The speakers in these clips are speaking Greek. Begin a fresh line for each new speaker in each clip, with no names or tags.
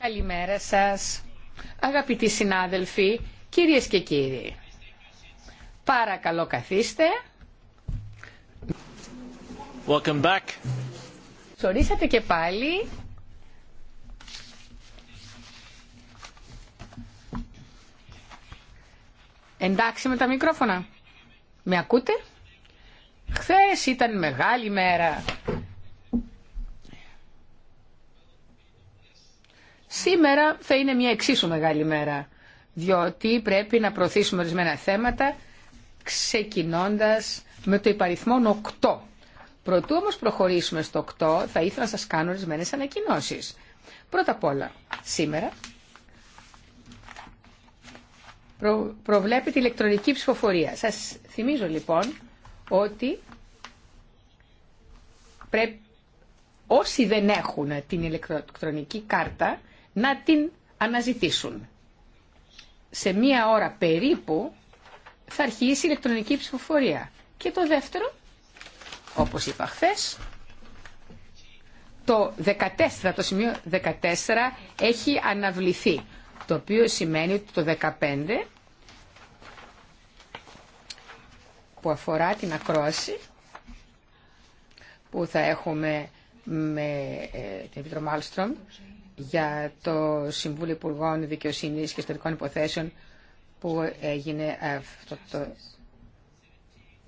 Καλημέρα σας, αγαπητοί συνάδελφοι, κυρίες και κύριοι. Παρακαλώ καθίστε. Welcome back. Σωρίσατε και πάλι. Εντάξει με τα μικρόφωνα. Με ακούτε. Χθες ήταν μεγάλη μέρα Σήμερα θα είναι μια εξίσου μεγάλη μέρα, διότι πρέπει να προωθήσουμε ορισμένα θέματα, ξεκινώντας με το υπαριθμόν 8. Προτού όμως προχωρήσουμε στο 8, θα ήθελα να σας κάνω ορισμένε ανακοινώσεις. Πρώτα απ' όλα, σήμερα προ, την ηλεκτρονική ψηφοφορία. Σας θυμίζω λοιπόν ότι πρέπει όσοι δεν έχουν την ηλεκτρονική κάρτα να την αναζητήσουν. Σε μία ώρα περίπου θα αρχίσει η ηλεκτρονική ψηφοφορία. Και το δεύτερο, όπως είπα χθε, το 14, το σημείο 14 έχει αναβληθεί, το οποίο σημαίνει ότι το 15 που αφορά την ακρόαση που θα έχουμε με ε, την Επιτρομάλστρομ για το Συμβούλιο Υπουργών Δικαιοσύνης και Ιστορικών Υποθέσεων που έγινε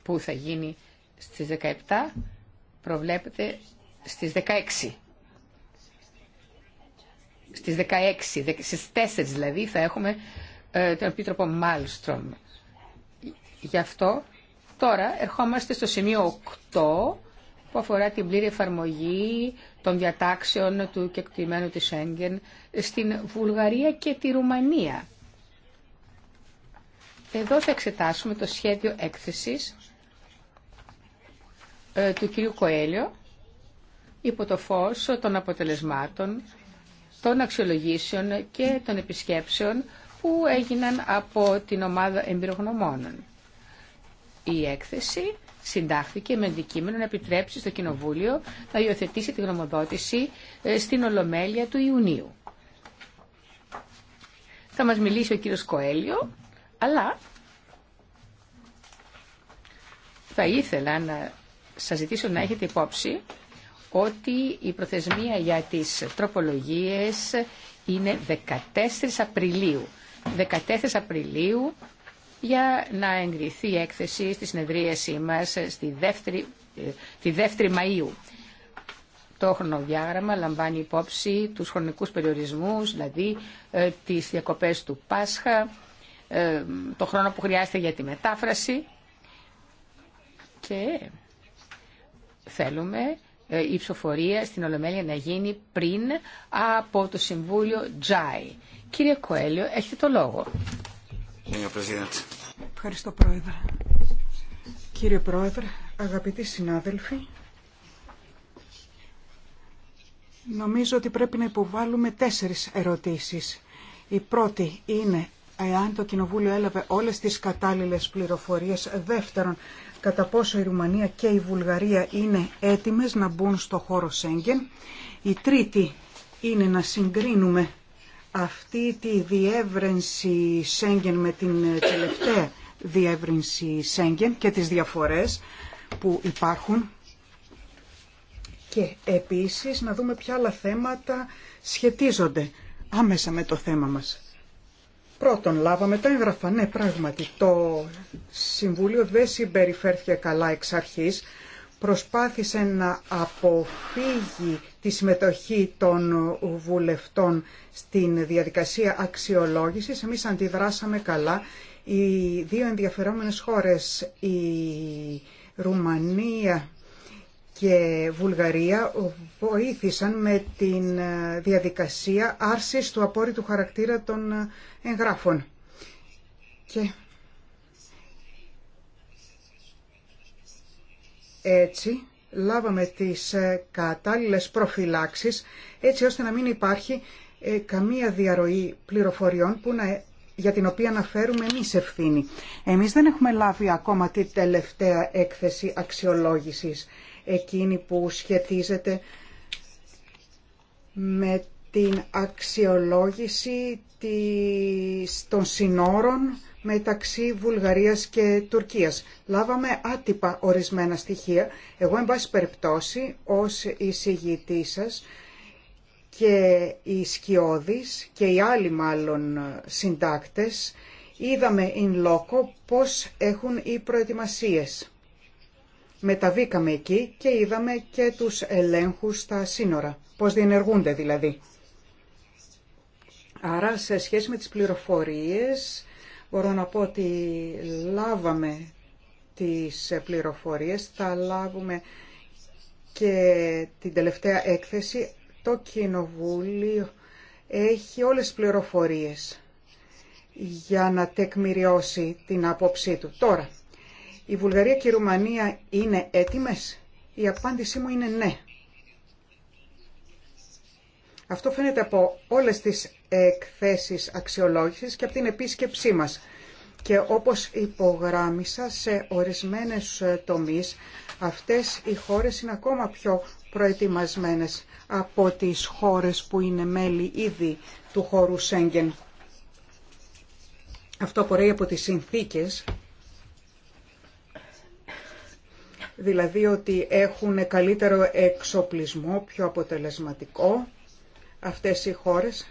που θα γίνει στις 17 προβλέπεται στις 16 στις 16 στις 4 δηλαδή θα έχουμε ε, τον Επίτροπο Μάλστρομ γι' αυτό τώρα ερχόμαστε στο σημείο 8 που αφορά την πλήρη εφαρμογή των διατάξεων του κεκτημένου της Σέγγεν στην Βουλγαρία και τη Ρουμανία. Εδώ θα εξετάσουμε το σχέδιο έκθεσης ε, του κυρίου Κοέλιο υπό το φως των αποτελεσμάτων, των αξιολογήσεων και των επισκέψεων που έγιναν από την ομάδα εμπειρογνωμόνων. Η έκθεση συντάχθηκε με αντικείμενο να επιτρέψει στο Κοινοβούλιο να υιοθετήσει τη γνωμοδότηση ε, στην Ολομέλεια του Ιουνίου. Θα μας μιλήσει ο κύριος Κοέλιο, αλλά θα ήθελα να σας ζητήσω να έχετε υπόψη ότι η προθεσμία για τις τροπολογίες είναι 14 Απριλίου. 14 Απριλίου για να εγκριθεί η έκθεση στη συνεδρίασή μας στη δεύτερη, τη 2 Μαΐου. Το χρονοδιάγραμμα λαμβάνει υπόψη τους χρονικούς περιορισμούς, δηλαδή ε, τις διακοπές του Πάσχα, ε, το χρόνο που χρειάζεται για τη μετάφραση και θέλουμε ε, η ψηφοφορία στην Ολομέλεια να γίνει πριν από το Συμβούλιο Τζάι. Κύριε Κοέλιο, έχετε το
λόγο. Κύριε Ευχαριστώ, Πρόεδρε. Κύριε Πρόεδρε, αγαπητοί συνάδελφοι, νομίζω ότι πρέπει να υποβάλουμε τέσσερις ερωτήσεις. Η πρώτη είναι εάν το Κοινοβούλιο έλαβε όλες τις κατάλληλες πληροφορίες. Δεύτερον, κατά πόσο η Ρουμανία και η Βουλγαρία είναι έτοιμες να μπουν στο χώρο Σέγγεν. Η τρίτη είναι να συγκρίνουμε αυτή τη διεύρυνση Σέγγεν με την ε, τελευταία διεύρυνση Σέγγεν και τις διαφορές που υπάρχουν και επίσης να δούμε ποια άλλα θέματα σχετίζονται άμεσα με το θέμα μας. Πρώτον, λάβαμε τα έγγραφα. Ναι, πράγματι, το Συμβούλιο δεν συμπεριφέρθηκε καλά εξ αρχής. Προσπάθησε να αποφύγει τη συμμετοχή των βουλευτών στην διαδικασία αξιολόγησης. Εμείς αντιδράσαμε καλά οι δύο ενδιαφερόμενες χώρες, η Ρουμανία και Βουλγαρία, βοήθησαν με την ε, διαδικασία άρσης του απόρριτου χαρακτήρα των ε, εγγράφων. έτσι λάβαμε τις ε, κατάλληλες προφυλάξεις έτσι ώστε να μην υπάρχει καμία διαρροή πληροφοριών που να για την οποία αναφέρουμε εμείς ευθύνη. Εμείς δεν έχουμε λάβει ακόμα τη τελευταία έκθεση αξιολόγησης, εκείνη που σχετίζεται με την αξιολόγηση των συνόρων μεταξύ Βουλγαρίας και Τουρκίας. Λάβαμε άτυπα ορισμένα στοιχεία. Εγώ, εν πάση περιπτώσει, ως εισηγητή σας, και οι σκιώδεις και οι άλλοι μάλλον συντάκτες είδαμε in loco πώς έχουν οι προετοιμασίες. Μεταβήκαμε εκεί και είδαμε και τους ελέγχους στα σύνορα, πώς διενεργούνται δηλαδή. Άρα σε σχέση με τις πληροφορίες μπορώ να πω ότι λάβαμε τις πληροφορίες, θα λάβουμε και την τελευταία έκθεση το Κοινοβούλιο έχει όλες τις πληροφορίες για να τεκμηριώσει την άποψή του. Τώρα, η Βουλγαρία και η Ρουμανία είναι έτοιμες. Η απάντησή μου είναι ναι. Αυτό φαίνεται από όλες τις εκθέσεις αξιολόγησης και από την επίσκεψή μας. Και όπως υπογράμμισα σε ορισμένες τομείς, αυτές οι χώρες είναι ακόμα πιο προετοιμασμένες από τις χώρες που είναι μέλη ήδη του χώρου Σέγγεν. Αυτό απορρέει από τις συνθήκες, δηλαδή ότι έχουν καλύτερο εξοπλισμό, πιο αποτελεσματικό αυτές οι χώρες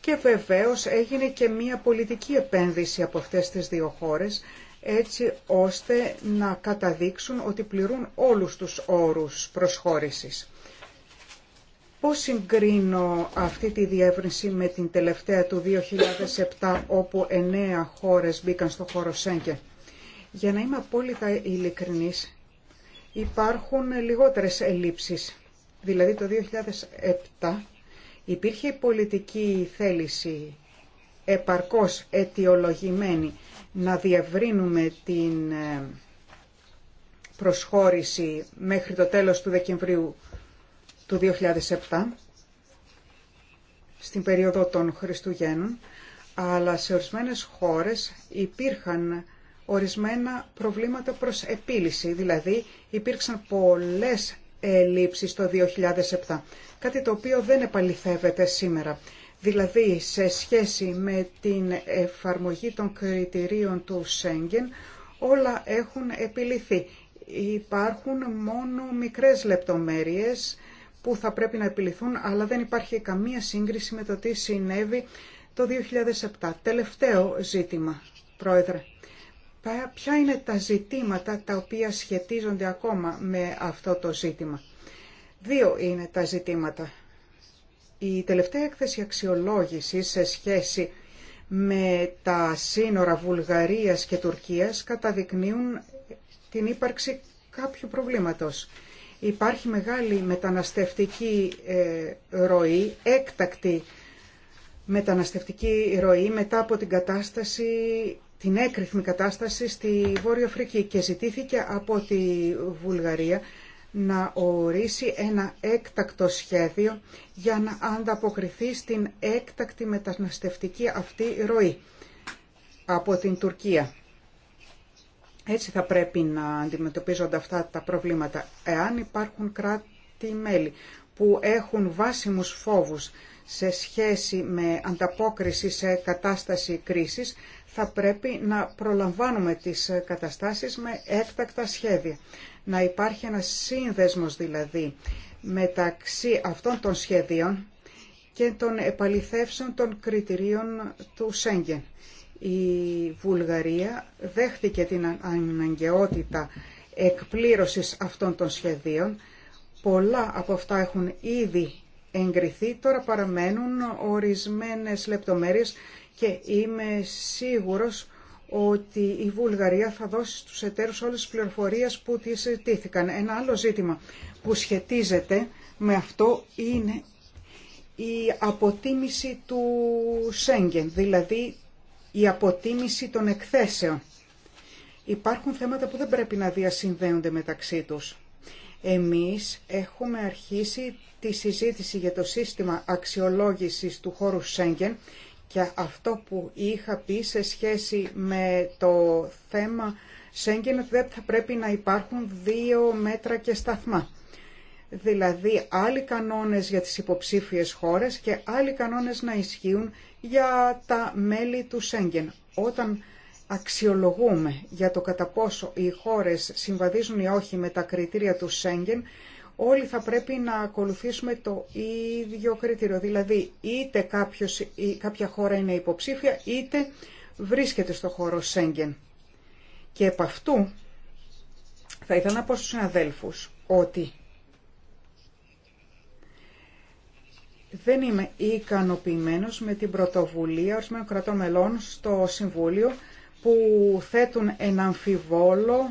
και βεβαίως έγινε και μία πολιτική επένδυση από αυτές τις δύο χώρες έτσι ώστε να καταδείξουν ότι πληρούν όλους τους όρους προσχώρησης. Πώς συγκρίνω αυτή τη διεύρυνση με την τελευταία του 2007 όπου εννέα χώρες μπήκαν στο χώρο Σέγκε. Για να είμαι απόλυτα ειλικρινής, υπάρχουν λιγότερες ελλείψεις. Δηλαδή το 2007 υπήρχε η πολιτική θέληση επαρκώς αιτιολογημένη να διευρύνουμε την ε, προσχώρηση μέχρι το τέλος του Δεκεμβρίου του 2007 στην περίοδο των Χριστουγέννων, αλλά σε ορισμένες χώρες υπήρχαν ορισμένα προβλήματα προς επίλυση, δηλαδή υπήρξαν πολλές ελλείψεις το 2007, κάτι το οποίο δεν επαληθεύεται σήμερα. Δηλαδή, σε σχέση με την εφαρμογή των κριτηρίων του Σέγγεν, όλα έχουν επιληθεί. Υπάρχουν μόνο μικρές λεπτομέρειες που θα πρέπει να επιληθούν, αλλά δεν υπάρχει καμία σύγκριση με το τι συνέβη το 2007. Τελευταίο ζήτημα, Πρόεδρε. Ποια είναι τα ζητήματα τα οποία σχετίζονται ακόμα με αυτό το ζήτημα. Δύο είναι τα ζητήματα. Η τελευταία έκθεση αξιολόγησης σε σχέση με τα σύνορα Βουλγαρίας και Τουρκίας καταδεικνύουν την ύπαρξη κάποιου προβλήματος. Υπάρχει μεγάλη μεταναστευτική ε, ροή, έκτακτη μεταναστευτική ροή μετά από την κατάσταση, την έκρηθμη κατάσταση στη Βόρεια Αφρική και ζητήθηκε από τη Βουλγαρία να ορίσει ένα έκτακτο σχέδιο για να ανταποκριθεί στην έκτακτη μεταναστευτική αυτή ροή από την Τουρκία. Έτσι θα πρέπει να αντιμετωπίζονται αυτά τα προβλήματα. Εάν υπάρχουν κράτη-μέλη που έχουν βάσιμους φόβους σε σχέση με ανταπόκριση σε κατάσταση κρίσης, θα πρέπει να προλαμβάνουμε τις καταστάσεις με έκτακτα σχέδια να υπάρχει ένας σύνδεσμος δηλαδή μεταξύ αυτών των σχεδίων και των επαληθεύσεων των κριτηρίων του Σέγγεν. Η Βουλγαρία δέχτηκε την αναγκαιότητα εκπλήρωσης αυτών των σχεδίων. Πολλά από αυτά έχουν ήδη εγκριθεί, τώρα παραμένουν ορισμένες λεπτομέρειες και είμαι σίγουρος ότι η Βουλγαρία θα δώσει στους εταίρους όλες τις πληροφορίες που τις ζητήθηκαν. Ένα άλλο ζήτημα που σχετίζεται με αυτό είναι η αποτίμηση του Σέγγεν, δηλαδή η αποτίμηση των εκθέσεων. Υπάρχουν θέματα που δεν πρέπει να διασυνδέονται μεταξύ τους. Εμείς έχουμε αρχίσει τη συζήτηση για το σύστημα αξιολόγησης του χώρου Σέγγεν και αυτό που είχα πει σε σχέση με το θέμα Σέγγεν ότι δεν θα πρέπει να υπάρχουν δύο μέτρα και σταθμά. Δηλαδή άλλοι κανόνες για τις υποψήφιες χώρες και άλλοι κανόνες να ισχύουν για τα μέλη του Σέγγεν. Όταν αξιολογούμε για το κατά πόσο οι χώρες συμβαδίζουν ή όχι με τα κριτήρια του Σέγγεν, όλοι θα πρέπει να ακολουθήσουμε το ίδιο κριτήριο. Δηλαδή είτε κάποιος, κάποια χώρα είναι υποψήφια είτε βρίσκεται στο χώρο Σέγγεν. Και επ' αυτού θα ήθελα να πω στους συναδέλφους ότι δεν είμαι ικανοποιημένος με την πρωτοβουλία ορισμένων κρατών μελών στο Συμβούλιο που θέτουν ένα αμφιβόλο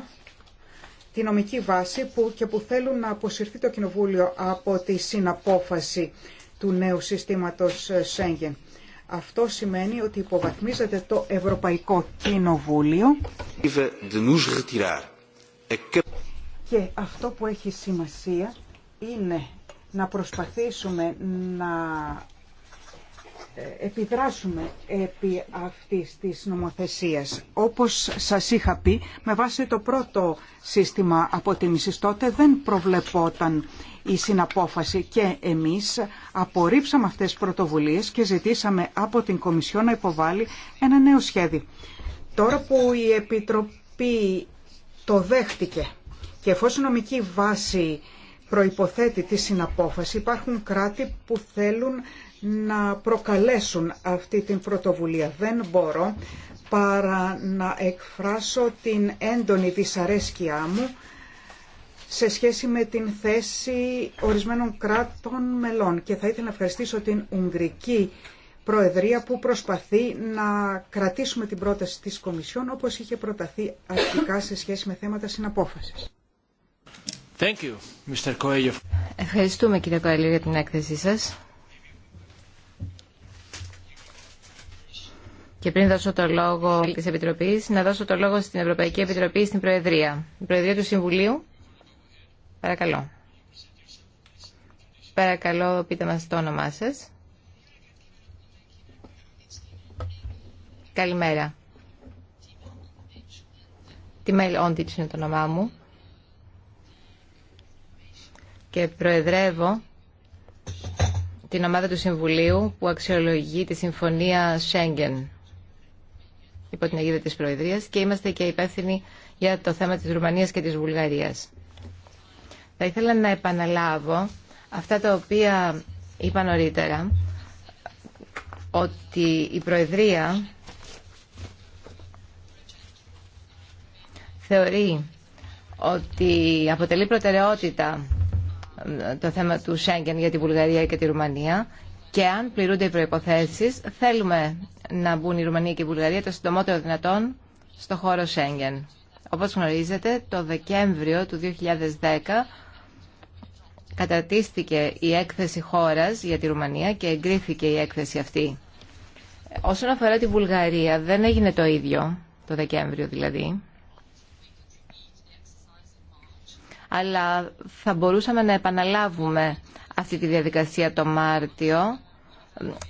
τη νομική βάση που και που θέλουν να αποσυρθεί το Κοινοβούλιο από τη συναπόφαση του νέου συστήματος ε, Σέγγεν. Αυτό σημαίνει ότι υποβαθμίζεται το Ευρωπαϊκό Κοινοβούλιο και αυτό που έχει σημασία είναι να προσπαθήσουμε να επιδράσουμε επί αυτής της νομοθεσίας. Όπως σας είχα πει, με βάση το πρώτο σύστημα αποτίμησης τότε δεν προβλεπόταν η συναπόφαση και εμείς απορρίψαμε αυτές τις πρωτοβουλίες και ζητήσαμε από την Κομισιό να υποβάλει ένα νέο σχέδιο. Τώρα που η Επιτροπή το δέχτηκε και εφόσον νομική βάση προϋποθέτει τη συναπόφαση υπάρχουν κράτη που θέλουν να προκαλέσουν αυτή την πρωτοβουλία. Δεν μπορώ παρά να εκφράσω την έντονη δυσαρέσκειά μου σε σχέση με την θέση ορισμένων κράτων μελών. Και θα ήθελα να ευχαριστήσω την Ουγγρική Προεδρία που προσπαθεί να κρατήσουμε την πρόταση της Κομισιόν όπως είχε προταθεί αρχικά σε σχέση με θέματα συναπόφασης.
Thank you, Mr.
Ευχαριστούμε κύριε Κοέλιο για την
έκθεσή σας. Και πριν δώσω το λόγο τη Επιτροπή, να δώσω το λόγο στην Ευρωπαϊκή Επιτροπή στην Προεδρία. Η Προεδρία του Συμβουλίου. Παρακαλώ. Παρακαλώ, πείτε μας το όνομά σας. Καλημέρα. Τι Μέιλ είναι το όνομά μου. Και προεδρεύω την ομάδα του Συμβουλίου που αξιολογεί τη Συμφωνία Σέγγεν υπό την αιγίδα της Προεδρίας και είμαστε και υπεύθυνοι για το θέμα της Ρουμανίας και της Βουλγαρίας. Θα ήθελα να επαναλάβω αυτά τα οποία είπα νωρίτερα, ότι η Προεδρία θεωρεί ότι αποτελεί προτεραιότητα ε, το θέμα του Σέγγεν για τη Βουλγαρία και τη Ρουμανία και αν πληρούνται οι προϋποθέσεις θέλουμε να μπουν η Ρουμανία και η Βουλγαρία το συντομότερο δυνατόν στο χώρο Σέγγεν. Όπως γνωρίζετε, το Δεκέμβριο του 2010 καταρτίστηκε η έκθεση χώρας για τη Ρουμανία και εγκρίθηκε η έκθεση αυτή. Όσον αφορά τη Βουλγαρία, δεν έγινε το ίδιο, το Δεκέμβριο δηλαδή, αλλά θα μπορούσαμε να επαναλάβουμε αυτή τη διαδικασία το Μάρτιο,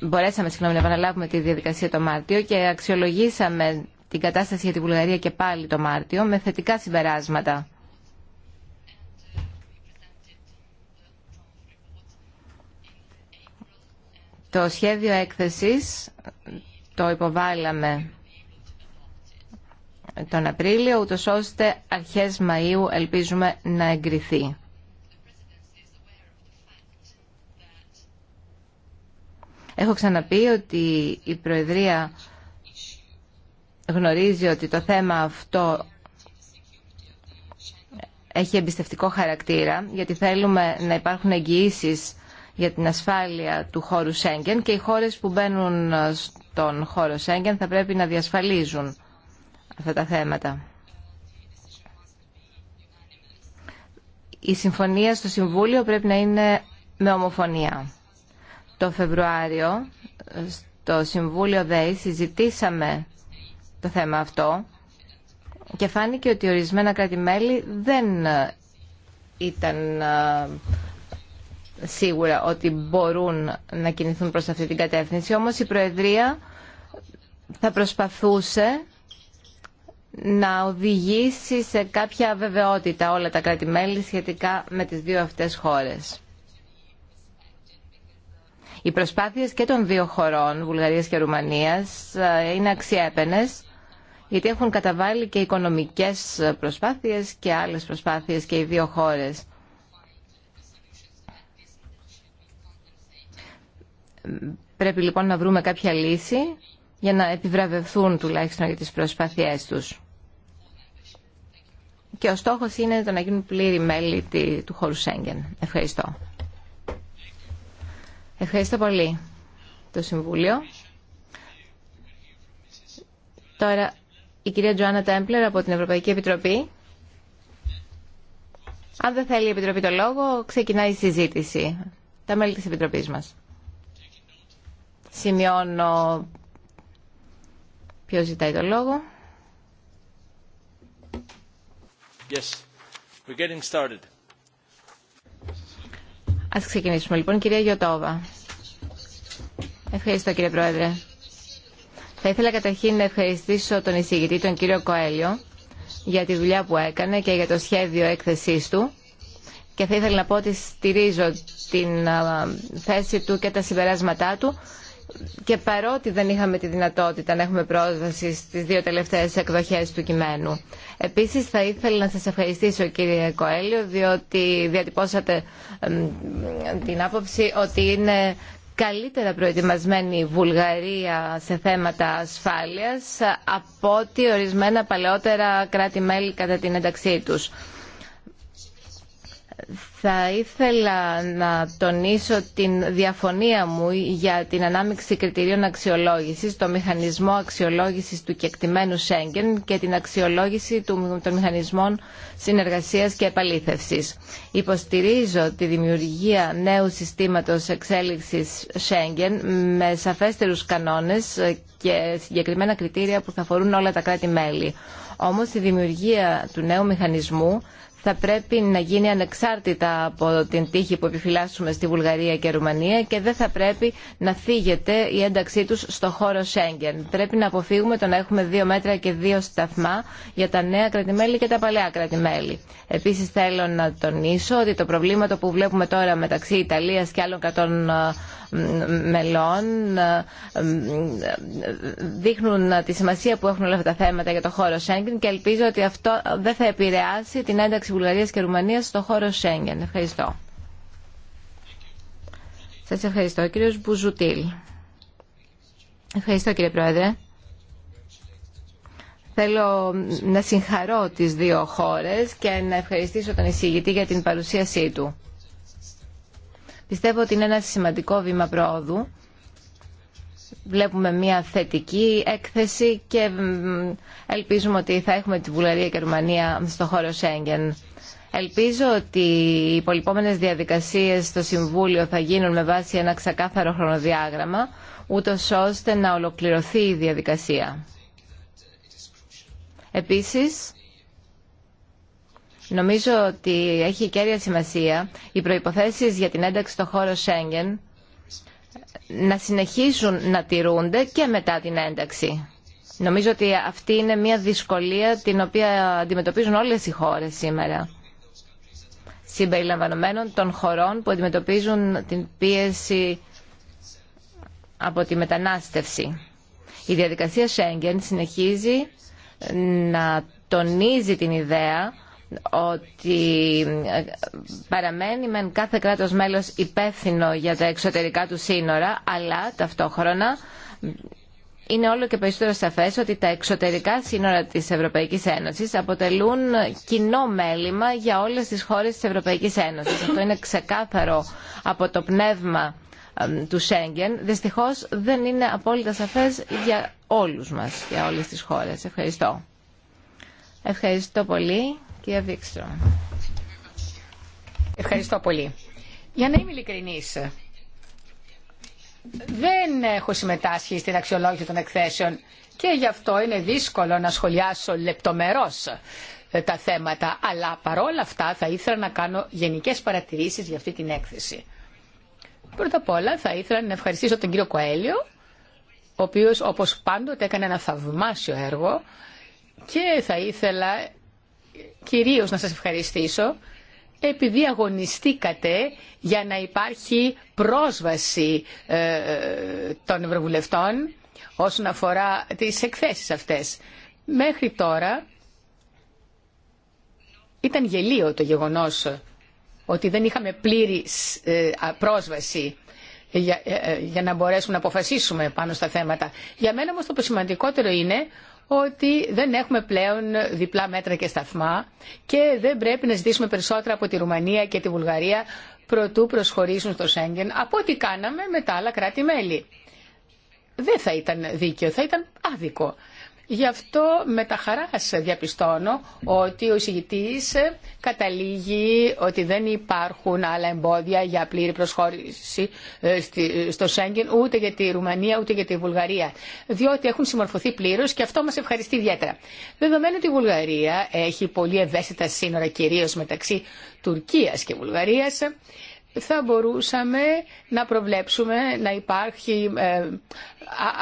μπορέσαμε συγγνώμη, να επαναλάβουμε τη διαδικασία το Μάρτιο και αξιολογήσαμε την κατάσταση για τη Βουλγαρία και πάλι το Μάρτιο με θετικά συμπεράσματα. Το σχέδιο έκθεσης το υποβάλαμε τον Απρίλιο, ούτως ώστε αρχές Μαΐου ελπίζουμε να εγκριθεί. Έχω ξαναπεί ότι η Προεδρία γνωρίζει ότι το θέμα αυτό έχει εμπιστευτικό χαρακτήρα, γιατί θέλουμε να υπάρχουν εγγυήσει για την ασφάλεια του χώρου Σέγγεν και οι χώρες που μπαίνουν στον χώρο Σέγγεν θα πρέπει να διασφαλίζουν αυτά τα θέματα. Η συμφωνία στο Συμβούλιο πρέπει να είναι με ομοφωνία. Το Φεβρουάριο στο Συμβούλιο ΔΕΗ συζητήσαμε το θέμα αυτό και φάνηκε ότι ορισμένα κράτη-μέλη δεν ήταν σίγουρα ότι μπορούν να κινηθούν προς αυτή την κατεύθυνση. Όμως η Προεδρία θα προσπαθούσε να οδηγήσει σε κάποια βεβαιότητα όλα τα κράτη-μέλη σχετικά με τις δύο αυτές χώρες. Οι προσπάθειες και των δύο χωρών, Βουλγαρίας και Ρουμανίας, ε, είναι αξιέπαινες γιατί έχουν καταβάλει και οικονομικές προσπάθειες και άλλες προσπάθειες και οι δύο χώρες. Πρέπει λοιπόν να βρούμε κάποια λύση για να επιβραβευθούν τουλάχιστον για τις προσπάθειές τους. Και ο στόχος είναι το να γίνουν πλήρη μέλη του χώρου Σέγγεν. Ευχαριστώ. Ευχαριστώ πολύ το Συμβούλιο. Τώρα η κυρία Τζοάννα Τέμπλερ από την Ευρωπαϊκή Επιτροπή. Αν δεν θέλει η Επιτροπή το λόγο, ξεκινάει η συζήτηση. Τα μέλη της Επιτροπής μας. Σημειώνω Ποιο ζητάει το λόγο. Yes. We're getting started. Ας ξεκινήσουμε λοιπόν. Κυρία Γιωτόβα. Ευχαριστώ κύριε Πρόεδρε. Θα ήθελα καταρχήν να ευχαριστήσω τον εισηγητή, τον κύριο Κοέλιο, για τη δουλειά που έκανε και για το σχέδιο έκθεσής του. Και θα ήθελα να πω ότι στηρίζω την θέση του και τα συμπεράσματά του και παρότι δεν είχαμε τη δυνατότητα να έχουμε πρόσβαση στις δύο τελευταίες εκδοχές του κειμένου. Επίσης θα ήθελα να σας ευχαριστήσω κύριε Κοέλιο διότι διατυπώσατε την άποψη ότι είναι καλύτερα προετοιμασμένη η Βουλγαρία σε θέματα ασφάλειας από ότι ορισμένα παλαιότερα κράτη-μέλη κατά την ένταξή τους. Θα ήθελα να τονίσω την διαφωνία μου για την ανάμειξη κριτηρίων αξιολόγησης, το μηχανισμό αξιολόγησης του κεκτημένου Σέγγεν και την αξιολόγηση των μηχανισμών συνεργασίας και επαλήθευσης. Υποστηρίζω τη δημιουργία νέου συστήματος εξέλιξης Σέγγεν με σαφέστερους κανόνες και συγκεκριμένα κριτήρια που θα αφορούν όλα τα κράτη-μέλη. Όμως η δημιουργία του νέου μηχανισμού θα πρέπει να γίνει ανεξάρτητα από την τύχη που επιφυλάσσουμε στη Βουλγαρία και Ρουμανία και δεν θα πρέπει να φύγεται η ένταξή τους στο χώρο Σέγγεν. Πρέπει να αποφύγουμε το να έχουμε δύο μέτρα και δύο σταθμά για τα νέα κρατημέλη και τα παλαιά κρατημέλη. Επίσης θέλω να τονίσω ότι το προβλήμα που βλέπουμε τώρα μεταξύ Ιταλίας και άλλων κρατών μελών δείχνουν τη σημασία που έχουν όλα αυτά τα θέματα για το χώρο Σέγγεν και ελπίζω ότι αυτό δεν θα επηρεάσει την ένταξη Βουλγαρίας και Ρουμανίας στο χώρο Σέγγεν. Ευχαριστώ. Σας ευχαριστώ. Κύριος Μπουζουτήλ. Ευχαριστώ κύριε Πρόεδρε. Θέλω να συγχαρώ τις δύο χώρες και να ευχαριστήσω τον εισηγητή για την παρουσίασή του. Πιστεύω ότι είναι ένα σημαντικό βήμα προόδου. Βλέπουμε μια θετική έκθεση και ελπίζουμε ότι θα έχουμε τη Βουλγαρία και Ρουμανία στο χώρο Σέγγεν. Ελπίζω ότι οι υπολοιπόμενες διαδικασίες στο Συμβούλιο θα γίνουν με βάση ένα ξεκάθαρο χρονοδιάγραμμα, ούτω ώστε να ολοκληρωθεί η διαδικασία. Επίσης, Νομίζω ότι έχει κέρια σημασία οι προϋποθέσεις για την ένταξη στο χώρο Σέγγεν να συνεχίσουν να τηρούνται και μετά την ένταξη. Νομίζω ότι αυτή είναι μια δυσκολία την οποία αντιμετωπίζουν όλες οι χώρες σήμερα συμπεριλαμβανομένων των χωρών που αντιμετωπίζουν την πίεση από τη μετανάστευση. Η διαδικασία Σέγγεν συνεχίζει να τονίζει την ιδέα ότι ε, παραμένει μεν κάθε κράτος μέλος υπεύθυνο για τα εξωτερικά του σύνορα, αλλά ταυτόχρονα είναι όλο και περισσότερο σαφές ότι τα εξωτερικά σύνορα της Ευρωπαϊκής Ένωσης αποτελούν κοινό μέλημα για όλες τις χώρες της Ευρωπαϊκής Ένωσης. Αυτό είναι ξεκάθαρο από το πνεύμα ε, του Σέγγεν. Δυστυχώς δεν είναι απόλυτα σαφές για όλους μας, για όλες τις χώρες. Ευχαριστώ. Ευχαριστώ πολύ.
Ευχαριστώ πολύ. Για να είμαι ειλικρινή, δεν έχω συμμετάσχει στην αξιολόγηση των εκθέσεων και γι' αυτό είναι δύσκολο να σχολιάσω λεπτομερώς τα θέματα, αλλά παρόλα αυτά θα ήθελα να κάνω γενικές παρατηρήσεις για αυτή την έκθεση. Πρώτα απ' όλα θα ήθελα να ευχαριστήσω τον κύριο Κοέλιο, ο οποίος όπως πάντοτε έκανε ένα θαυμάσιο έργο και θα ήθελα κυρίως να σας ευχαριστήσω επειδή αγωνιστήκατε για να υπάρχει πρόσβαση ε, των Ευρωβουλευτών όσον αφορά τις εκθέσεις αυτές. Μέχρι τώρα ήταν γελίο το γεγονός ότι δεν είχαμε πλήρη ε, πρόσβαση ε, για να μπορέσουμε να αποφασίσουμε πάνω στα θέματα. Για μένα όμως το σημαντικότερο είναι ότι δεν έχουμε πλέον διπλά μέτρα και σταθμά και δεν πρέπει να ζητήσουμε περισσότερα από τη Ρουμανία και τη Βουλγαρία προτού προσχωρήσουν στο Σέγγεν από ό,τι κάναμε με τα άλλα κράτη-μέλη. Δεν θα ήταν δίκαιο, θα ήταν άδικο. Γι' αυτό με τα σας διαπιστώνω ότι ο εισηγητής καταλήγει ότι δεν υπάρχουν άλλα εμπόδια για πλήρη προσχώρηση ε, στο Σέγγεν ούτε για τη Ρουμανία ούτε για τη Βουλγαρία διότι έχουν συμμορφωθεί πλήρως και αυτό μας ευχαριστεί ιδιαίτερα. Δεδομένου ότι η Βουλγαρία έχει πολύ ευαίσθητα σύνορα κυρίως μεταξύ Τουρκίας και Βουλγαρίας θα μπορούσαμε να προβλέψουμε να υπάρχει ε,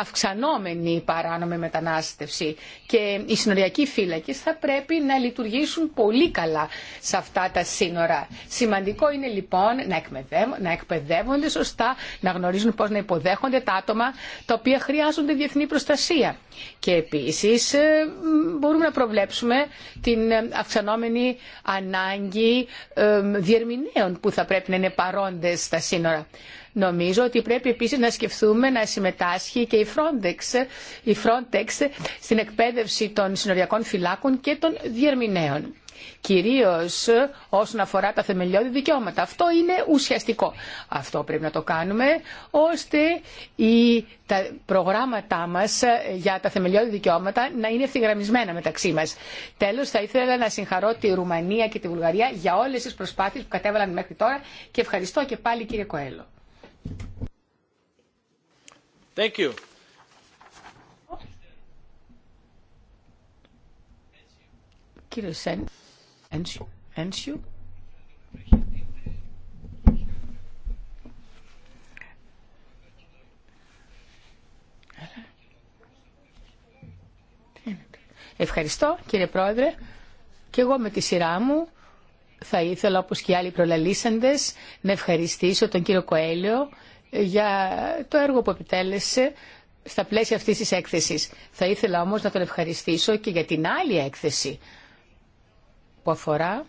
αυξανόμενη παράνομη μετανάστευση και οι συνοριακοί φύλακες θα πρέπει να λειτουργήσουν πολύ καλά σε αυτά τα σύνορα. Σημαντικό είναι λοιπόν να εκπαιδεύονται σωστά, να γνωρίζουν πώς να υποδέχονται τα άτομα τα οποία χρειάζονται διεθνή προστασία. Και επίσης ε, μπορούμε να προβλέψουμε την ε, αυξανόμενη ανάγκη διερμηνέων που θα πρέπει να είναι παρόντες στα σύνορα. Νομίζω ότι πρέπει επίσης να σκεφτούμε να συμμετάσχει και η Frontex, η Frontex στην εκπαίδευση των συνοριακών φυλάκων και των διερμηνέων κυρίως όσον αφορά τα θεμελιώδη δικαιώματα. Αυτό είναι ουσιαστικό. Αυτό πρέπει να το κάνουμε ώστε τα προγράμματά μας ε, για τα θεμελιώδη δικαιώματα να είναι ευθυγραμμισμένα μεταξύ μας. Τέλος, θα ήθελα να συγχαρώ τη Ρουμανία και τη Βουλγαρία για όλες τις προσπάθειες που κατέβαλαν μέχρι τώρα και ευχαριστώ και πάλι κύριε Κοέλο. Κύριε Σέντ. Ευχαριστώ κύριε Πρόεδρε. Και εγώ με τη σειρά μου θα ήθελα όπως και οι άλλοι προλαλήσαντες να ευχαριστήσω τον κύριο Κοέλιο για το έργο που επιτέλεσε στα πλαίσια αυτής της έκθεσης. Θα ήθελα όμως να τον ευχαριστήσω και για την άλλη έκθεση που αφορά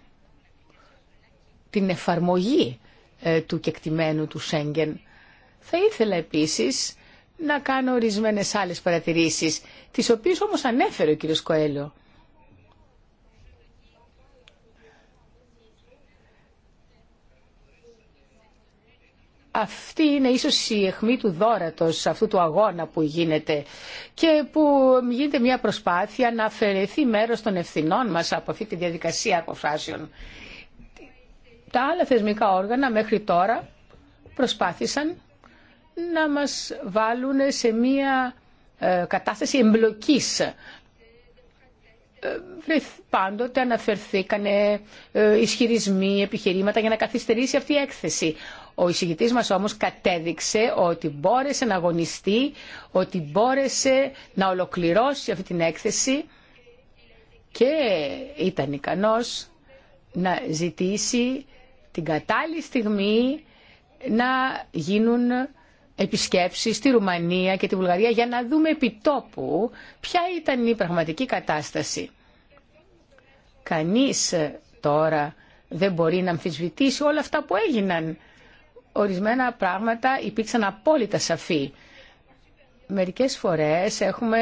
την εφαρμογή ε, του κεκτημένου του Σέγγεν. Θα ήθελα επίσης να κάνω ορισμένες άλλες παρατηρήσεις, τις οποίες όμως ανέφερε ο κ. Κοέλιο. αυτή είναι ίσως η αιχμή του δόρατος αυτού του αγώνα που γίνεται και που γίνεται μια προσπάθεια να αφαιρεθεί μέρος των ευθυνών μας από αυτή τη διαδικασία αποφάσεων. Τα άλλα θεσμικά όργανα μέχρι τώρα προσπάθησαν να μας βάλουν σε μια ε, κατάσταση εμπλοκής ε, πάντοτε αναφερθήκανε ε, ισχυρισμοί, επιχειρήματα για να καθυστερήσει αυτή η έκθεση. Ο εισηγητής μας όμως κατέδειξε ότι μπόρεσε να αγωνιστεί, ότι μπόρεσε να ολοκληρώσει αυτή την έκθεση και ήταν ικανός να ζητήσει την κατάλληλη στιγμή να γίνουν επισκέψεις στη Ρουμανία και τη Βουλγαρία για να δούμε επιτόπου ποια ήταν η πραγματική κατάσταση. Κανείς τώρα δεν μπορεί να αμφισβητήσει όλα αυτά που έγιναν ορισμένα πράγματα υπήρξαν απόλυτα σαφή. Μερικές φορές έχουμε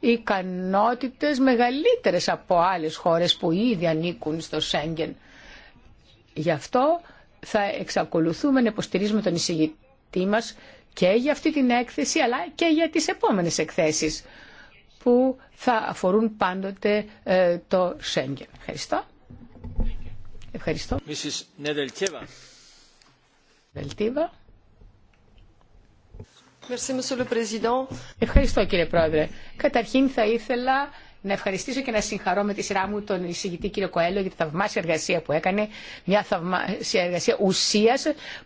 ικανότητες μεγαλύτερες από άλλες χώρες που ήδη ανήκουν στο Σέγγεν. Γι' αυτό θα εξακολουθούμε να υποστηρίζουμε τον εισηγητή μας και για αυτή την έκθεση αλλά και για τις επόμενες εκθέσεις που θα αφορούν πάντοτε ε, το Σέγγεν. Ευχαριστώ. Ευχαριστώ. Ευχαριστώ κύριε Πρόεδρε. Καταρχήν θα ήθελα να ευχαριστήσω και να συγχαρώ με τη σειρά μου τον εισηγητή κύριο Κοέλο για τη θαυμάσια εργασία που έκανε, μια θαυμάσια εργασία ουσία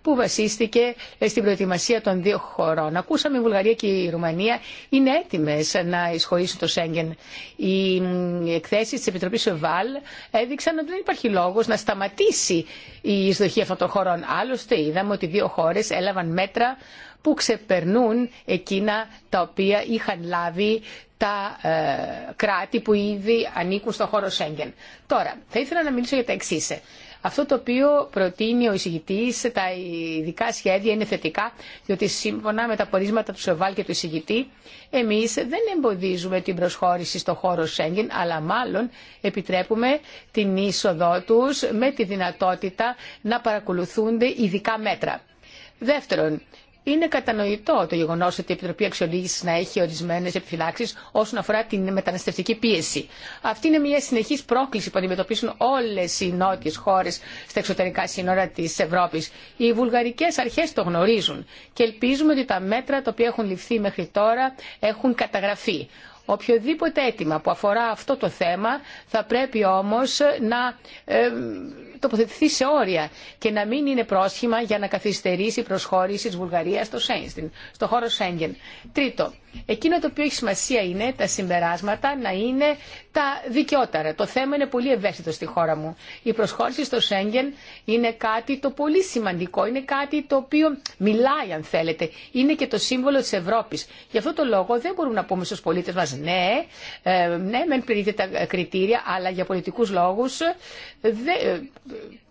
που βασίστηκε στην προετοιμασία των δύο χωρών. Ακούσαμε η Βουλγαρία και η Ρουμανία είναι έτοιμε να εισχωρήσουν το Σέγγεν. Οι εκθέσει τη Επιτροπή ΕΒΑΛ έδειξαν ότι δεν υπάρχει λόγο να σταματήσει η εισδοχή αυτών των χωρών. Άλλωστε είδαμε ότι δύο χώρε έλαβαν μέτρα που ξεπερνούν εκείνα τα οποία είχαν λάβει τα ε, κράτη που ήδη ανήκουν στον χώρο Σέγγεν. Τώρα, θα ήθελα να μιλήσω για τα εξή. Αυτό το οποίο προτείνει ο εισηγητή, τα ειδικά σχέδια είναι θετικά, διότι σύμφωνα με τα πορίσματα του ΣΕΒΑΛ και του εισηγητή, εμεί δεν εμποδίζουμε την προσχώρηση στο χώρο Σέγγεν, αλλά μάλλον επιτρέπουμε την είσοδό του με τη δυνατότητα να παρακολουθούνται ειδικά μέτρα. Δεύτερον, είναι κατανοητό το γεγονό ότι η Επιτροπή Αξιολόγηση να έχει ορισμένε επιφυλάξει όσον αφορά την μεταναστευτική πίεση. Αυτή είναι μια συνεχή πρόκληση που αντιμετωπίσουν όλε οι νότιε χώρε στα εξωτερικά σύνορα τη Ευρώπη. Οι βουλγαρικέ αρχέ το γνωρίζουν και ελπίζουμε ότι τα μέτρα τα οποία έχουν ληφθεί μέχρι τώρα έχουν καταγραφεί. Οποιοδήποτε αίτημα που αφορά αυτό το θέμα θα πρέπει όμω να τοποθετηθεί σε όρια και να μην είναι πρόσχημα για να καθυστερήσει η προσχώρηση της Βουλγαρίας στο, στο χώρο Σέγγεν. Τρίτο, Εκείνο το οποίο έχει σημασία είναι τα συμπεράσματα να είναι τα δικαιότερα. Το θέμα είναι πολύ ευαίσθητο στη χώρα μου. Η προσχώρηση στο Σέγγεν είναι κάτι το πολύ σημαντικό. Είναι κάτι το οποίο μιλάει, αν θέλετε. Είναι και το σύμβολο τη Ευρώπη. Γι' αυτό το λόγο δεν μπορούμε να πούμε στου πολίτε μα ναι, ε, ναι, μεν πληρείτε τα κριτήρια, αλλά για πολιτικού λόγου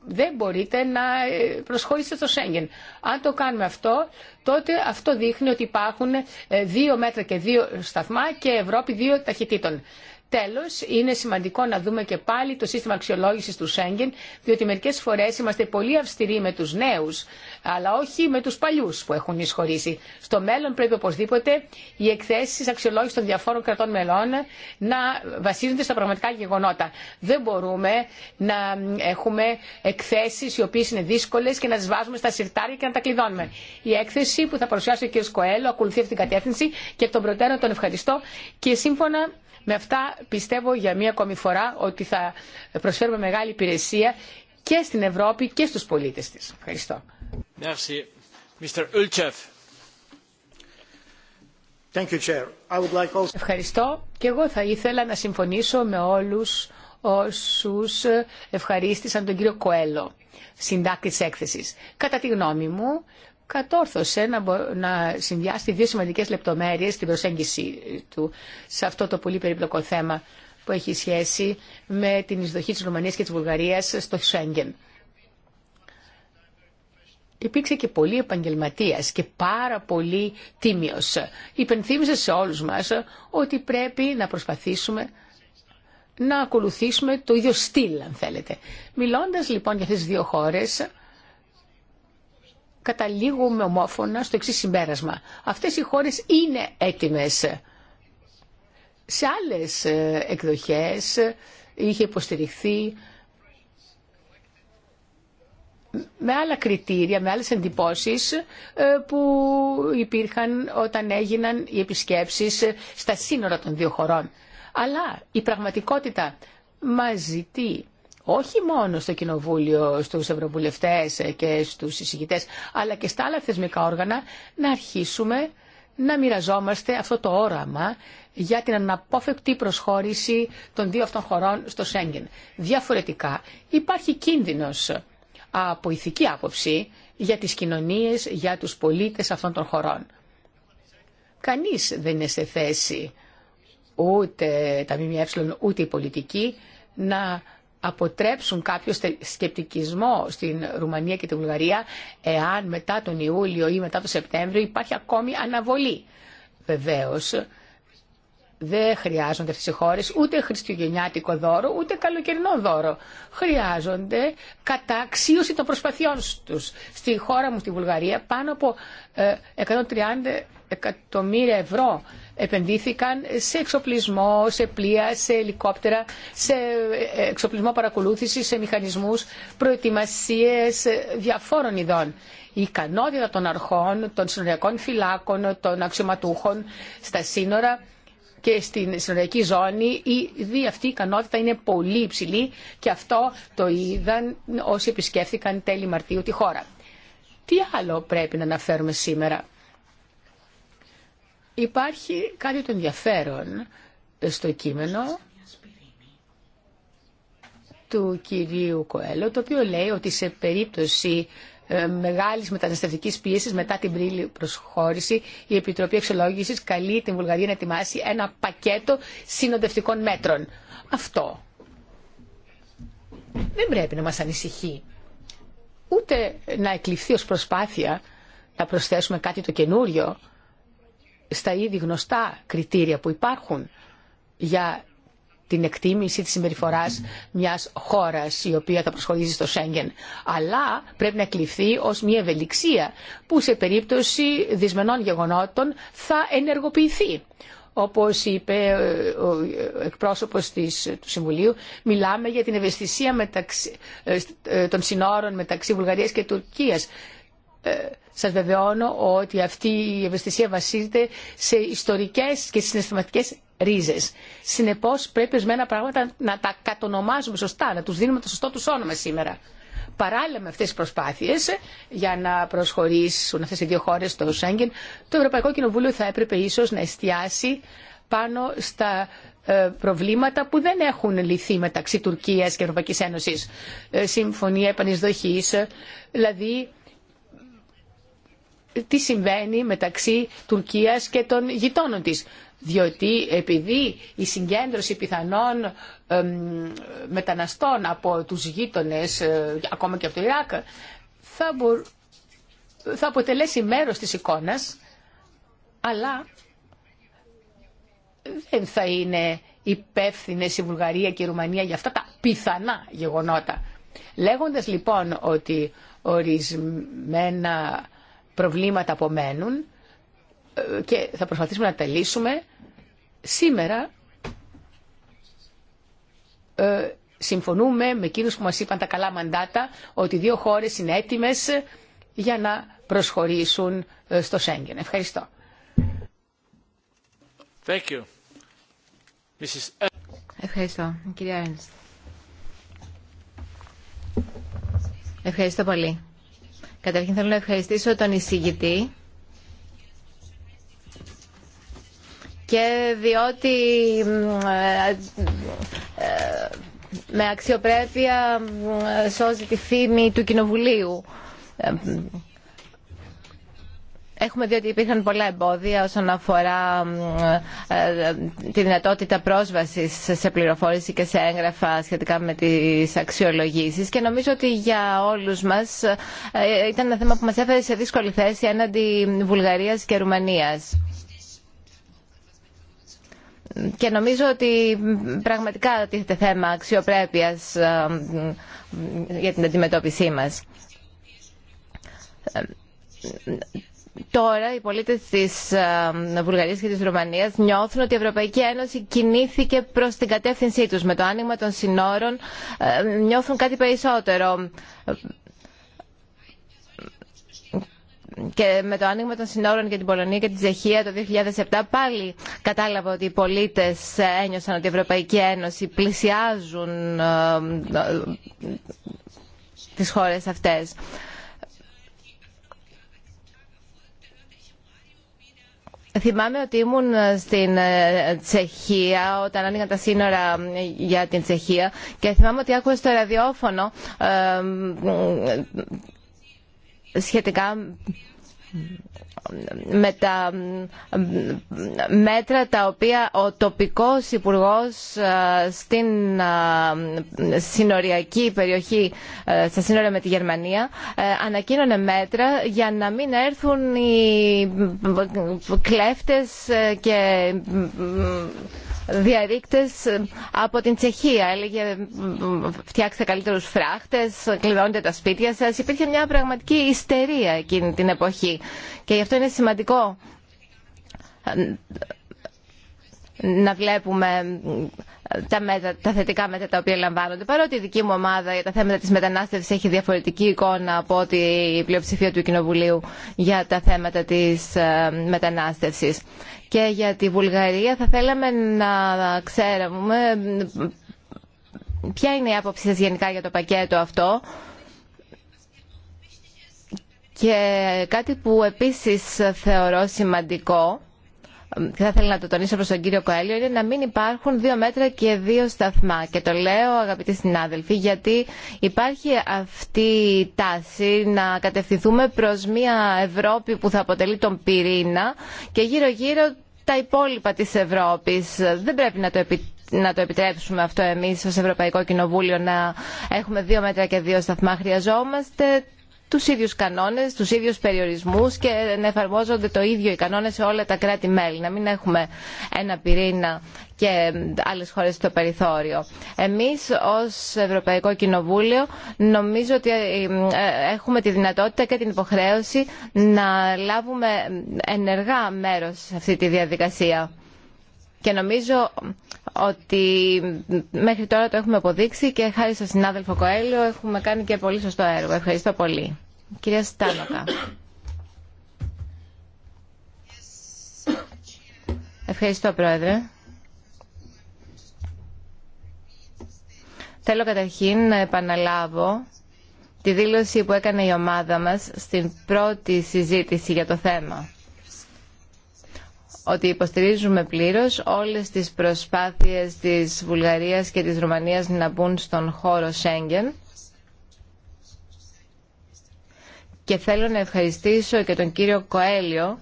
δεν μπορείτε να ε, προσχωρήσετε στο Σέγγεν. Αν το κάνουμε αυτό, τότε αυτό δείχνει ότι υπάρχουν ε, δύο μέτρα και δύο σταθμά και Ευρώπη δύο ταχυτήτων. Τέλο, είναι σημαντικό να δούμε και πάλι το σύστημα αξιολόγηση του Σέγγεν, διότι μερικέ φορέ είμαστε πολύ αυστηροί με του νέου, αλλά όχι με του παλιού που έχουν εισχωρήσει. Στο μέλλον πρέπει οπωσδήποτε οι εκθέσει αξιολόγηση των διαφόρων κρατών μελών να βασίζονται στα πραγματικά γεγονότα. Δεν μπορούμε να έχουμε εκθέσει οι οποίε είναι δύσκολε και να τις βάζουμε στα σιρτάρια και να τα κλειδώνουμε. Η έκθεση που θα παρουσιάσει ο κ. Σκοέλο ακολουθεί αυτή την κατεύθυνση και εκ των τον ευχαριστώ και σύμφωνα με αυτά πιστεύω για μία ακόμη φορά ότι θα προσφέρουμε μεγάλη υπηρεσία και στην Ευρώπη και στους πολίτες της. Ευχαριστώ. Ευχαριστώ και εγώ θα ήθελα να συμφωνήσω με όλους όσους ευχαρίστησαν τον κύριο Κοέλο, συντάκτη της έκθεσης. Κατά τη γνώμη μου, κατόρθωσε να, να συνδυάσει δύο σημαντικές λεπτομέρειες στην προσέγγιση του σε αυτό το πολύ περίπλοκο θέμα που έχει σχέση με την εισδοχή της Ρουμανίας και της Βουλγαρίας στο Σέγγεν. Υπήρξε και πολύ επαγγελματίας και πάρα πολύ τίμιος. Υπενθύμησε σε όλους μας ότι πρέπει να προσπαθήσουμε να ακολουθήσουμε το ίδιο στυλ, αν θέλετε. Μιλώντας λοιπόν για αυτές τις δύο χώρες, καταλήγουμε ομόφωνα στο εξή συμπέρασμα. Αυτές οι χώρες είναι έτοιμες. Σε άλλες ε, εκδοχές είχε υποστηριχθεί με άλλα κριτήρια, με άλλες εντυπώσεις ε, που υπήρχαν όταν έγιναν οι επισκέψεις ε, στα σύνορα των δύο χωρών. Αλλά η πραγματικότητα μας ζητεί όχι μόνο στο Κοινοβούλιο, στους Ευρωβουλευτές και στους εισηγητές, αλλά και στα άλλα θεσμικά όργανα, να αρχίσουμε να μοιραζόμαστε αυτό το όραμα για την αναπόφευκτη προσχώρηση των δύο αυτών χωρών στο Σέγγεν. Διαφορετικά υπάρχει κίνδυνος από ηθική άποψη για τις κοινωνίες, για τους πολίτες αυτών των χωρών. Κανείς δεν είναι σε θέση ούτε τα ΜΜΕ ούτε η πολιτική να αποτρέψουν κάποιο σκεπτικισμό στην Ρουμανία και τη Βουλγαρία εάν μετά τον Ιούλιο ή μετά τον Σεπτέμβριο υπάρχει ακόμη αναβολή. Βεβαίως δεν χρειάζονται αυτές οι χώρες ούτε χριστουγεννιάτικο δώρο ούτε καλοκαιρινό δώρο. Χρειάζονται αξίωση των προσπαθειών τους. Στη χώρα μου, στη Βουλγαρία, πάνω από 130 ε, εκατομμύρια ευρώ επενδύθηκαν σε εξοπλισμό, σε πλοία, σε ελικόπτερα, σε εξοπλισμό παρακολούθησης, σε μηχανισμούς, προετοιμασίες διαφόρων ειδών. Η ικανότητα των αρχών, των συνοριακών φυλάκων, των αξιωματούχων στα σύνορα και στην συνοριακή ζώνη, ήδη αυτή η ικανότητα είναι πολύ υψηλή και αυτό το είδαν όσοι επισκέφθηκαν τέλη Μαρτίου τη χώρα. Τι άλλο πρέπει να αναφέρουμε σήμερα. Υπάρχει κάτι το ενδιαφέρον στο κείμενο του κυρίου Κοέλο, το οποίο λέει ότι σε περίπτωση ε, μεγάλη μεταναστευτική πίεση μετά την πρίλη προσχώρηση, η Επιτροπή Εξολόγηση καλεί την Βουλγαρία να ετοιμάσει ένα πακέτο συνοδευτικών μέτρων. Αυτό δεν πρέπει να μας ανησυχεί. Ούτε να εκλειφθεί ως προσπάθεια να προσθέσουμε κάτι το καινούριο στα ήδη γνωστά κριτήρια που υπάρχουν για την εκτίμηση της συμπεριφοράς μιας χώρας η οποία θα προσχωρήσει στο Σέγγεν. Αλλά πρέπει να κλειφθεί ως μια ευελιξία που σε περίπτωση δυσμενών γεγονότων θα ενεργοποιηθεί. Όπως είπε ο εκπρόσωπος της, του Συμβουλίου, μιλάμε για την ευαισθησία μεταξύ, ε, των συνόρων μεταξύ Βουλγαρίας και Τουρκίας ε, σας βεβαιώνω ότι αυτή η ευαισθησία βασίζεται σε ιστορικές και συναισθηματικές ρίζες. Συνεπώς πρέπει ορισμένα πράγματα να τα κατονομάζουμε σωστά, να τους δίνουμε το σωστό του όνομα σήμερα. Παράλληλα με αυτές τις προσπάθειες για να προσχωρήσουν αυτές οι δύο χώρες στο Σέγγεν, το Ευρωπαϊκό Κοινοβούλιο θα έπρεπε ίσως να εστιάσει πάνω στα ε, προβλήματα που δεν έχουν λυθεί μεταξύ Τουρκίας και Ευρωπαϊκής Ένωσης. Ε, συμφωνία επανεισδοχής, δηλαδή τι συμβαίνει μεταξύ Τουρκίας και των γειτόνων της. Διότι επειδή η συγκέντρωση πιθανών μεταναστών από τους γείτονες, ε, ακόμα και από το Ιράκ, θα, θα αποτελέσει μέρος της εικόνας, αλλά δεν θα είναι υπεύθυνε η Βουλγαρία και η Ρουμανία για αυτά τα πιθανά γεγονότα. Λέγοντας λοιπόν ότι ορισμένα προβλήματα απομένουν ε, και θα προσπαθήσουμε να τα λύσουμε. Σήμερα ε, συμφωνούμε με εκείνους που μας είπαν τα καλά μαντάτα ότι δύο χώρες είναι έτοιμες για να προσχωρήσουν ε, στο Σέγγεν. Ευχαριστώ.
Thank you. Mrs.
Ευχαριστώ, κυρία Ευχαριστώ πολύ. Καταρχήν θέλω να ευχαριστήσω τον εισηγητή και διότι ε, ε, με αξιοπρέπεια σώζει τη φήμη του Κοινοβουλίου ε, Έχουμε δει ότι υπήρχαν πολλά εμπόδια όσον αφορά ε, ε, τη δυνατότητα πρόσβασης σε πληροφόρηση και σε έγγραφα σχετικά με τις αξιολογήσεις και νομίζω ότι για όλους μας ε, ήταν ένα θέμα που μας έφερε σε δύσκολη θέση έναντι Βουλγαρίας και Ρουμανίας και νομίζω ότι πραγματικά τίθεται θέμα αξιοπρέπειας για την αντιμετώπιση μας. Τώρα οι πολίτες της ε, Βουλγαρίας και της Ρουμανία νιώθουν ότι η Ευρωπαϊκή Ένωση κινήθηκε προς την κατεύθυνσή του. Με το άνοιγμα των συνόρων ε, νιώθουν κάτι περισσότερο. Και με το άνοιγμα των συνόρων για την Πολωνία και την Τσεχία το 2007 πάλι κατάλαβα ότι οι πολίτες ένιωσαν ότι η Ευρωπαϊκή Ένωση πλησιάζουν ε, τις χώρες αυτές. Θυμάμαι ότι ήμουν στην ε, Τσεχία όταν άνοιγαν τα σύνορα για την Τσεχία και θυμάμαι ότι άκουσα στο ραδιόφωνο ε, σχετικά με τα μέτρα τα οποία ο τοπικός υπουργός ε, στην ε, συνοριακή περιοχή ε, στα σύνορα με τη Γερμανία ανακοίνωνε μέτρα για να μην έρθουν οι κλέφτες και διαδίκτες ε, από την Τσεχία. Έλεγε φτιάξτε καλύτερους φράχτες, κλειδώνετε τα σπίτια σας. Υπήρχε μια πραγματική ιστερία εκείνη την εποχή και γι' αυτό είναι σημαντικό να βλέπουμε τα, τα θετικά μέτρα τα οποία λαμβάνονται. Παρότι η δική μου ομάδα για τα θέματα της μετανάστευση έχει διαφορετική εικόνα από ότι η πλειοψηφία του Κοινοβουλίου για τα θέματα της ε, μετανάστευση. Και για τη Βουλγαρία θα θέλαμε να ξέρουμε ποια είναι η άποψη σα γενικά για το πακέτο αυτό. Και κάτι που επίσης θεωρώ σημαντικό θα ήθελα να το τονίσω προς τον κύριο Κοέλιο, είναι να μην υπάρχουν δύο μέτρα και δύο σταθμά. Και το λέω, αγαπητοί συνάδελφοι, γιατί υπάρχει αυτή η τάση να κατευθυνθούμε προς μια Ευρώπη που θα αποτελεί τον πυρήνα και γύρω-γύρω τα υπόλοιπα της Ευρώπης. Δεν πρέπει να το επιτρέψουμε να το επιτρέψουμε αυτό εμείς ως Ευρωπαϊκό Κοινοβούλιο να έχουμε δύο μέτρα και δύο σταθμά. Χρειαζόμαστε τους ίδιους κανόνες, τους ίδιους περιορισμούς και να εφαρμόζονται το ίδιο οι κανόνες σε όλα τα κράτη-μέλη. Να μην έχουμε ένα πυρήνα και άλλες χώρες στο περιθώριο. Εμείς ως Ευρωπαϊκό Κοινοβούλιο νομίζω ότι ε, ε, έχουμε τη δυνατότητα και την υποχρέωση να λάβουμε ενεργά μέρος σε αυτή τη διαδικασία. Και νομίζω ότι μέχρι τώρα το έχουμε αποδείξει και χάρη στον συνάδελφο Κοέλιο έχουμε κάνει και πολύ σωστό έργο. Ευχαριστώ πολύ. Κυρία Στάνοκα. Ευχαριστώ, Πρόεδρε. Θέλω καταρχήν να επαναλάβω τη δήλωση που έκανε η ομάδα μας στην πρώτη συζήτηση για το θέμα ότι υποστηρίζουμε πλήρως όλες τις προσπάθειες της Βουλγαρίας και της Ρουμανίας να μπουν στον χώρο Σέγγεν. Και θέλω να ευχαριστήσω και τον κύριο Κοέλιο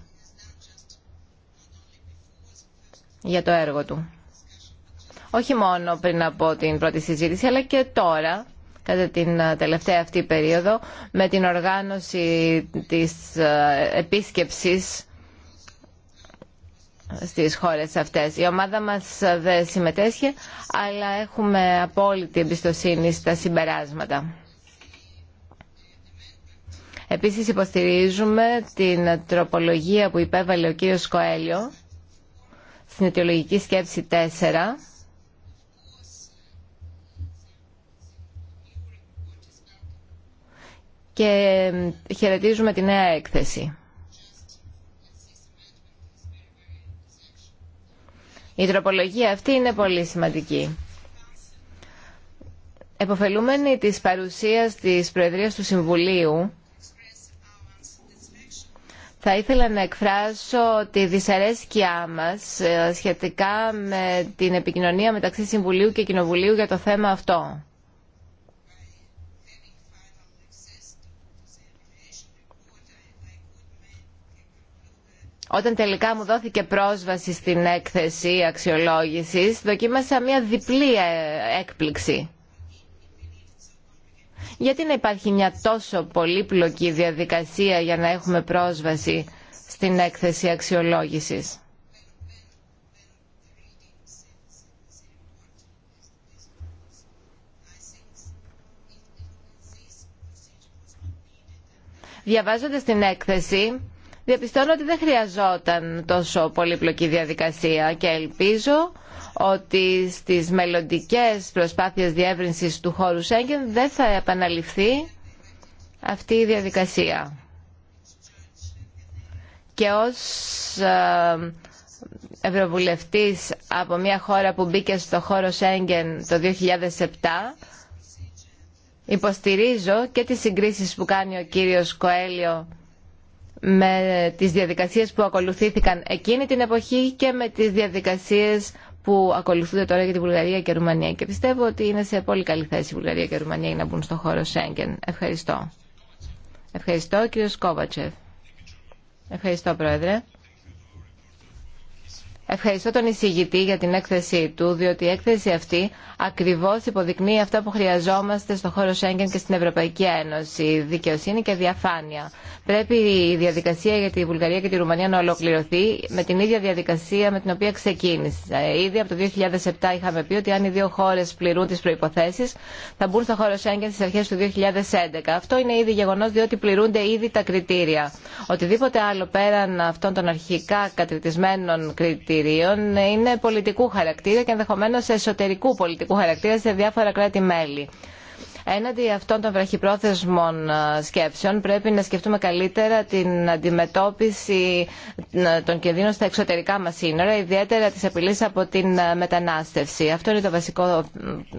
για το έργο του. Όχι μόνο πριν από την πρώτη συζήτηση, αλλά και τώρα, κατά την ε, τελευταία αυτή περίοδο, με την οργάνωση της ε, επίσκεψης στις χώρες αυτές. Η ομάδα μας ε, δεν συμμετέσχει αλλά έχουμε απόλυτη εμπιστοσύνη στα συμπεράσματα. Επίσης υποστηρίζουμε την τροπολογία που υπέβαλε ο κύριος Κοέλιο στην αιτιολογική σκέψη 4 και ε, χαιρετίζουμε τη νέα έκθεση. Η τροπολογία αυτή είναι πολύ σημαντική. Εποφελούμενη της παρουσίας της Προεδρίας του Συμβουλίου, θα ήθελα να εκφράσω τη δυσαρέσκειά μας ε, σχετικά με την επικοινωνία μεταξύ Συμβουλίου και Κοινοβουλίου για το θέμα αυτό. όταν τελικά μου δόθηκε πρόσβαση στην έκθεση αξιολόγησης, δοκίμασα μια διπλή ε, έκπληξη. Γιατί να υπάρχει μια τόσο πολύπλοκη διαδικασία για να έχουμε πρόσβαση στην έκθεση αξιολόγησης. Διαβάζοντας την έκθεση, διαπιστώνω ότι δεν χρειαζόταν τόσο πολύπλοκη διαδικασία και ελπίζω ότι στις μελλοντικές προσπάθειες διεύρυνσης του χώρου Σέγγεν δεν θα επαναληφθεί αυτή η διαδικασία. Και ως ε, Ευρωβουλευτής από μια χώρα που μπήκε στο χώρο Σέγγεν το 2007 υποστηρίζω και τις συγκρίσεις που κάνει ο κύριος Κοέλιο με τις διαδικασίες που ακολουθήθηκαν εκείνη την εποχή και με τις διαδικασίες που ακολουθούνται τώρα για τη Βουλγαρία και Ρουμανία. Και πιστεύω ότι είναι σε πολύ καλή θέση η Βουλγαρία και η Ρουμανία για να μπουν στον χώρο Σέγγεν. Ευχαριστώ. Ευχαριστώ, κύριο Σκόβατσεφ. Ευχαριστώ, Πρόεδρε. Ευχαριστώ τον εισηγητή για την έκθεσή του, διότι η έκθεση αυτή ακριβώ υποδεικνύει αυτά που χρειαζόμαστε στο χώρο Σέγγεν και στην Ευρωπαϊκή Ένωση, δικαιοσύνη και διαφάνεια. Πρέπει η διαδικασία για τη Βουλγαρία και τη Ρουμανία να ολοκληρωθεί με την ίδια διαδικασία με την οποία ξεκίνησε. Ήδη από το 2007 είχαμε πει ότι αν οι δύο χώρε πληρούν τι προποθέσει, θα μπουν στο χώρο Σέγγεν στι αρχέ του 2011. Αυτό είναι ήδη γεγονό, διότι πληρούνται ήδη τα κριτήρια. Οτιδήποτε άλλο πέραν αυτών των αρχικά κατριτισμένων κριτήριων, είναι πολιτικού χαρακτήρα και ενδεχομένως εσωτερικού πολιτικού χαρακτήρα σε διάφορα κράτη-μέλη. Έναντι αυτών των βραχυπρόθεσμων ε, σκέψεων πρέπει να σκεφτούμε καλύτερα την αντιμετώπιση ε, των κινδύνων στα εξωτερικά μας σύνορα, ιδιαίτερα τις απειλή από την ε, μετανάστευση. Αυτό είναι το βασικό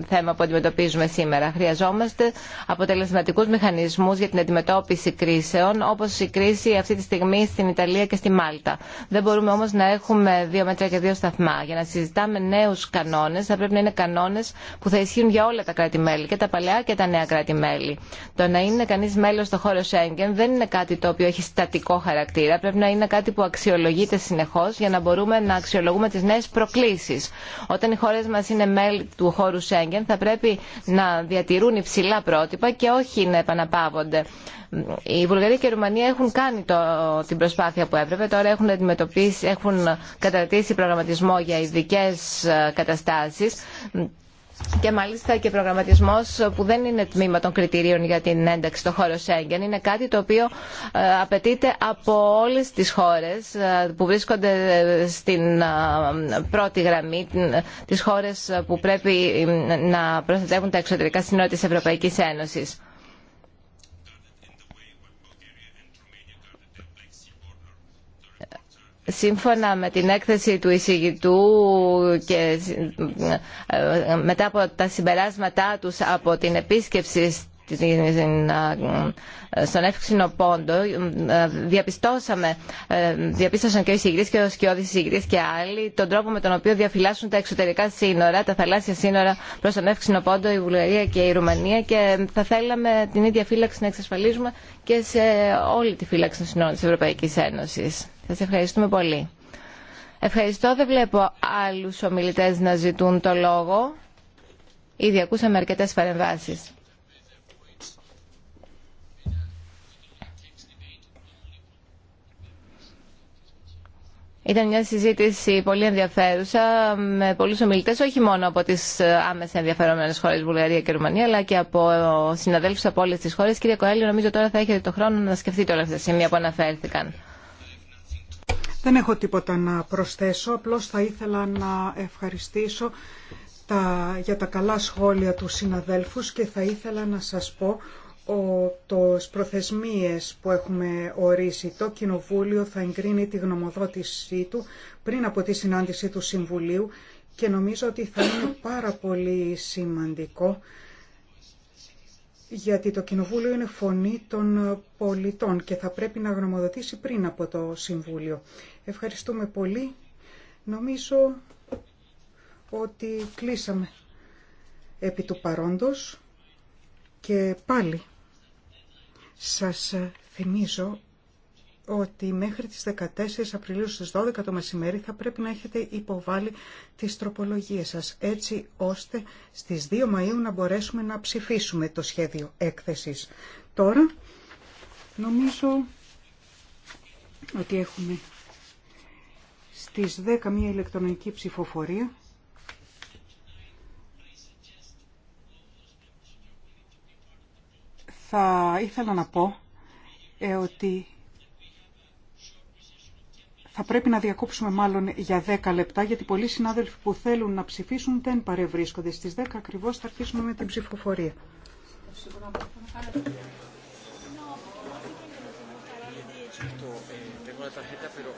θέμα που αντιμετωπίζουμε σήμερα. Χρειαζόμαστε αποτελεσματικούς μηχανισμούς για την αντιμετώπιση κρίσεων, όπως η κρίση αυτή τη στιγμή στην Ιταλία και στη Μάλτα. Δεν μπορούμε όμως να έχουμε δύο μέτρα και δύο σταθμά. Για να συζητάμε νέου κανόνε, θα πρέπει να είναι κανόνε που θα ισχύουν για όλα τα κράτη-μέλη, και τα παλαιά και τα νέα κράτη-μέλη. Το να είναι κανεί μέλο στο χώρο Σέγγεν δεν είναι κάτι το οποίο έχει στατικό χαρακτήρα. Πρέπει να είναι κάτι που αξιολογείται συνεχώ για να μπορούμε να αξιολογούμε τι νέε προκλήσει. Όταν οι χώρε μα είναι μέλη του χώρου Σέγγεν θα πρέπει να διατηρούν υψηλά πρότυπα και όχι να επαναπαύονται. Η Βουλγαρία και η Ρουμανία έχουν κάνει το, την προσπάθεια που έπρεπε. Τώρα έχουν, έχουν καταρτήσει προγραμματισμό για ειδικέ ε, καταστάσει και μάλιστα και προγραμματισμό που δεν είναι τμήμα των κριτηρίων για την ένταξη στο χώρο Σέγγεν. Είναι κάτι το οποίο ε, απαιτείται από όλε τι χώρε ε, που βρίσκονται ε, στην πρώτη γραμμή, τι χώρε που πρέπει να προστατεύουν τα εξωτερικά σύνορα τη Ευρωπαϊκή Ένωση. Σύμφωνα με την έκθεση του εισηγητού και ε, μετά από τα συμπεράσματά τους από την επίσκεψη ε, στον εύξηνο πόντο ε, διαπιστώσαμε διαπίστωσαν και ο εισηγητής και ο σκιώδης εισηγητής και άλλοι τον τρόπο με τον οποίο διαφυλάσσουν τα εξωτερικά σύνορα τα θαλάσσια σύνορα προς τον εύξηνο πόντο η Βουλγαρία και η Ρουμανία και θα θέλαμε την ίδια φύλαξη να εξασφαλίζουμε και σε όλη τη φύλαξη των σύνορων της Ευρωπαϊκής Ένωσης. Σας ευχαριστούμε πολύ. Ευχαριστώ. Δεν βλέπω άλλου ομιλητέ να ζητούν το λόγο. Ήδη ακούσαμε αρκετέ παρεμβάσει. Ήταν μια συζήτηση πολύ ενδιαφέρουσα με πολλούς ομιλητές, όχι μόνο από τις άμεσα ενδιαφερόμενες χώρες Βουλγαρία και Ρουμανία, αλλά και από συναδέλφους από όλες τις χώρες. Κύριε Κοέλη, νομίζω τώρα θα έχετε το χρόνο να σκεφτείτε όλα αυτά τα σημεία που αναφέρθηκαν.
Δεν έχω τίποτα να προσθέσω, απλώς θα ήθελα να ευχαριστήσω τα, για τα καλά σχόλια του συναδέλφους και θα ήθελα να σας πω ο, το προθεσμίες που έχουμε ορίσει. Το Κοινοβούλιο θα εγκρίνει τη γνωμοδότησή του πριν από τη συνάντηση του Συμβουλίου και νομίζω ότι θα είναι πάρα πολύ σημαντικό γιατί το Κοινοβούλιο είναι φωνή των πολιτών και θα πρέπει να γνωμοδοτήσει πριν από το Συμβούλιο. Ευχαριστούμε πολύ. Νομίζω ότι κλείσαμε επί του παρόντος και πάλι σας θυμίζω ότι μέχρι τις 14 Απριλίου στις 12 το μεσημέρι θα πρέπει να έχετε υποβάλει τις τροπολογίες σας, έτσι ώστε στις 2 Μαΐου να μπορέσουμε να ψηφίσουμε το σχέδιο έκθεσης. Τώρα νομίζω ότι έχουμε στις 10 μια ηλεκτρονική ψηφοφορία. Θα ήθελα να πω ε, ότι θα πρέπει να διακόψουμε μάλλον για 10 λεπτά, γιατί πολλοί συνάδελφοι που θέλουν να ψηφίσουν δεν παρευρίσκονται. Στις 10 ακριβώς θα αρχίσουμε με την ψηφοφορία.
Ε,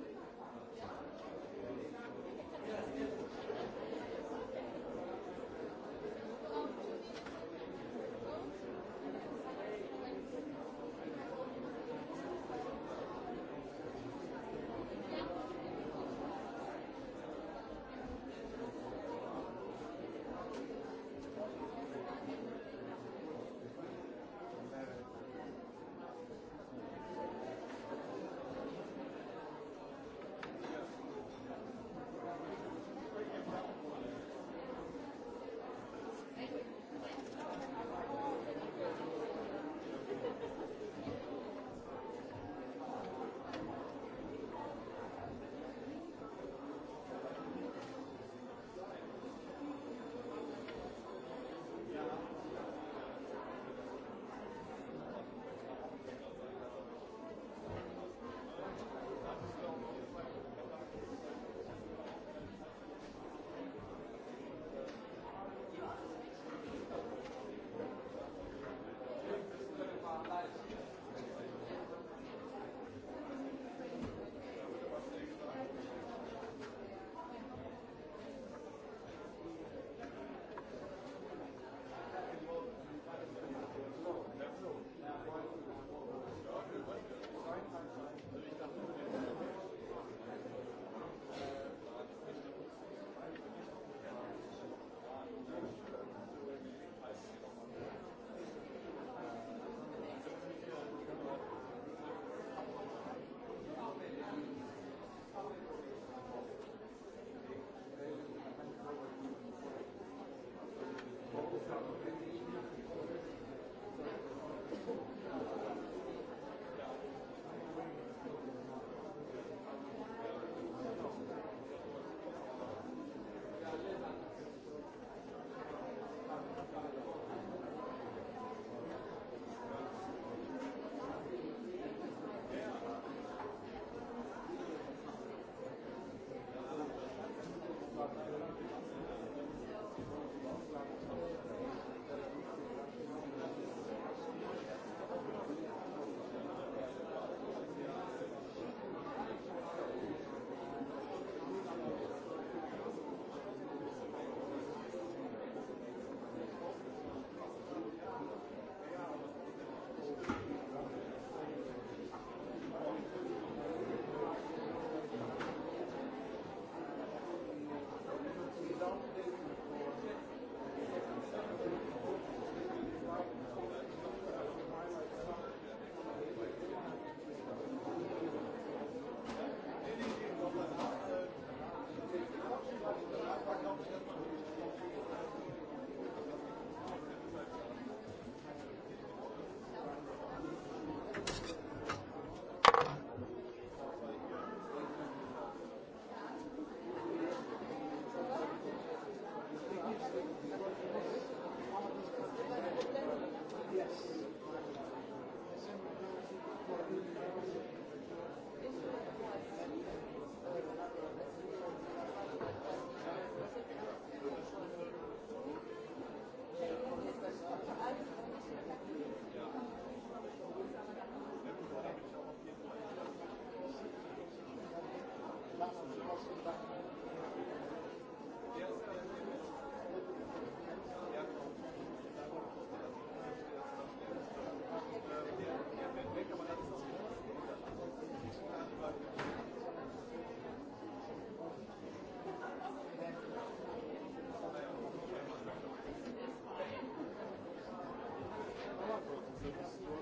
Thank you.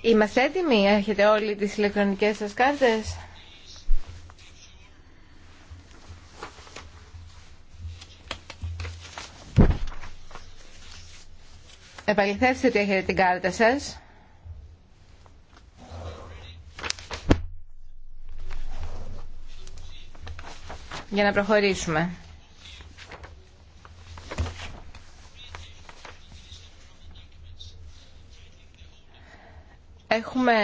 Είμαστε έτοιμοι, έχετε όλοι τις ηλεκτρονικές σας κάρτες. Επαληθεύστε ότι έχετε την κάρτα σας. Για να προχωρήσουμε. Έχουμε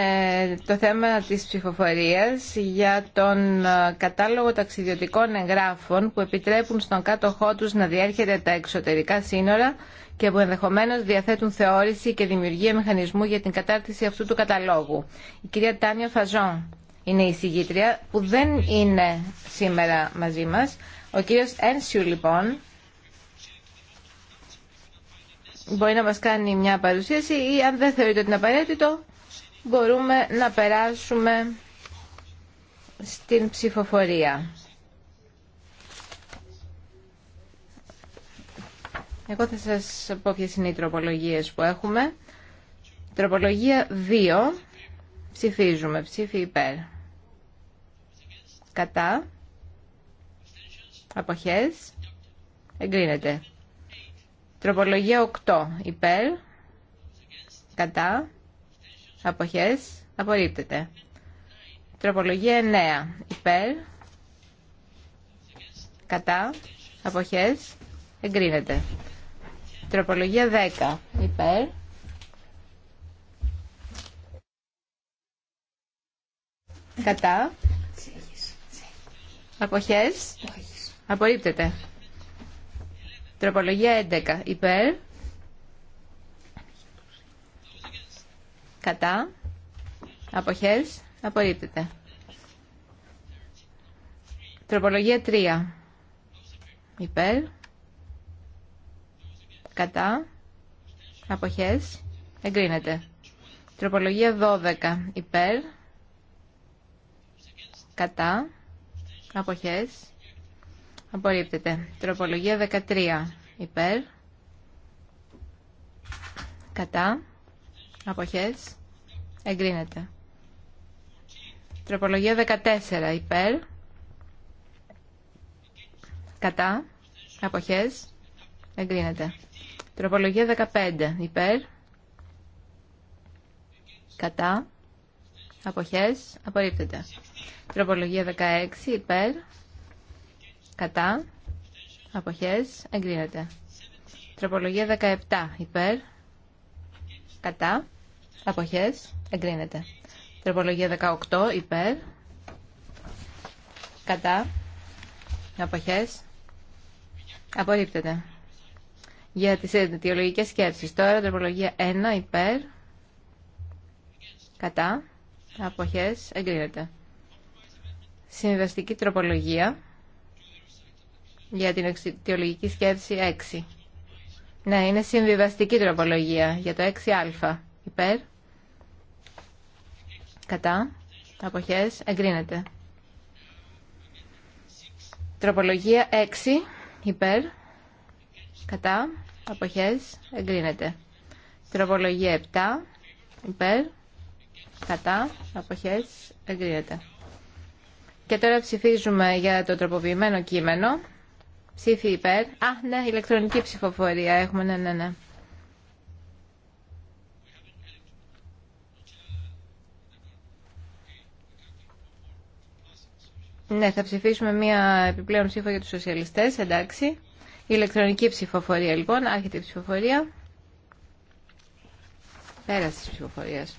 το θέμα της ψηφοφορίας για τον ε, κατάλογο ταξιδιωτικών εγγράφων που επιτρέπουν στον κάτοχό τους να διέρχεται τα εξωτερικά σύνορα και που ενδεχομένως διαθέτουν θεώρηση και δημιουργία μηχανισμού για την κατάρτιση αυτού του καταλόγου. Η κυρία Τάνια Φαζόν είναι η συγγήτρια που δεν είναι σήμερα μαζί μας. Ο κύριος Ένσιου λοιπόν μπορεί να μας κάνει μια παρουσίαση ή αν δεν θεωρείται ότι είναι απαραίτητο μπορούμε να περάσουμε στην ψηφοφορία. Εγώ θα σας πω ποιες είναι οι τροπολογίες που έχουμε. Τροπολογία 2. Ψηφίζουμε. Ψήφι υπέρ. Κατά. Αποχές. Εγκρίνεται. Τροπολογία 8. Υπέρ. Κατά. Αποχές. Απορρίπτεται. Τροπολογία 9. Υπέρ. Κατά. Αποχές. Εγκρίνεται. Τροπολογία 10. Υπέρ. Κατά. Αποχές. Απορρίπτεται. Τροπολογία 11. Υπέρ. κατά, αποχές, απορρίπτεται. Τροπολογία 3. Υπέρ, κατά, αποχές, εγκρίνεται. Τροπολογία 12. Υπέρ, κατά, αποχές, απορρίπτεται. Τροπολογία 13. Υπέρ, κατά, Αποχές. Εγκρίνεται. Τροπολογία 14. Υπέρ. Κατά. Αποχές. Εγκρίνεται. Τροπολογία 15. Υπέρ. Κατά. Αποχές. Απορρίπτεται. Τροπολογία 16. Υπέρ. Κατά. Αποχές. Εγκρίνεται. Τροπολογία 17. Υπέρ. Κατά. Αποχές. Εγκρίνεται. Τροπολογία 18. Υπέρ. Κατά. Αποχές. Απορρίπτεται. Για τις αιτιολογικές σκέψεις. Τώρα τροπολογία 1. Υπέρ. Κατά. Αποχές. Εγκρίνεται. Συμβαστική τροπολογία για την αιτιολογική σκέψη 6. Ναι, είναι συμβιβαστική τροπολογία για το 6α. Υπέρ. Κατά. Αποχές. Εγκρίνεται. Τροπολογία 6. Υπέρ. Κατά. Αποχές. Εγκρίνεται. Τροπολογία 7. Υπέρ. Κατά. Αποχές. Εγκρίνεται. Και τώρα ψηφίζουμε για το τροποποιημένο κείμενο ψήφι υπέρ. Α, ναι, ηλεκτρονική ψηφοφορία έχουμε, ναι, ναι, ναι. Ναι, θα ψηφίσουμε μία επιπλέον ψήφο για τους σοσιαλιστές, εντάξει. Η ηλεκτρονική ψηφοφορία λοιπόν, άρχεται η ψηφοφορία. Πέρασε της ψηφοφορίας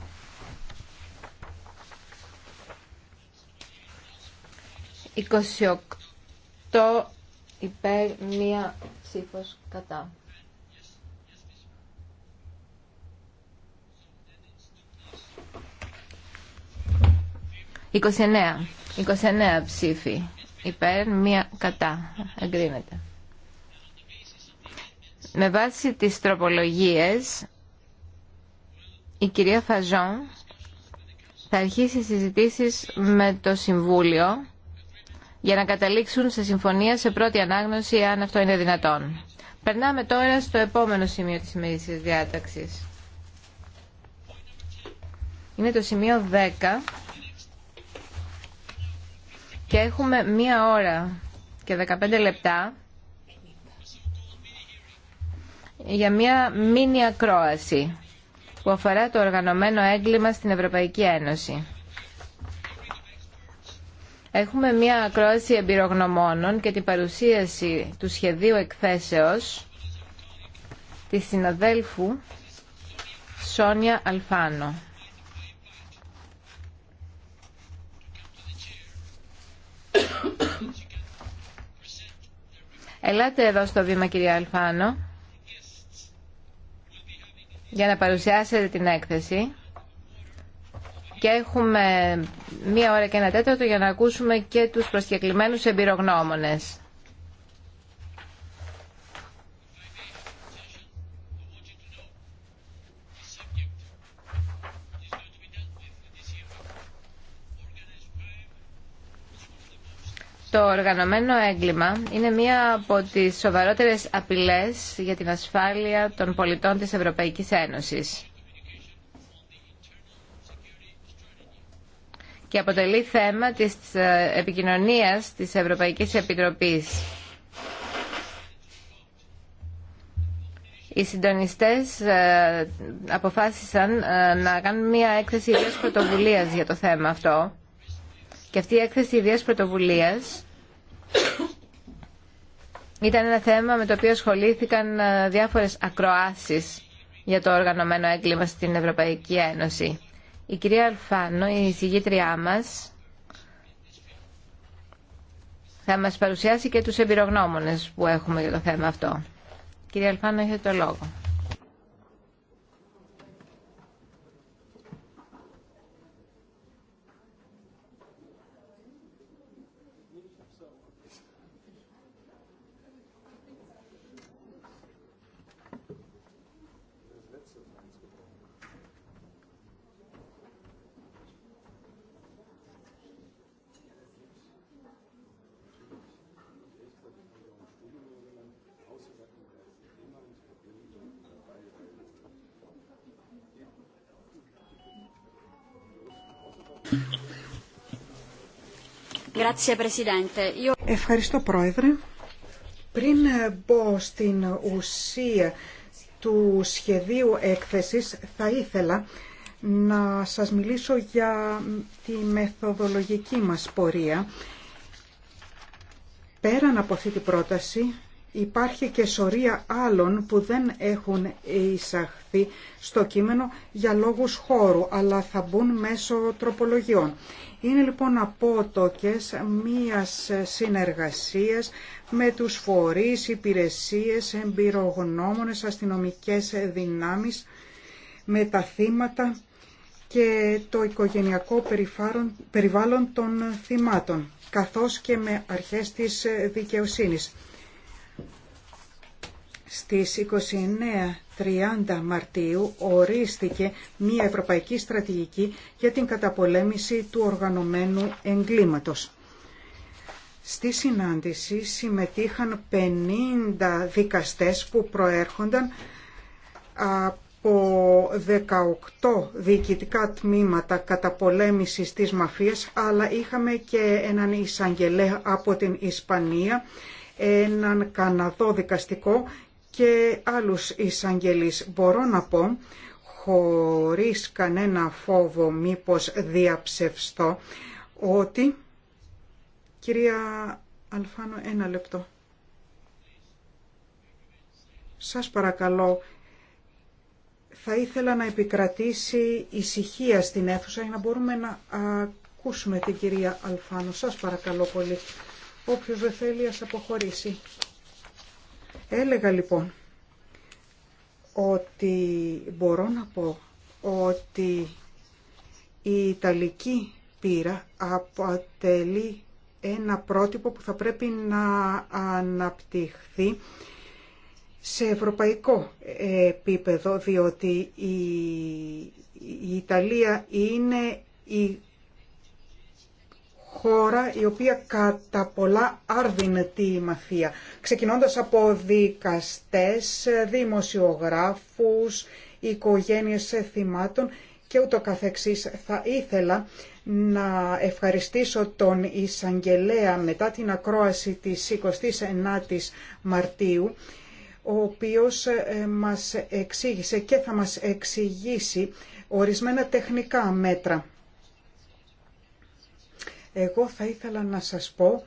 υπέρ μία ψήφος κατά. 29. 29 ψήφοι υπέρ, μία κατά. Εγκρίνεται. Με βάση τις τροπολογίες, η κυρία Φαζόν θα αρχίσει συζητήσεις με το Συμβούλιο για να καταλήξουν σε συμφωνία σε πρώτη ανάγνωση αν αυτό είναι δυνατόν. Περνάμε τώρα στο επόμενο σημείο της ημερήσιας διάταξης. Είναι το σημείο 10 και έχουμε μία ώρα και 15 λεπτά για μία μίνι ακρόαση που αφορά το οργανωμένο έγκλημα στην Ευρωπαϊκή Ένωση. Έχουμε μια ακρόαση εμπειρογνωμόνων και την παρουσίαση του σχεδίου εκθέσεως της συναδέλφου Σόνια Αλφάνο. Ελάτε εδώ στο βήμα κυρία Αλφάνο για να παρουσιάσετε την έκθεση και έχουμε μία ώρα και ένα τέταρτο για να ακούσουμε και τους προσκεκλημένους εμπειρογνώμονες. Το οργανωμένο έγκλημα είναι μία από τις σοβαρότερες απειλές για την ασφάλεια των πολιτών της Ευρωπαϊκής Ένωσης. και αποτελεί θέμα της ε, επικοινωνίας της Ευρωπαϊκής Επιτροπής. Οι συντονιστές ε, αποφάσισαν ε, να κάνουν μια έκθεση ιδίας πρωτοβουλίας για το θέμα αυτό και αυτή η έκθεση ιδίας πρωτοβουλίας ήταν ένα θέμα με το οποίο ασχολήθηκαν διάφορες ακροάσεις για το οργανωμένο έγκλημα στην Ευρωπαϊκή Ένωση. Η κυρία Αλφάνο, η συγγήτριά μας, θα μας παρουσιάσει και τους εμπειρογνώμονες που έχουμε για το θέμα αυτό. Κυρία Αλφάνο, έχετε το λόγο.
Ευχαριστώ Πρόεδρε. Πριν μπω στην ουσία του σχεδίου έκθεσης θα ήθελα να σας μιλήσω για τη μεθοδολογική μας πορεία. Πέραν από αυτή την πρόταση Υπάρχει και σωρία άλλων που δεν έχουν εισαχθεί στο κείμενο για λόγους χώρου, αλλά θα μπουν μέσω τροπολογιών. Είναι λοιπόν απότοκες μίας συνεργασίας με τους φορείς, υπηρεσίες, εμπειρογνώμονες, αστυνομικές δυνάμεις, με τα θύματα και το οικογενειακό περιβάλλον των θυμάτων, καθώς και με αρχές της δικαιοσύνης. Στις 29-30 Μαρτίου ορίστηκε μια ευρωπαϊκή στρατηγική για την καταπολέμηση του οργανωμένου εγκλήματος. Στη συνάντηση συμμετείχαν 50 δικαστές που προέρχονταν από 18 διοικητικά τμήματα καταπολέμησης της μαφίας, αλλά είχαμε και έναν εισαγγελέα από την Ισπανία, έναν Καναδό δικαστικό και άλλους εισαγγελείς. Μπορώ να πω, χωρίς κανένα φόβο μήπως διαψευστώ, ότι... Κυρία Αλφάνο, ένα λεπτό. Σας παρακαλώ, θα ήθελα να επικρατήσει ησυχία στην αίθουσα για να μπορούμε να ακούσουμε την κυρία Αλφάνο. Σας παρακαλώ πολύ. Όποιος δεν θέλει ας αποχωρήσει. Έλεγα λοιπόν ότι μπορώ να πω ότι η Ιταλική πύρα αποτελεί ένα πρότυπο που θα πρέπει να αναπτυχθεί σε ευρωπαϊκό επίπεδο, διότι η, η Ιταλία είναι η χώρα η οποία κατά πολλά άρδινε τη μαφία, ξεκινώντας από δικαστές, δημοσιογράφους, οικογένειες θυμάτων και ούτω καθεξής. Θα ήθελα να ευχαριστήσω τον Ισαγγελέα μετά την ακρόαση της 29ης Μαρτίου, ο οποίος ε, μας εξήγησε και θα μας εξηγήσει ορισμένα τεχνικά μέτρα εγώ θα ήθελα να σας πω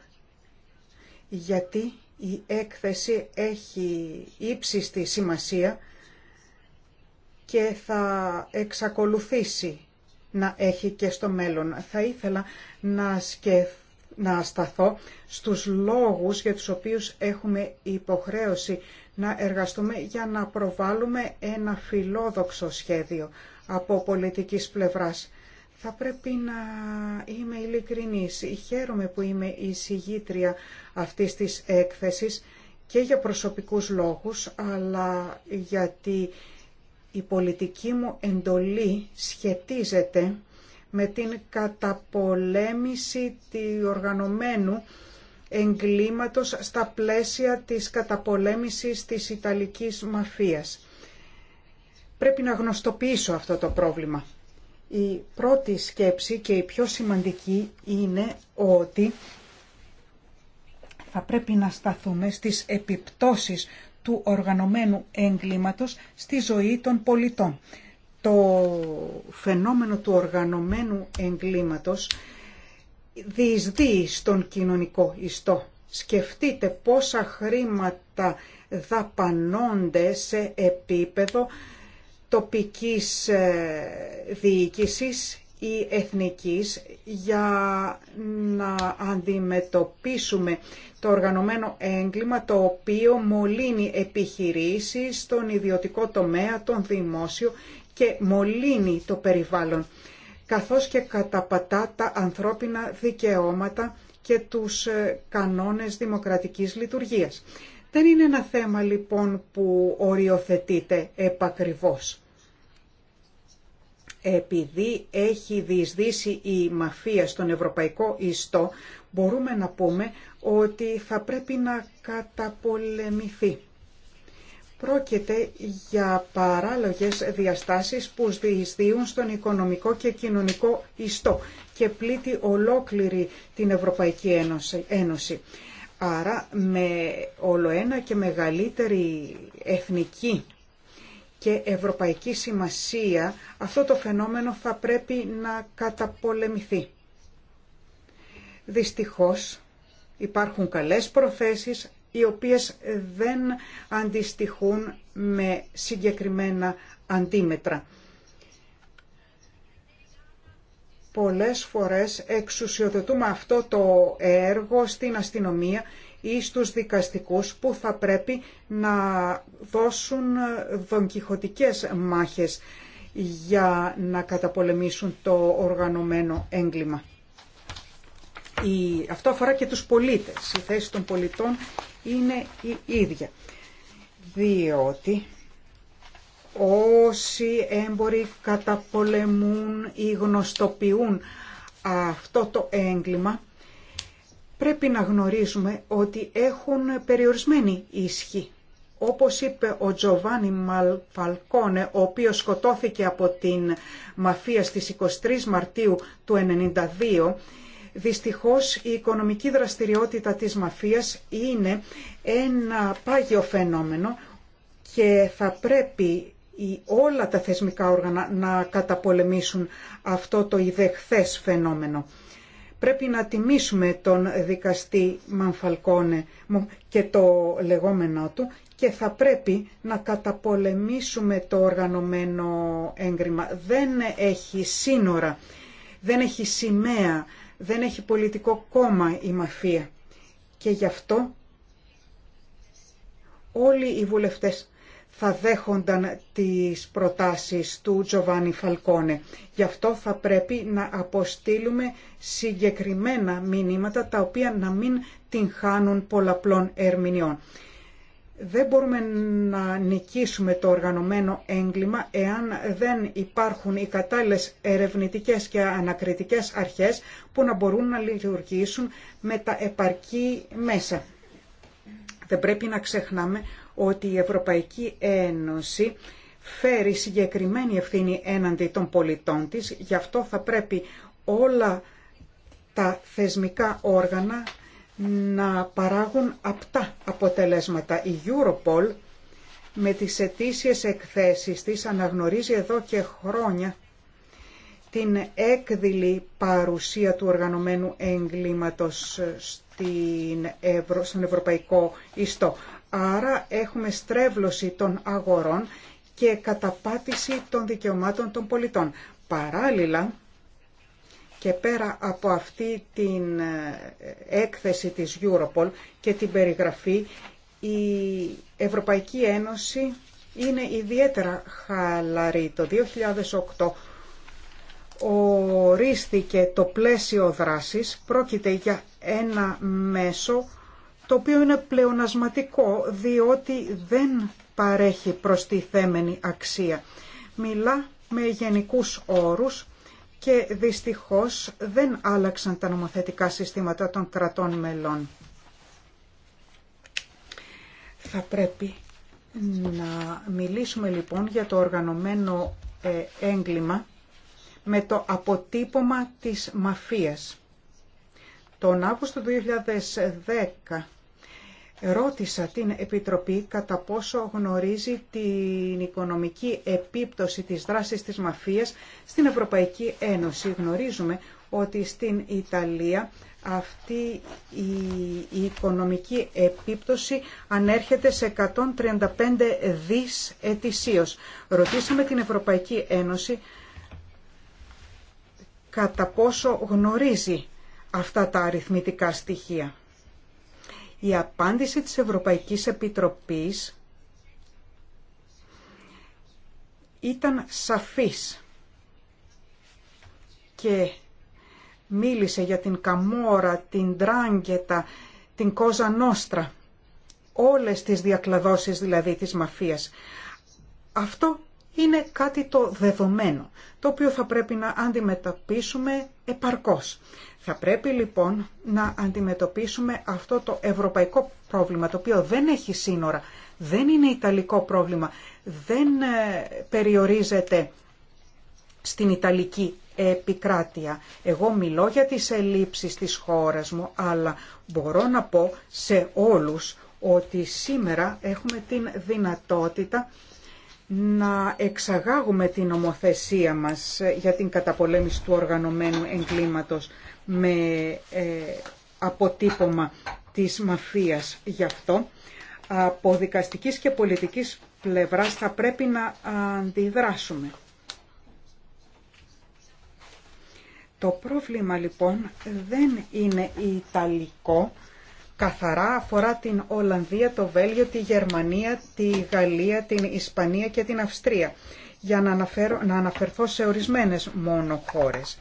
γιατί η έκθεση έχει ύψιστη σημασία και θα εξακολουθήσει να έχει και στο μέλλον. Θα ήθελα να να σταθώ στους λόγους για τους οποίους έχουμε υποχρέωση να εργαστούμε για να προβάλλουμε ένα φιλόδοξο σχέδιο από πολιτικής πλευράς. Θα πρέπει να είμαι ειλικρινής. Χαίρομαι που είμαι η συγγήτρια αυτής της έκθεσης και για προσωπικούς λόγους, αλλά γιατί η πολιτική μου εντολή σχετίζεται με την καταπολέμηση του οργανωμένου εγκλήματος στα πλαίσια της καταπολέμησης της Ιταλικής μαφίας. Πρέπει να γνωστοποιήσω αυτό το πρόβλημα. Η πρώτη σκέψη και η πιο σημαντική είναι ότι θα πρέπει να σταθούμε στις επιπτώσεις του οργανωμένου έγκληματος στη ζωή των πολιτών. Το φαινόμενο του οργανωμένου εγκλήματος διεισδύει στον κοινωνικό ιστό. Σκεφτείτε πόσα χρήματα δαπανώνται σε επίπεδο τοπικής ε, διοίκησης ή εθνικής για να αντιμετωπίσουμε το οργανωμένο έγκλημα το οποίο μολύνει επιχειρήσεις στον ιδιωτικό τομέα, τον δημόσιο και μολύνει το περιβάλλον καθώς και καταπατά τα ανθρώπινα δικαιώματα και τους ε, κανόνες δημοκρατικής λειτουργίας. Δεν είναι ένα θέμα λοιπόν που οριοθετείται επακριβώς. Επειδή έχει διεισδύσει η μαφία στον ευρωπαϊκό ιστό, μπορούμε να πούμε ότι θα πρέπει να καταπολεμηθεί. Πρόκειται για παράλογες διαστάσεις που διεισδύουν στον οικονομικό και κοινωνικό ιστό και πλήττει ολόκληρη την Ευρωπαϊκή Ένωση. Άρα με όλο ένα και μεγαλύτερη εθνική και ευρωπαϊκή σημασία αυτό το φαινόμενο θα πρέπει να καταπολεμηθεί. Δυστυχώς υπάρχουν καλές προθέσεις οι οποίες δεν αντιστοιχούν με συγκεκριμένα αντίμετρα. πολλές φορές εξουσιοδοτούμε αυτό το έργο στην αστυνομία ή στους δικαστικούς που θα πρέπει να δώσουν δονκιχωτικές μάχες για να καταπολεμήσουν το οργανωμένο έγκλημα. Η... Αυτό αφορά και τους πολίτες. Η θέση των πολιτών είναι η ίδια. Διότι όσοι έμποροι καταπολεμούν ή γνωστοποιούν αυτό το έγκλημα, πρέπει να γνωρίζουμε ότι έχουν περιορισμένη ισχύ. Όπως είπε ο Τζοβάνι Μαλφαλκόνε, ο οποίος σκοτώθηκε από την μαφία στις 23 Μαρτίου του 1992, δυστυχώς η οικονομική δραστηριότητα της μαφίας είναι ένα πάγιο φαινόμενο και θα πρέπει οι όλα τα θεσμικά όργανα να καταπολεμήσουν αυτό το ιδεχθές φαινόμενο. Πρέπει να τιμήσουμε τον δικαστή Μανφαλκόνε και το λεγόμενό του και θα πρέπει να καταπολεμήσουμε το οργανωμένο έγκριμα. Δεν έχει σύνορα, δεν έχει σημαία, δεν έχει πολιτικό κόμμα η μαφία. Και γι' αυτό όλοι οι βουλευτές θα δέχονταν τις προτάσεις του Τζοβάνι Φαλκόνε. Γι' αυτό θα πρέπει να αποστείλουμε συγκεκριμένα μηνύματα τα οποία να μην την χάνουν πολλαπλών ερμηνεών. Δεν μπορούμε να νικήσουμε το οργανωμένο έγκλημα εάν δεν υπάρχουν οι κατάλληλες ερευνητικές και ανακριτικές αρχές που να μπορούν να λειτουργήσουν με τα επαρκή μέσα. Δεν πρέπει να ξεχνάμε ότι η Ευρωπαϊκή Ένωση φέρει συγκεκριμένη ευθύνη έναντι των πολιτών της, γι' αυτό θα πρέπει όλα τα θεσμικά όργανα να παράγουν απτά αποτελέσματα. Η Europol με τις αιτήσιε εκθέσεις της αναγνωρίζει εδώ και χρόνια την έκδηλη παρουσία του οργανωμένου εγκλήματος στην Ευρω... στον ευρωπαϊκό ιστό. Άρα έχουμε στρέβλωση των αγορών και καταπάτηση των δικαιωμάτων των πολιτών. Παράλληλα, και πέρα από αυτή την ε, έκθεση της Europol και την περιγραφή, η Ευρωπαϊκή Ένωση είναι ιδιαίτερα χαλαρή. Το 2008 ορίστηκε το πλαίσιο δράσης, πρόκειται για ένα μέσο το οποίο είναι πλεονασματικό διότι δεν παρέχει προστιθέμενη αξία. Μιλά με γενικούς όρους και δυστυχώς δεν άλλαξαν τα νομοθετικά συστήματα των κρατών μελών. Θα πρέπει να μιλήσουμε λοιπόν για το οργανωμένο ε, έγκλημα με το αποτύπωμα της μαφίας. Τον Αύγουστο του 2010 Ρώτησα την Επιτροπή κατά πόσο γνωρίζει την οικονομική επίπτωση της δράσης της μαφίας στην Ευρωπαϊκή Ένωση. Γνωρίζουμε ότι στην Ιταλία αυτή η οικονομική επίπτωση ανέρχεται σε 135 δις ετησίως. Ρωτήσαμε την Ευρωπαϊκή Ένωση κατά πόσο γνωρίζει αυτά τα αριθμητικά στοιχεία. Η απάντηση της Ευρωπαϊκής Επιτροπής ήταν σαφής και μίλησε για την Καμόρα, την Τράγκετα, την Κόζα Νόστρα, όλες τις διακλαδώσεις δηλαδή της μαφίας. Αυτό είναι κάτι το δεδομένο, το οποίο θα πρέπει να αντιμεταπίσουμε επαρκώς. Θα πρέπει λοιπόν να αντιμετωπίσουμε αυτό το ευρωπαϊκό πρόβλημα, το οποίο δεν έχει σύνορα, δεν είναι ιταλικό πρόβλημα, δεν ε, περιορίζεται στην ιταλική επικράτεια. Εγώ μιλώ για τις ελλείψεις της χώρας μου, αλλά μπορώ να πω σε όλους ότι σήμερα έχουμε την δυνατότητα να εξαγάγουμε την ομοθεσία μας ε, για την καταπολέμηση του οργανωμένου εγκλήματος με ε, αποτύπωμα της μαφίας γι' αυτό. Από δικαστικής και πολιτικής πλευράς θα πρέπει να αντιδράσουμε. Το πρόβλημα λοιπόν δεν είναι ιταλικό, καθαρά αφορά την Ολλανδία, το Βέλγιο, τη Γερμανία, τη Γαλλία, την Ισπανία και την Αυστρία, για να, αναφέρω, να αναφερθώ σε ορισμένες μόνο χώρες.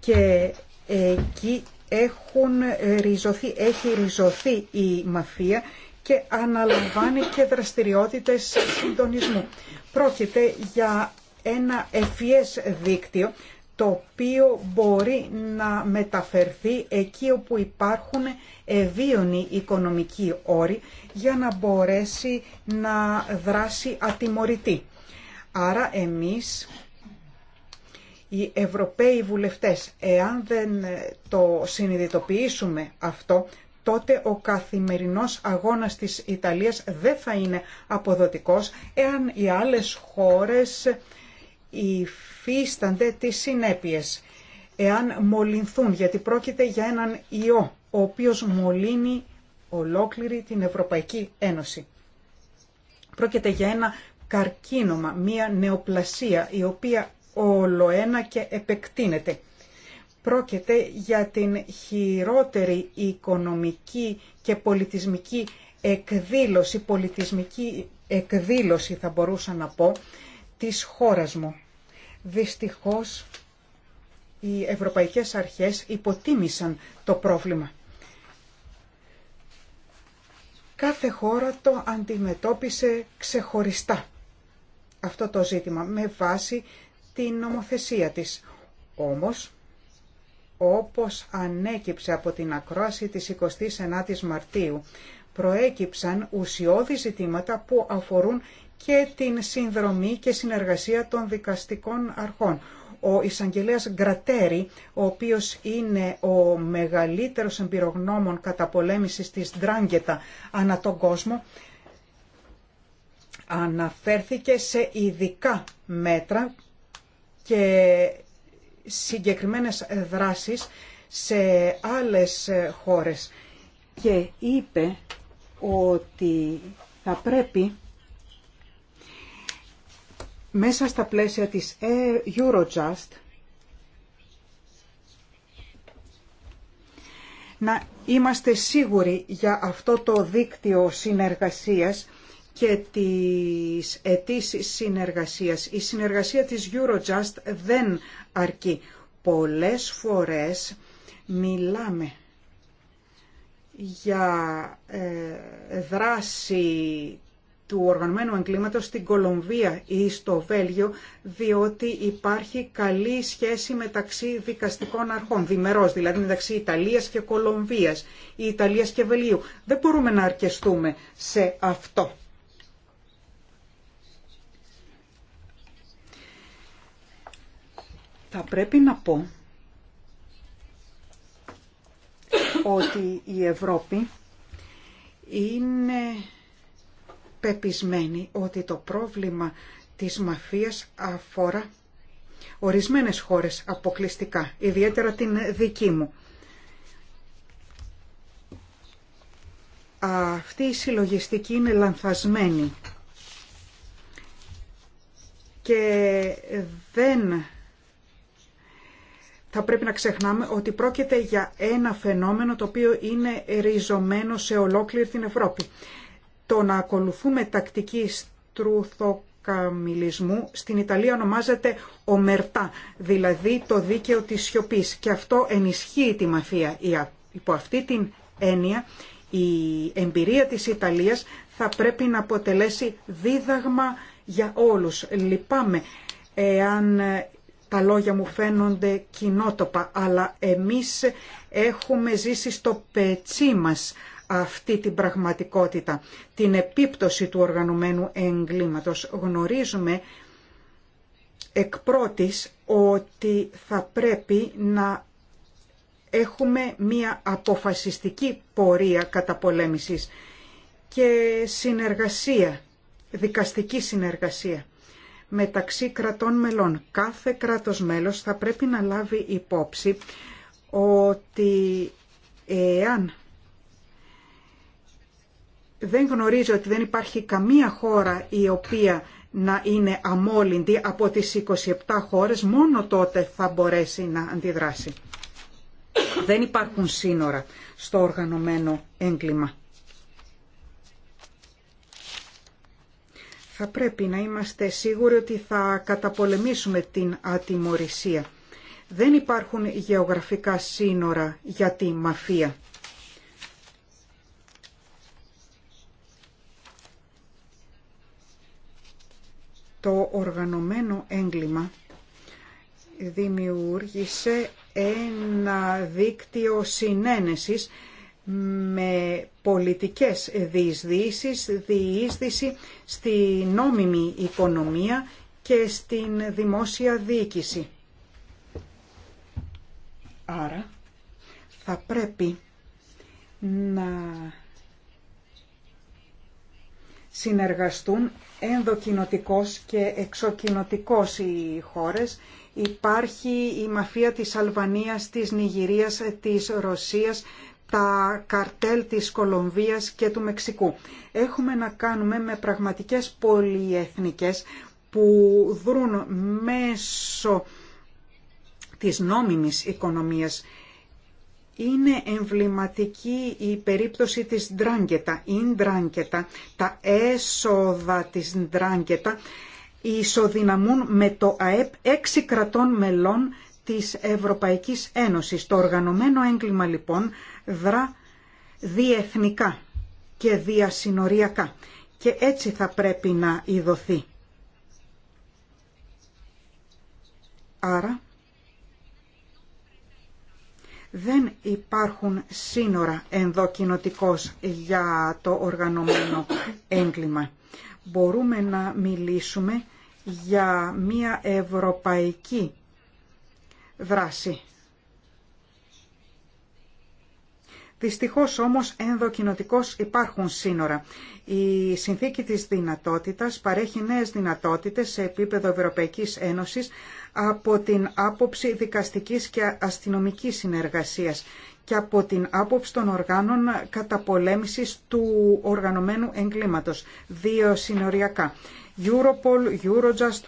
Και Εκεί έχουν ριζωθεί, έχει ριζωθεί η μαφία και αναλαμβάνει και δραστηριότητες συντονισμού. Πρόκειται για ένα ευφυές δίκτυο το οποίο μπορεί να μεταφερθεί εκεί όπου υπάρχουν ευίωνοι οικονομικοί όροι για να μπορέσει να δράσει ατιμωρητή. Άρα εμείς οι Ευρωπαίοι βουλευτές. Εάν δεν ε, το συνειδητοποιήσουμε αυτό, τότε ο καθημερινός αγώνας της Ιταλίας δεν θα είναι αποδοτικός εάν οι άλλες χώρες υφίστανται τις συνέπειες. Εάν μολυνθούν, γιατί πρόκειται για έναν ιό, ο οποίος μολύνει ολόκληρη την Ευρωπαϊκή Ένωση. Πρόκειται για ένα καρκίνωμα, μία νεοπλασία, η οποία όλο ένα και επεκτείνεται. Πρόκειται για την χειρότερη οικονομική και πολιτισμική εκδήλωση, πολιτισμική εκδήλωση θα μπορούσα να πω, της χώρας μου. Δυστυχώς οι ευρωπαϊκές αρχές υποτίμησαν το πρόβλημα. Κάθε χώρα το αντιμετώπισε ξεχωριστά αυτό το ζήτημα με βάση την νομοθεσία της. Όμως, όπως ανέκυψε από την ακρόαση της 29ης Μαρτίου, προέκυψαν ουσιώδη ζητήματα που αφορούν και την συνδρομή και συνεργασία των δικαστικών αρχών. Ο Ισαγγελέας Γκρατέρη, ο οποίος είναι ο μεγαλύτερος εμπειρογνώμων καταπολέμησης της Ντράγκετα ανά τον κόσμο, αναφέρθηκε σε ειδικά μέτρα και συγκεκριμένες δράσεις σε άλλες χώρες και είπε ότι θα πρέπει μέσα στα πλαίσια της Eurojust να είμαστε σίγουροι για αυτό το δίκτυο συνεργασίας και τις αιτήσει συνεργασίας. Η συνεργασία της Eurojust δεν αρκεί. Πολλές φορές μιλάμε για ε, δράση του οργανωμένου εγκλήματος στην Κολομβία ή στο Βέλγιο, διότι υπάρχει καλή σχέση μεταξύ δικαστικών αρχών, διμερός, δηλαδή μεταξύ Ιταλίας και Κολομβίας ή Ιταλίας και Βελγίου. Δεν μπορούμε να αρκεστούμε σε αυτό. Θα πρέπει να πω ότι η Ευρώπη είναι πεπισμένη ότι το πρόβλημα της μαφίας αφορά ορισμένες χώρες αποκλειστικά, ιδιαίτερα την δική μου. Αυτή η συλλογιστική είναι λανθασμένη και δεν θα πρέπει να ξεχνάμε ότι πρόκειται για ένα φαινόμενο το οποίο είναι ριζωμένο σε ολόκληρη την Ευρώπη. Το να ακολουθούμε τακτική στρουθοκαμιλισμού στην Ιταλία ονομάζεται ομερτά, δηλαδή το δίκαιο της σιωπή. Και αυτό ενισχύει τη μαφία. Υπό αυτή την έννοια η εμπειρία της Ιταλίας θα πρέπει να αποτελέσει δίδαγμα για όλους. Λυπάμαι εάν τα λόγια μου φαίνονται κοινότοπα, αλλά εμείς έχουμε ζήσει στο πετσί μας αυτή την πραγματικότητα, την επίπτωση του οργανωμένου εγκλήματος. Γνωρίζουμε εκ πρώτης ότι θα πρέπει να έχουμε μία αποφασιστική πορεία καταπολέμησης και συνεργασία, δικαστική συνεργασία μεταξύ κρατών μελών. Κάθε κράτος μέλος θα πρέπει να λάβει υπόψη ότι εάν δεν γνωρίζει ότι δεν υπάρχει καμία χώρα η οποία να είναι αμόλυντη από τις 27 χώρες, μόνο τότε θα μπορέσει να αντιδράσει. Δεν υπάρχουν σύνορα στο οργανωμένο έγκλημα. Θα πρέπει να είμαστε σίγουροι ότι θα καταπολεμήσουμε την ατιμορρησία. Δεν υπάρχουν γεωγραφικά σύνορα για τη μαφία. Το οργανωμένο έγκλημα δημιούργησε ένα δίκτυο συνένεσης με πολιτικές διεισδύσεις, διείσδυση στη νόμιμη οικονομία και στην δημόσια διοίκηση. Άρα θα πρέπει να συνεργαστούν ενδοκοινοτικός και εξοκινοτικός οι χώρες. Υπάρχει η μαφία της Αλβανίας, της Νιγηρίας, της Ρωσίας, τα καρτέλ της Κολομβίας και του Μεξικού. Έχουμε να κάνουμε με πραγματικές πολυεθνικές που δρούν μέσω της νόμιμης οικονομίας. Είναι εμβληματική η περίπτωση της ντράγκετα. Η ντράγκετα, τα έσοδα της ντράγκετα ισοδυναμούν με το ΑΕΠ έξι κρατών μελών της Ευρωπαϊκής Ένωσης. Το οργανωμένο έγκλημα λοιπόν δρά διεθνικά και διασυνοριακά και έτσι θα πρέπει να ειδωθεί. Άρα δεν υπάρχουν σύνορα ενδοκινοτικός για το οργανωμένο έγκλημα. Μπορούμε να μιλήσουμε για μια ευρωπαϊκή δράση. Δυστυχώς όμως ενδοκινητικος υπάρχουν σύνορα. Η συνθήκη της δυνατότητας παρέχει νέες δυνατότητες σε επίπεδο Ευρωπαϊκής Ένωσης από την άποψη δικαστικής και αστυνομικής συνεργασίας και από την άποψη των οργάνων καταπολέμησης του οργανωμένου εγκλήματος, δύο συνοριακά. Europol, Eurojust,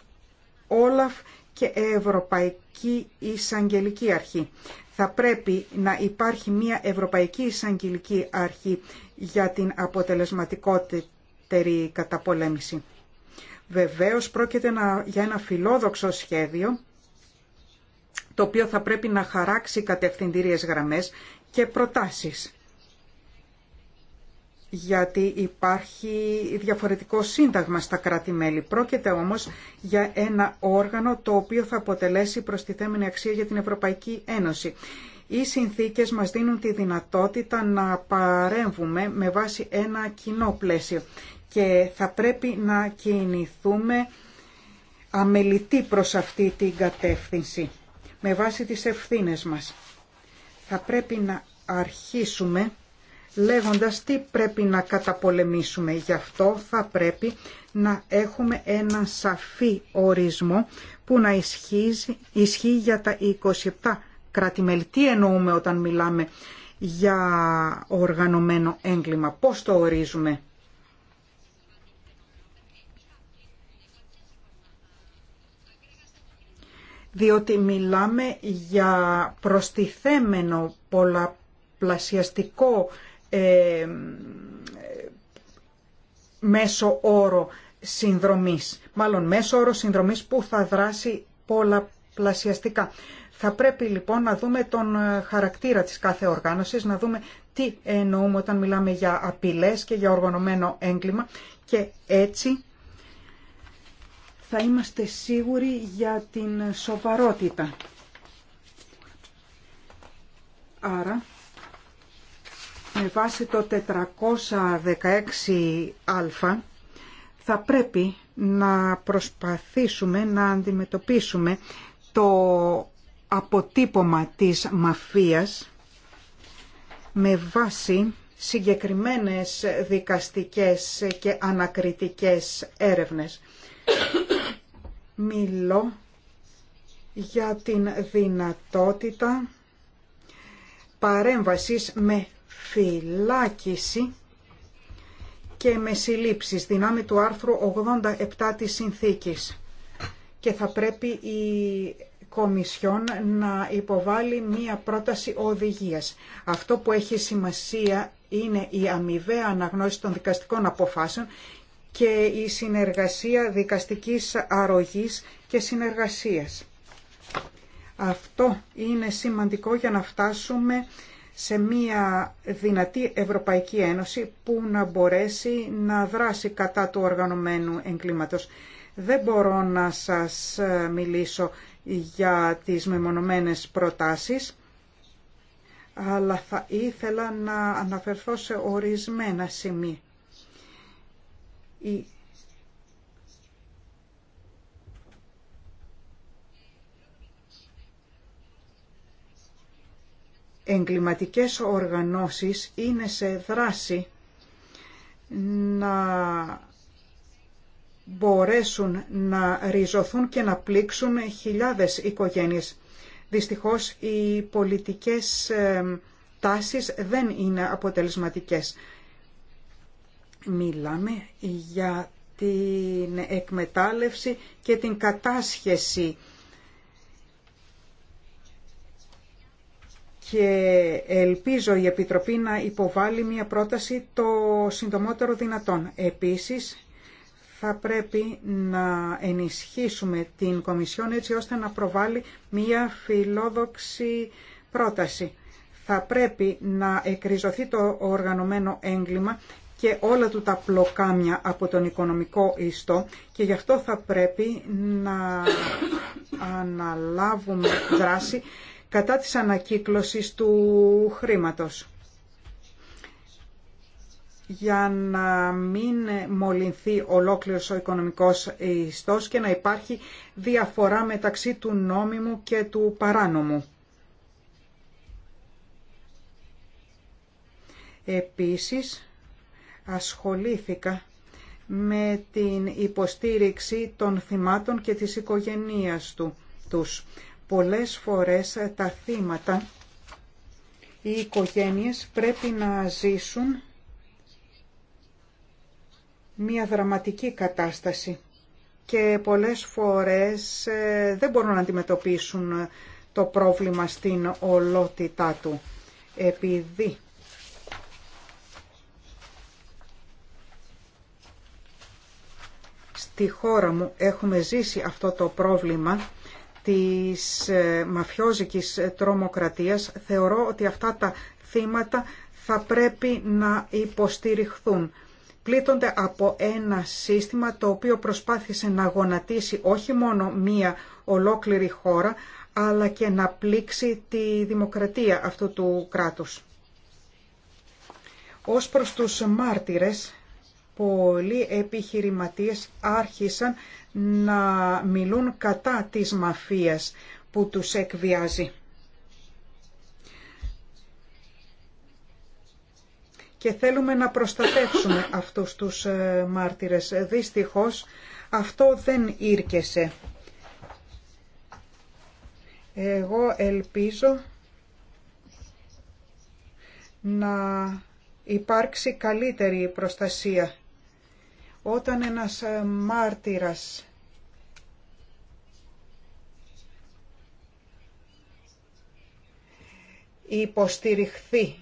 Όλαφ και Ευρωπαϊκή Εισαγγελική Αρχή. Θα πρέπει να υπάρχει μια Ευρωπαϊκή Εισαγγελική Αρχή για την αποτελεσματικότερη καταπολέμηση. Βεβαίως πρόκειται για ένα φιλόδοξο σχέδιο το οποίο θα πρέπει να χαράξει κατευθυντήριες γραμμές και προτάσεις γιατί υπάρχει διαφορετικό σύνταγμα στα κράτη-μέλη. Πρόκειται όμως για ένα όργανο το οποίο θα αποτελέσει προστιθέμενη αξία για την Ευρωπαϊκή Ένωση. Οι συνθήκες μας δίνουν τη δυνατότητα να παρέμβουμε με βάση ένα κοινό πλαίσιο και θα πρέπει να κινηθούμε αμελητή προς αυτή την κατεύθυνση με βάση τις ευθύνες μας. Θα πρέπει να αρχίσουμε λέγοντας τι πρέπει να καταπολεμήσουμε. Γι' αυτό θα πρέπει να έχουμε ένα σαφή ορισμό που να ισχύει, ισχύει για τα 27 κράτη-μέλη. Τι εννοούμε όταν μιλάμε για οργανωμένο έγκλημα, πώς το ορίζουμε. διότι μιλάμε για προστιθέμενο πολλαπλασιαστικό ε, μέσο όρο συνδρομής, μάλλον μέσο όρο συνδρομής που θα δράσει πολλαπλασιαστικά. Θα πρέπει λοιπόν να δούμε τον χαρακτήρα της κάθε οργάνωσης, να δούμε τι εννοούμε όταν μιλάμε για απειλές και για οργανωμένο έγκλημα και έτσι θα είμαστε σίγουροι για την σοβαρότητα. Άρα με βάση το 416α θα πρέπει να προσπαθήσουμε να αντιμετωπίσουμε το αποτύπωμα της μαφίας με βάση συγκεκριμένες δικαστικές και ανακριτικές έρευνες. Μιλώ για την δυνατότητα παρέμβασης με φυλάκιση και με συλλήψεις δυνάμει του άρθρου 87 της Συνθήκης και θα πρέπει η Κομισιόν να υποβάλει μία πρόταση οδηγίας. Αυτό που έχει σημασία είναι η αμοιβαία αναγνώριση των δικαστικών αποφάσεων και η συνεργασία δικαστικής αρρωγής και συνεργασίας. Αυτό είναι σημαντικό για να φτάσουμε σε μια δυνατή Ευρωπαϊκή Ένωση που να μπορέσει να δράσει κατά του οργανωμένου εγκλήματος. Δεν μπορώ να σας ε, μιλήσω για τις μεμονωμένες προτάσεις, αλλά θα ήθελα να αναφερθώ σε ορισμένα σημεία. Η εγκληματικές οργανώσεις είναι σε δράση να μπορέσουν να ριζωθούν και να πλήξουν χιλιάδες οικογένειες. Δυστυχώς οι πολιτικές ε, τάσεις δεν είναι αποτελεσματικές. Μιλάμε για την εκμετάλλευση και την κατάσχεση και ελπίζω η Επιτροπή να υποβάλει μια πρόταση το συντομότερο δυνατόν. Επίσης, θα πρέπει να ενισχύσουμε την Κομισιόν έτσι ώστε να προβάλλει μια φιλόδοξη πρόταση. Θα πρέπει να εκριζωθεί το οργανωμένο έγκλημα και όλα του τα πλοκάμια από τον οικονομικό ιστό και γι' αυτό θα πρέπει να αναλάβουμε δράση κατά της ανακύκλωσης του χρήματος για να μην μολυνθεί ολόκληρος ο οικονομικός ιστός και να υπάρχει διαφορά μεταξύ του νόμιμου και του παράνομου. Επίσης, ασχολήθηκα με την υποστήριξη των θυμάτων και της οικογένειας του, τους. Πολλές φορές ε, τα θύματα, οι οικογένειες πρέπει να ζήσουν μια δραματική κατάσταση και πολλές φορές ε, δεν μπορούν να αντιμετωπίσουν ε, το πρόβλημα στην ολότητά του επειδή στη χώρα μου έχουμε ζήσει αυτό το πρόβλημα της ε, μαφιόζικης τρομοκρατίας, θεωρώ ότι αυτά τα θύματα θα πρέπει να υποστηριχθούν. Πλήττονται από ένα σύστημα το οποίο προσπάθησε να γονατίσει όχι μόνο μία ολόκληρη χώρα, αλλά και να πλήξει τη δημοκρατία αυτού του κράτους. Ως προς τους μάρτυρες, πολλοί επιχειρηματίες άρχισαν να μιλούν κατά της μαφίας που τους εκβιάζει. Και θέλουμε να προστατεύσουμε αυτούς τους ε, μάρτυρες. Δυστυχώς αυτό δεν ήρκεσε. Εγώ ελπίζω να υπάρξει καλύτερη προστασία όταν ένας ε, μάρτυρας υποστηριχθεί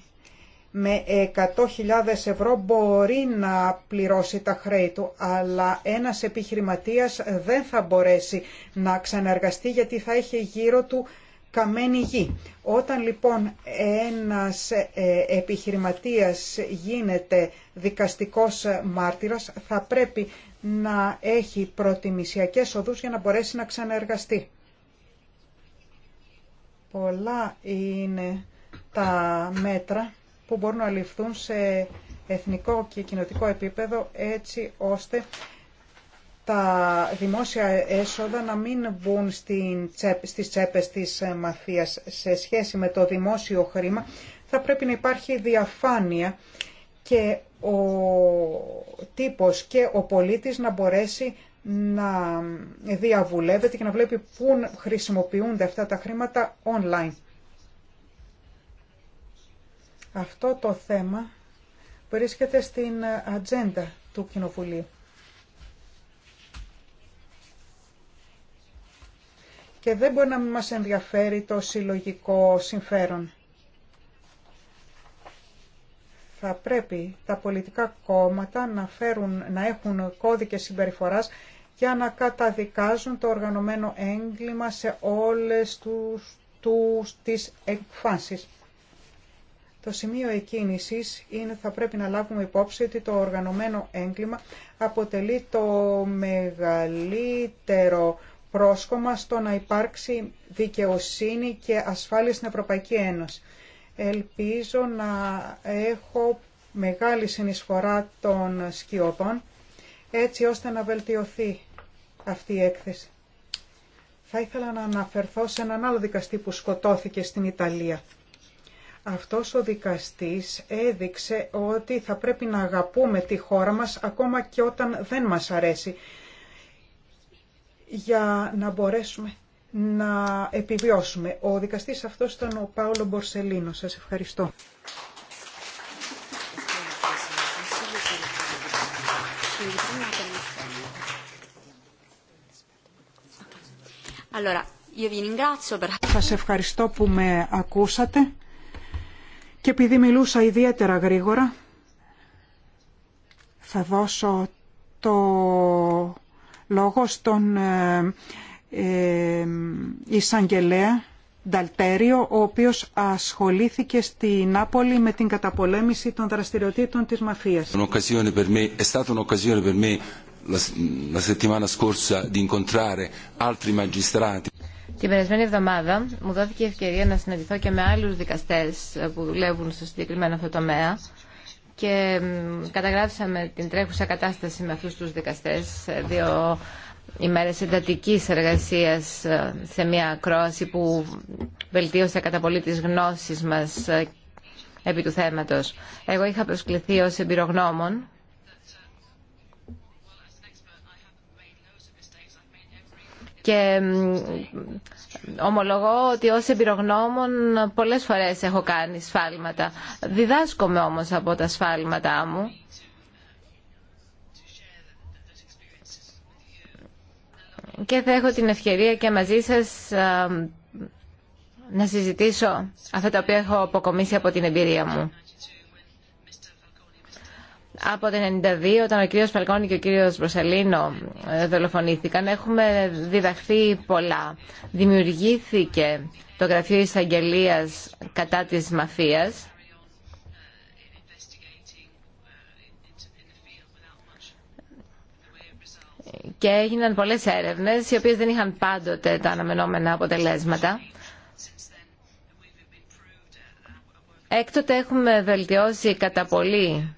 με 100.000 ευρώ μπορεί να πληρώσει τα χρέη του, αλλά ένας επιχειρηματίας δεν θα μπορέσει να ξαναργαστεί γιατί θα έχει γύρω του καμένη γη. Όταν λοιπόν ένας ε, επιχειρηματίας γίνεται δικαστικός μάρτυρας θα πρέπει να έχει προτιμησιακές οδούς για να μπορέσει να ξαναεργαστεί. Πολλά είναι τα μέτρα που μπορούν να ληφθούν σε εθνικό και κοινοτικό επίπεδο έτσι ώστε τα δημόσια έσοδα να μην μπουν στις τσέπες της ε, μαφίας σε σχέση με το δημόσιο χρήμα, θα πρέπει να υπάρχει διαφάνεια και ο τύπος και ο πολίτης να μπορέσει να διαβουλεύεται και να βλέπει πού χρησιμοποιούνται αυτά τα χρήματα online. Αυτό το θέμα βρίσκεται στην ατζέντα του Κοινοβουλίου. και δεν μπορεί να μην μας ενδιαφέρει το συλλογικό συμφέρον. Θα πρέπει τα πολιτικά κόμματα να, φέρουν, να έχουν κώδικες συμπεριφοράς για να καταδικάζουν το οργανωμένο έγκλημα σε όλες τους, τους, τις εκφάνσεις. Το σημείο εκκίνησης είναι θα πρέπει να λάβουμε υπόψη ότι το οργανωμένο έγκλημα αποτελεί το μεγαλύτερο πρόσκομα στο να υπάρξει δικαιοσύνη και ασφάλεια στην Ευρωπαϊκή Ένωση. Ελπίζω να έχω μεγάλη συνεισφορά των σκιωτών έτσι ώστε να βελτιωθεί αυτή η έκθεση. Θα ήθελα να αναφερθώ σε έναν άλλο δικαστή που σκοτώθηκε στην Ιταλία. Αυτός ο δικαστής έδειξε ότι θα πρέπει να αγαπούμε τη χώρα μας ακόμα και όταν δεν μας αρέσει για να μπορέσουμε να επιβιώσουμε. Ο δικαστής αυτός ήταν ο Πάολο Μπορσελίνο. Σας ευχαριστώ. Σας ευχαριστώ που με ακούσατε και επειδή μιλούσα ιδιαίτερα γρήγορα θα δώσω το Λόγω στον ε, ε, ισαγγελέα Νταλτέριο, ο οποίος ασχολήθηκε στη Νάπολη με την καταπολέμηση των δραστηριοτήτων της μαφίας.
Την περασμένη εβδομάδα μου δόθηκε η ευκαιρία να συναντηθώ και με άλλους δικαστές που δουλεύουν στο συγκεκριμένο αυτό τομέα και καταγράψαμε την τρέχουσα κατάσταση με αυτούς τους δικαστές δύο ημέρες εντατικής εργασίας ε, σε μια ακρόαση που βελτίωσε κατά πολύ τις γνώσεις μας ε, επί του θέματος. Εγώ είχα προσκληθεί ως εμπειρογνώμων και ομολογώ ότι ως εμπειρογνώμων πολλές φορές έχω κάνει σφάλματα. Διδάσκομαι όμως από τα σφάλματά μου. Και θα έχω την ευκαιρία και μαζί σας να συζητήσω αυτά τα οποία έχω αποκομίσει από την εμπειρία μου από το 1992 όταν ο κύριος Φαλκόνη και ο κύριος Μπροσελίνο ε, δολοφονήθηκαν έχουμε διδαχθεί πολλά. Δημιουργήθηκε το Γραφείο εισαγγελία κατά της μαφίας και έγιναν πολλές έρευνες οι οποίες δεν είχαν πάντοτε τα αναμενόμενα αποτελέσματα. Έκτοτε έχουμε βελτιώσει κατά πολύ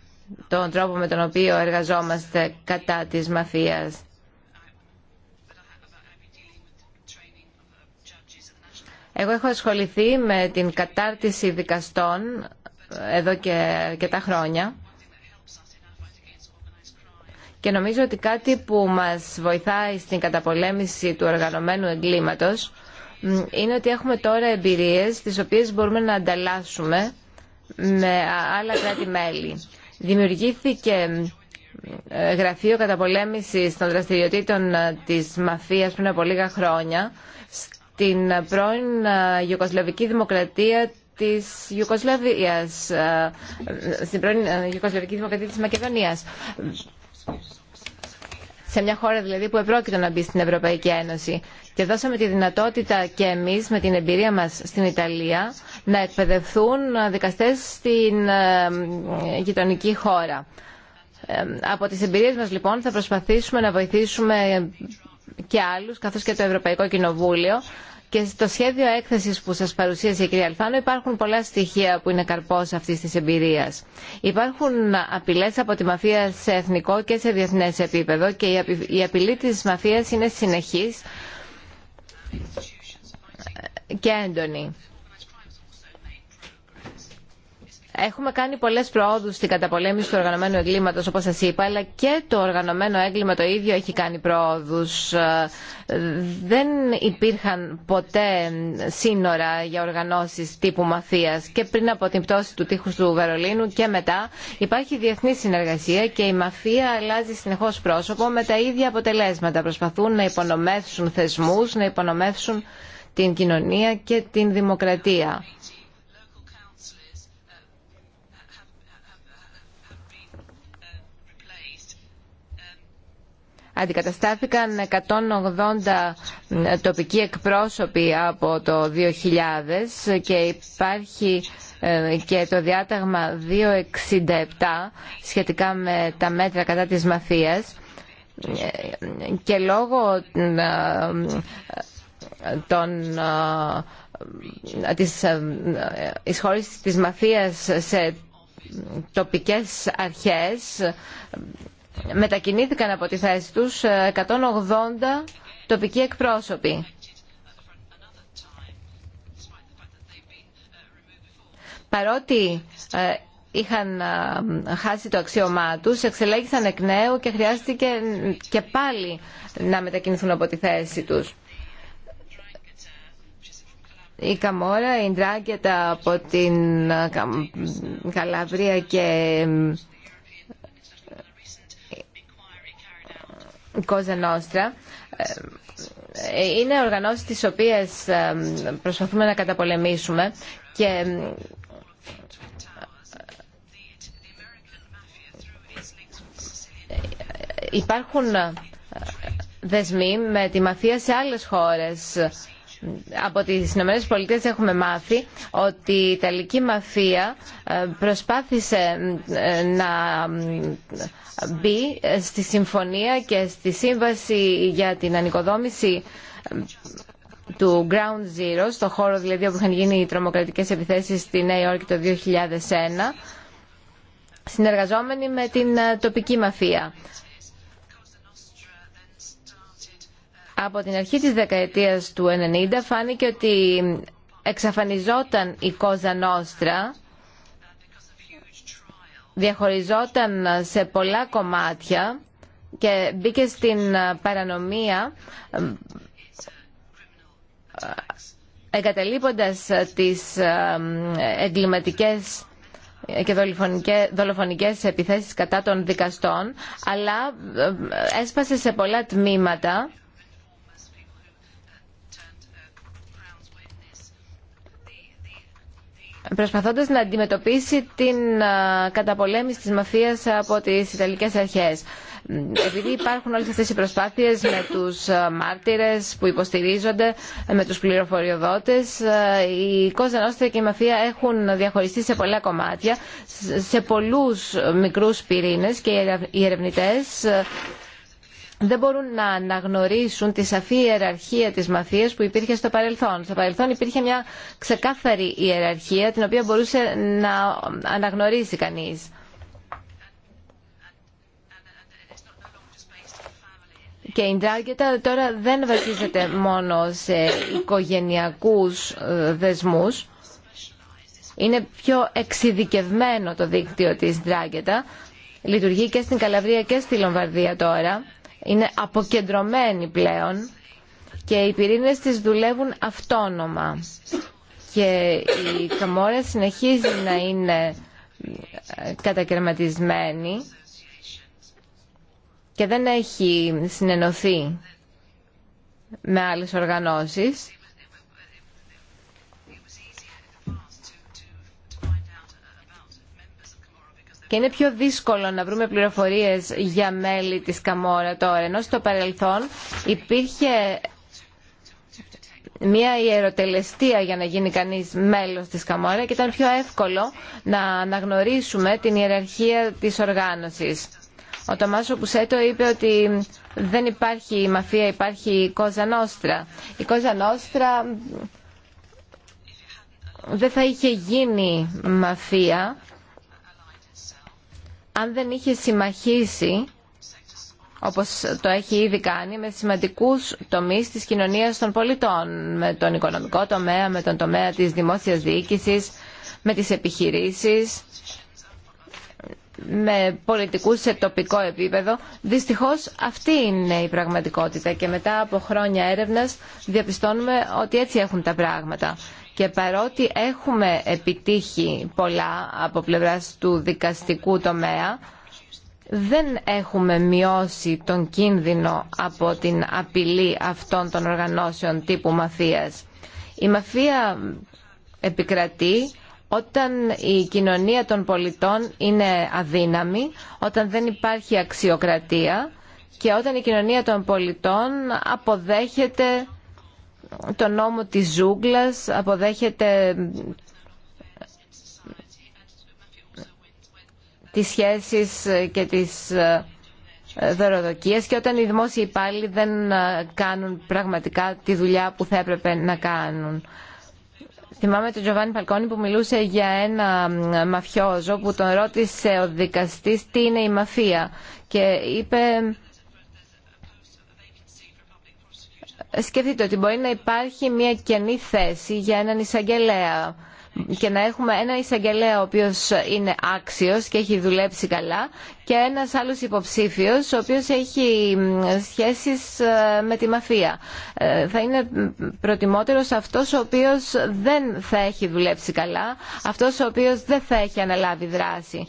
τον τρόπο με τον οποίο εργαζόμαστε κατά της μαφίας. Εγώ έχω ασχοληθεί με την κατάρτιση δικαστών εδώ και τα χρόνια και νομίζω ότι κάτι που μας βοηθάει στην καταπολέμηση του οργανωμένου εγκλήματος είναι ότι έχουμε τώρα εμπειρίες τις οποίες μπορούμε να ανταλλάσσουμε με άλλα κράτη-μέλη. Δημιουργήθηκε ε, γραφείο καταπολέμησης των δραστηριοτήτων ε, της μαφίας πριν από λίγα χρόνια στην πρώην ε, Ιουκοσλαβική Δημοκρατία της Ιουκοσλαβίας, στην πρώην Ιουκοσλαβική Δημοκρατία της Μακεδονίας. Σε μια χώρα δηλαδή που επρόκειτο να μπει στην Ευρωπαϊκή Ένωση. Και δώσαμε τη δυνατότητα και εμείς με την εμπειρία μας στην Ιταλία να εκπαιδευθούν δικαστές στην ε, γειτονική χώρα. Ε, από τις εμπειρίες μας λοιπόν θα προσπαθήσουμε να βοηθήσουμε και άλλους καθώς και το Ευρωπαϊκό Κοινοβούλιο και στο σχέδιο έκθεσης που σας παρουσίασε η κυρία Αλφάνο υπάρχουν πολλά στοιχεία που είναι καρπός αυτής της εμπειρίας. Υπάρχουν απειλές από τη μαφία σε εθνικό και σε διεθνές επίπεδο και η απειλή της μαφίας είναι συνεχής και έντονη. Έχουμε κάνει πολλέ προόδου στην καταπολέμηση του οργανωμένου εγκλήματο, όπω σα είπα, αλλά και το οργανωμένο έγκλημα το ίδιο έχει κάνει προόδου. Ε, δεν υπήρχαν ποτέ σύνορα για οργανώσει τύπου μαφία και πριν από την πτώση του τείχου του Βερολίνου και μετά υπάρχει διεθνή συνεργασία και η μαφία αλλάζει συνεχώ πρόσωπο με τα ίδια αποτελέσματα. Προσπαθούν να υπονομεύσουν θεσμού, να υπονομεύσουν την κοινωνία και την δημοκρατία. αντικαταστάθηκαν 180 ε, τοπικοί εκπρόσωποι από το 2000 και υπάρχει ε, και το διάταγμα 267 σχετικά με τα μέτρα κατά της μαφίας και λόγω ε, των της εισχώρησης της μαφίας σε τοπικές αρχές μετακινήθηκαν από τη θέση τους 180 ε, τοπικοί εκπρόσωποι. Παρότι ε, είχαν ε, χάσει το αξίωμά τους, εξελέγησαν εκ νέου και χρειάστηκε και πάλι να μετακινηθούν από τη θέση τους. Η Καμόρα, η Ντράγκετα από την Καλαβρία και Ε, ε, είναι οργανώσεις τις οποίες ε, προσπαθούμε να καταπολεμήσουμε και υπάρχουν δεσμοί με τη μαφία σε άλλες χώρες από τις Ηνωμένες Πολιτείες έχουμε μάθει ότι η Ιταλική μαφία ε, προσπάθησε ε, να ε, μπει στη συμφωνία και στη σύμβαση για την ανοικοδόμηση του Ground Zero, στο χώρο δηλαδή όπου είχαν γίνει οι τρομοκρατικές επιθέσεις στη Νέα Υόρκη το 2001, συνεργαζόμενοι με την τοπική μαφία. Από την αρχή της δεκαετίας του 90 φάνηκε ότι εξαφανιζόταν η Κόζα Νόστρα, διαχωριζόταν σε πολλά κομμάτια και μπήκε στην παρανομία εγκαταλείποντας τις εγκληματικές και δολοφονικές επιθέσεις κατά των δικαστών, αλλά έσπασε σε πολλά τμήματα Προσπαθώντα να αντιμετωπίσει την καταπολέμηση της μαφίας από τι ιταλικέ αρχές. Επειδή υπάρχουν όλε αυτέ οι προσπάθειε με τους μάρτυρε που υποστηρίζονται, με τους πληροφοριοδότες, η Κόζα Νόστρα και η μαφία έχουν διαχωριστεί σε πολλά κομμάτια, σε πολλού μικρούς πυρήνε και οι ερευνητέ δεν μπορούν να αναγνωρίσουν τη σαφή ιεραρχία της μαφίας που υπήρχε στο παρελθόν. Στο παρελθόν υπήρχε μια ξεκάθαρη ιεραρχία την οποία μπορούσε να αναγνωρίσει κανείς. Και η Ντράγκετα τώρα δεν βασίζεται μόνο σε οικογενειακούς ε, δεσμούς. Είναι πιο εξειδικευμένο το δίκτυο της Ντράγκετα. Λειτουργεί και στην Καλαβρία και στη Λομβαρδία τώρα είναι αποκεντρωμένοι πλέον και οι πυρήνες της δουλεύουν αυτόνομα. Και η Καμόρα συνεχίζει να είναι ε, κατακαιρματισμένη και δεν έχει συνενωθεί με άλλες οργανώσεις Και είναι πιο δύσκολο να βρούμε πληροφορίες για μέλη της Καμόρα τώρα, ενώ στο παρελθόν υπήρχε μια ιεροτελεστία για να γίνει κανείς μέλος της Καμόρα και ήταν πιο εύκολο να αναγνωρίσουμε την ιεραρχία της οργάνωσης. Ο Τομάσο Πουσέτο είπε ότι δεν υπάρχει μαφία, υπάρχει η Κόζα Νόστρα. Η Κόζα Νόστρα δεν θα είχε γίνει μαφία αν δεν είχε συμμαχήσει, όπως το έχει ήδη κάνει με σημαντικούς τομείς της κοινωνίας των πολιτών, με τον οικονομικό τομέα, με τον τομέα της δημόσιας διοίκησης, με τις επιχειρήσεις, με πολιτικούς σε τοπικό επίπεδο. Δυστυχώς αυτή είναι η πραγματικότητα και μετά από χρόνια έρευνας διαπιστώνουμε ότι έτσι έχουν τα πράγματα. Και παρότι έχουμε επιτύχει πολλά από πλευράς του δικαστικού τομέα, δεν έχουμε μειώσει τον κίνδυνο από την απειλή αυτών των οργανώσεων τύπου μαφίας. Η μαφία επικρατεί όταν η κοινωνία των πολιτών είναι αδύναμη, όταν δεν υπάρχει αξιοκρατία και όταν η κοινωνία των πολιτών αποδέχεται το νόμο της ζούγκλας, αποδέχεται τις σχέσεις και τις ε, δωροδοκίες και όταν οι δημόσιοι υπάλληλοι δεν ε, κάνουν πραγματικά τη δουλειά που θα έπρεπε να κάνουν. Θυμάμαι τον Τζοβάνι Παλκόνη που μιλούσε για ένα ε, μαφιόζο που τον ρώτησε ο δικαστής τι είναι η μαφία και είπε σκεφτείτε ότι μπορεί να υπάρχει μια κενή θέση για έναν εισαγγελέα και να έχουμε ένα εισαγγελέα ο οποίος είναι άξιος και έχει δουλέψει καλά και ένας άλλος υποψήφιος ο οποίος έχει σχέσεις ε, με τη μαφία. Ε, θα είναι προτιμότερος αυτός ο οποίος δεν θα έχει δουλέψει καλά, αυτός ο οποίος δεν θα έχει αναλάβει δράση.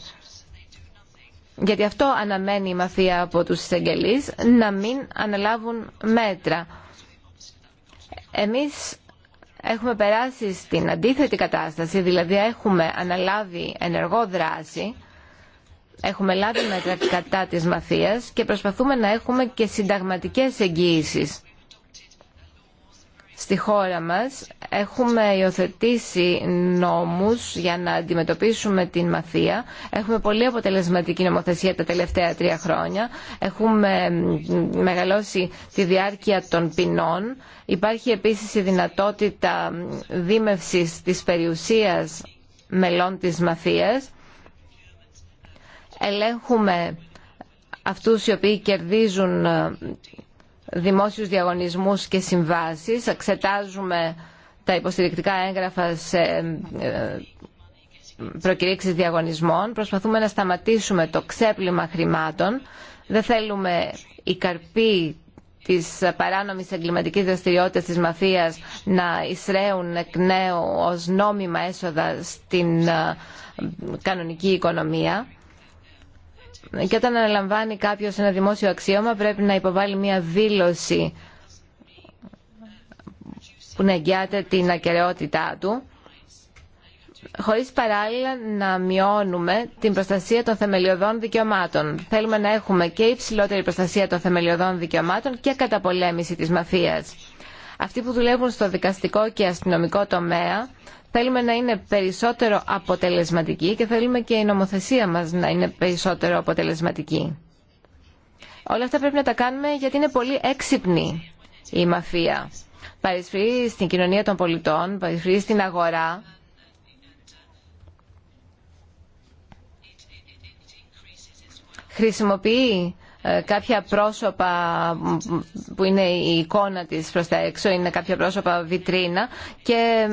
Γιατί αυτό αναμένει η μαφία από τους εισαγγελείς, να μην αναλάβουν μέτρα. Εμείς έχουμε περάσει στην αντίθετη κατάσταση, δηλαδή έχουμε αναλάβει ενεργό δράση, έχουμε λάβει μέτρα κατά της μαφίας και προσπαθούμε να έχουμε και συνταγματικές εγγύησεις. Στη χώρα μας έχουμε υιοθετήσει νόμους για να αντιμετωπίσουμε την μαφία. Έχουμε πολύ αποτελεσματική νομοθεσία τα τελευταία τρία χρόνια. Έχουμε μεγαλώσει τη διάρκεια των ποινών. Υπάρχει επίσης η δυνατότητα δίμευσης της περιουσίας μελών της μαφίας. Ελέγχουμε αυτούς οι οποίοι κερδίζουν δημόσιους διαγωνισμούς και συμβάσεις, εξετάζουμε τα υποστηρικτικά έγγραφα σε ε, προκηρύξεις διαγωνισμών, προσπαθούμε να σταματήσουμε το ξέπλυμα χρημάτων, δεν θέλουμε οι καρποί της παράνομης εγκληματικής δραστηριότητας της μαφίας να εισραίουν εκ νέου ως νόμιμα έσοδα στην ε, κανονική οικονομία και όταν αναλαμβάνει κάποιος ένα δημόσιο αξίωμα πρέπει να υποβάλει μια δήλωση που να εγγυάται την ακαιρεότητά του χωρίς παράλληλα να μειώνουμε την προστασία των θεμελιωδών δικαιωμάτων. Θέλουμε να έχουμε και υψηλότερη προστασία των θεμελιωδών δικαιωμάτων και καταπολέμηση της μαφίας. Αυτοί που δουλεύουν στο δικαστικό και αστυνομικό τομέα θέλουμε να είναι περισσότερο αποτελεσματικοί και θέλουμε και η νομοθεσία μας να είναι περισσότερο αποτελεσματική. Όλα αυτά πρέπει να τα κάνουμε γιατί είναι πολύ έξυπνη η μαφία. Παρισφρεί στην κοινωνία των πολιτών, παρισφρεί στην αγορά. Χρησιμοποιεί ε, κάποια πρόσωπα που είναι η εικόνα της προς τα έξω, είναι κάποια πρόσωπα βιτρίνα και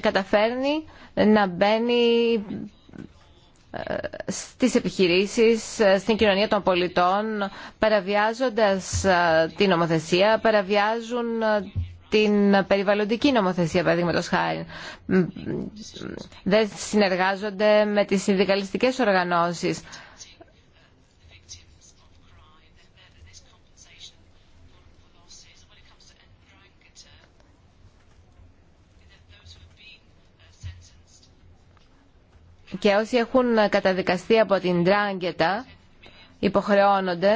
καταφέρνει να μπαίνει ε, στις επιχειρήσεις, ε, στην κοινωνία των πολιτών, παραβιάζοντας την νομοθεσία, παραβιάζουν την περιβαλλοντική νομοθεσία, παραδείγματο χάρη. Δεν συνεργάζονται με τις συνδικαλιστικές οργανώσεις και όσοι έχουν καταδικαστεί από την Τράγκετα υποχρεώνονται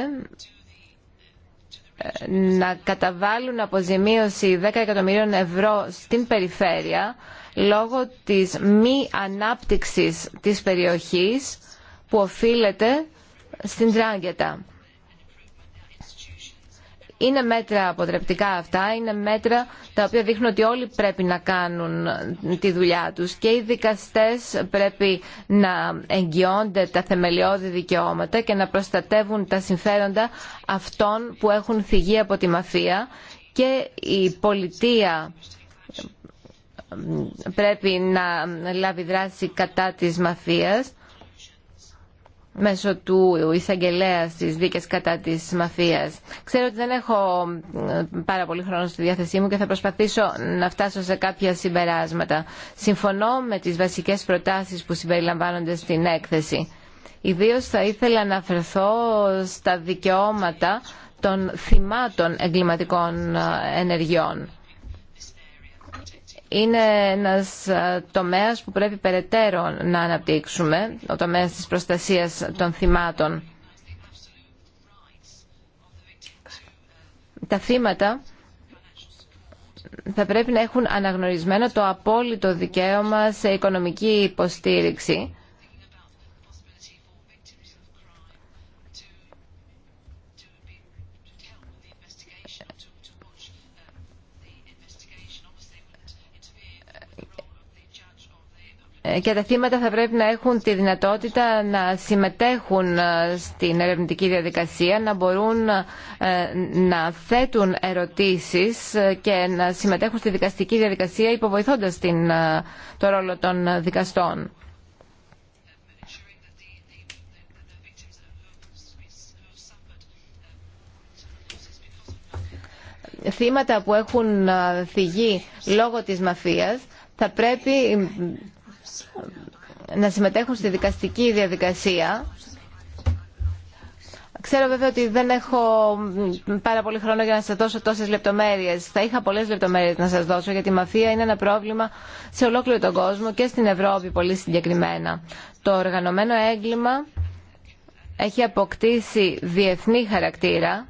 ε, να καταβάλουν αποζημίωση 10 εκατομμυρίων ευρώ στην περιφέρεια λόγω της μη ανάπτυξης της περιοχής που οφείλεται στην Τράγκετα. Είναι μέτρα αποτρεπτικά αυτά, είναι μέτρα τα οποία δείχνουν ότι όλοι πρέπει να κάνουν τη δουλειά τους και οι δικαστές πρέπει να εγγυώνται τα θεμελιώδη δικαιώματα και να προστατεύουν τα συμφέροντα αυτών που έχουν θυγεί από τη μαφία και η πολιτεία πρέπει να λάβει δράση κατά της μαφίας μέσω του εισαγγελέα της δίκη κατά της Μαφία. Ξέρω ότι δεν έχω ε, πάρα πολύ χρόνο στη διάθεσή μου και θα προσπαθήσω να φτάσω σε κάποια συμπεράσματα. Συμφωνώ με τι βασικές προτάσει που συμπεριλαμβάνονται στην έκθεση. ιδίω θα ήθελα να αφαιρθώ στα δικαιώματα των θυμάτων εγκληματικών ε, ενεργειών είναι ένας ε, τομέας που πρέπει περαιτέρω να αναπτύξουμε, ο τομέας της προστασίας των θυμάτων. Τα θύματα θα πρέπει να έχουν αναγνωρισμένο το απόλυτο δικαίωμα σε οικονομική υποστήριξη Ε, και τα θύματα θα πρέπει να έχουν τη δυνατότητα να συμμετέχουν ε, στην ερευνητική διαδικασία, να μπορούν ε, να θέτουν ερωτήσεις και να συμμετέχουν στη δικαστική διαδικασία υποβοηθώντας την, το ρόλο των δικαστών. Θύματα που έχουν θυγεί λόγω της μαφίας θα πρέπει να συμμετέχουν στη δικαστική διαδικασία. Ξέρω βέβαια ότι δεν έχω πάρα πολύ χρόνο για να σας δώσω τόσες λεπτομέρειες. Θα είχα πολλές λεπτομέρειες να σας δώσω γιατί η μαφία είναι ένα πρόβλημα σε ολόκληρο τον κόσμο και στην Ευρώπη πολύ συγκεκριμένα. Το οργανωμένο έγκλημα έχει αποκτήσει διεθνή χαρακτήρα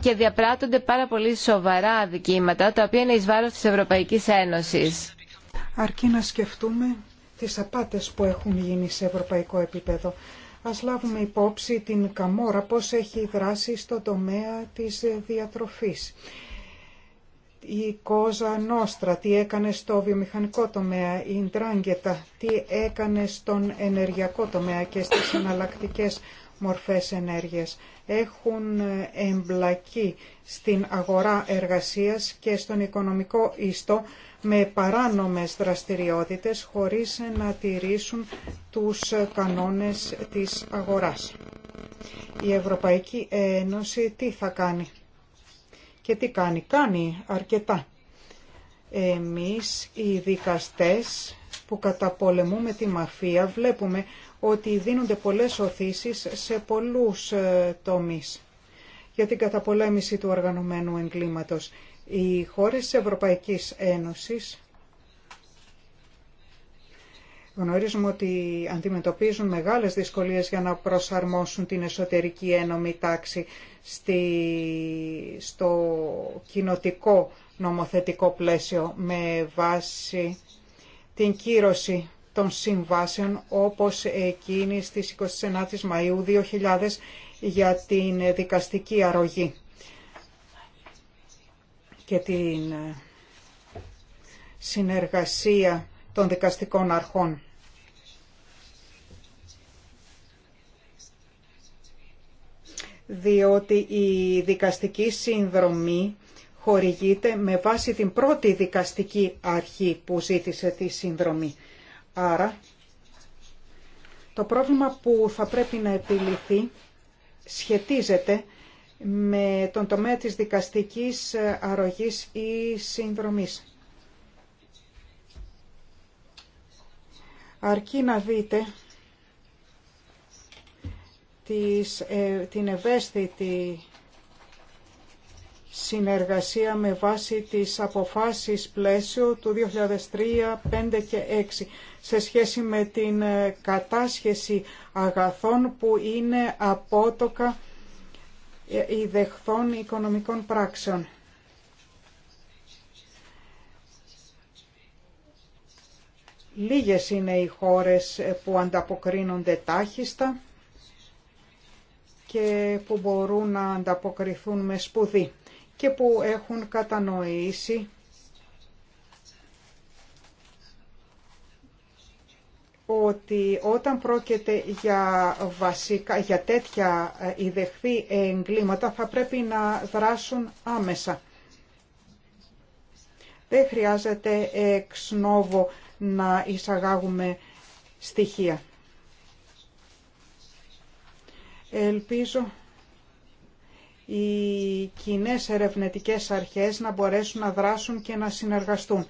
και διαπράττονται πάρα πολύ σοβαρά αδικήματα τα οποία είναι εις βάρος της Ευρωπαϊκής Ένωσης.
Αρκεί να σκεφτούμε τις απάτες που έχουν γίνει σε ευρωπαϊκό επίπεδο. Ας λάβουμε υπόψη την Καμόρα πώς έχει δράσει στο τομέα της διατροφής. Η Κόζα Νόστρα, τι έκανε στο βιομηχανικό τομέα, η Ντράγκετα, τι έκανε στον ενεργειακό τομέα και στις εναλλακτικές μορφές ενέργειας έχουν εμπλακεί στην αγορά εργασίας και στον οικονομικό ιστό με παράνομες δραστηριότητες χωρίς να τηρήσουν τους κανόνες της αγοράς. Η Ευρωπαϊκή Ένωση τι θα κάνει και τι κάνει. Κάνει αρκετά. Εμείς οι δικαστές που καταπολεμούμε τη μαφία βλέπουμε ότι δίνονται πολλές οθήσεις σε πολλούς ε, τομείς για την καταπολέμηση του οργανωμένου εγκλήματος. Οι χώρες της Ευρωπαϊκής Ένωσης γνωρίζουμε ότι αντιμετωπίζουν μεγάλες δυσκολίες για να προσαρμόσουν την εσωτερική ένωμη τάξη στη, στο κοινοτικό νομοθετικό πλαίσιο με βάση την κύρωση των συμβάσεων όπως εκείνη στις 29 Μαΐου 2000 για την δικαστική αρρωγή και την ε, συνεργασία των δικαστικών αρχών. διότι η δικαστική συνδρομή χορηγείται με βάση την πρώτη δικαστική αρχή που ζήτησε τη συνδρομή. Άρα, το πρόβλημα που θα πρέπει να επιληθεί σχετίζεται με τον τομέα της δικαστικής αρρωγής ή συνδρομής. Αρκεί να δείτε ε, την ευαίσθητη συνεργασία με βάση τις αποφάσεις πλαίσιο του 2003, 5 και 6 σε σχέση με την ε, κατάσχεση αγαθών που είναι απότοκα ε, ιδεχθών οικονομικών πράξεων. Λίγες είναι οι χώρες ε, που ανταποκρίνονται τάχιστα και που μπορούν να ανταποκριθούν με σπουδή και που έχουν κατανοήσει ότι όταν πρόκειται για, βασικά, για τέτοια ε, ιδεχθή εγκλήματα θα πρέπει να δράσουν άμεσα. Δεν χρειάζεται εξ νόβο να εισαγάγουμε στοιχεία. Ελπίζω οι κοινέ ερευνητικές αρχές να μπορέσουν να δράσουν και να συνεργαστούν.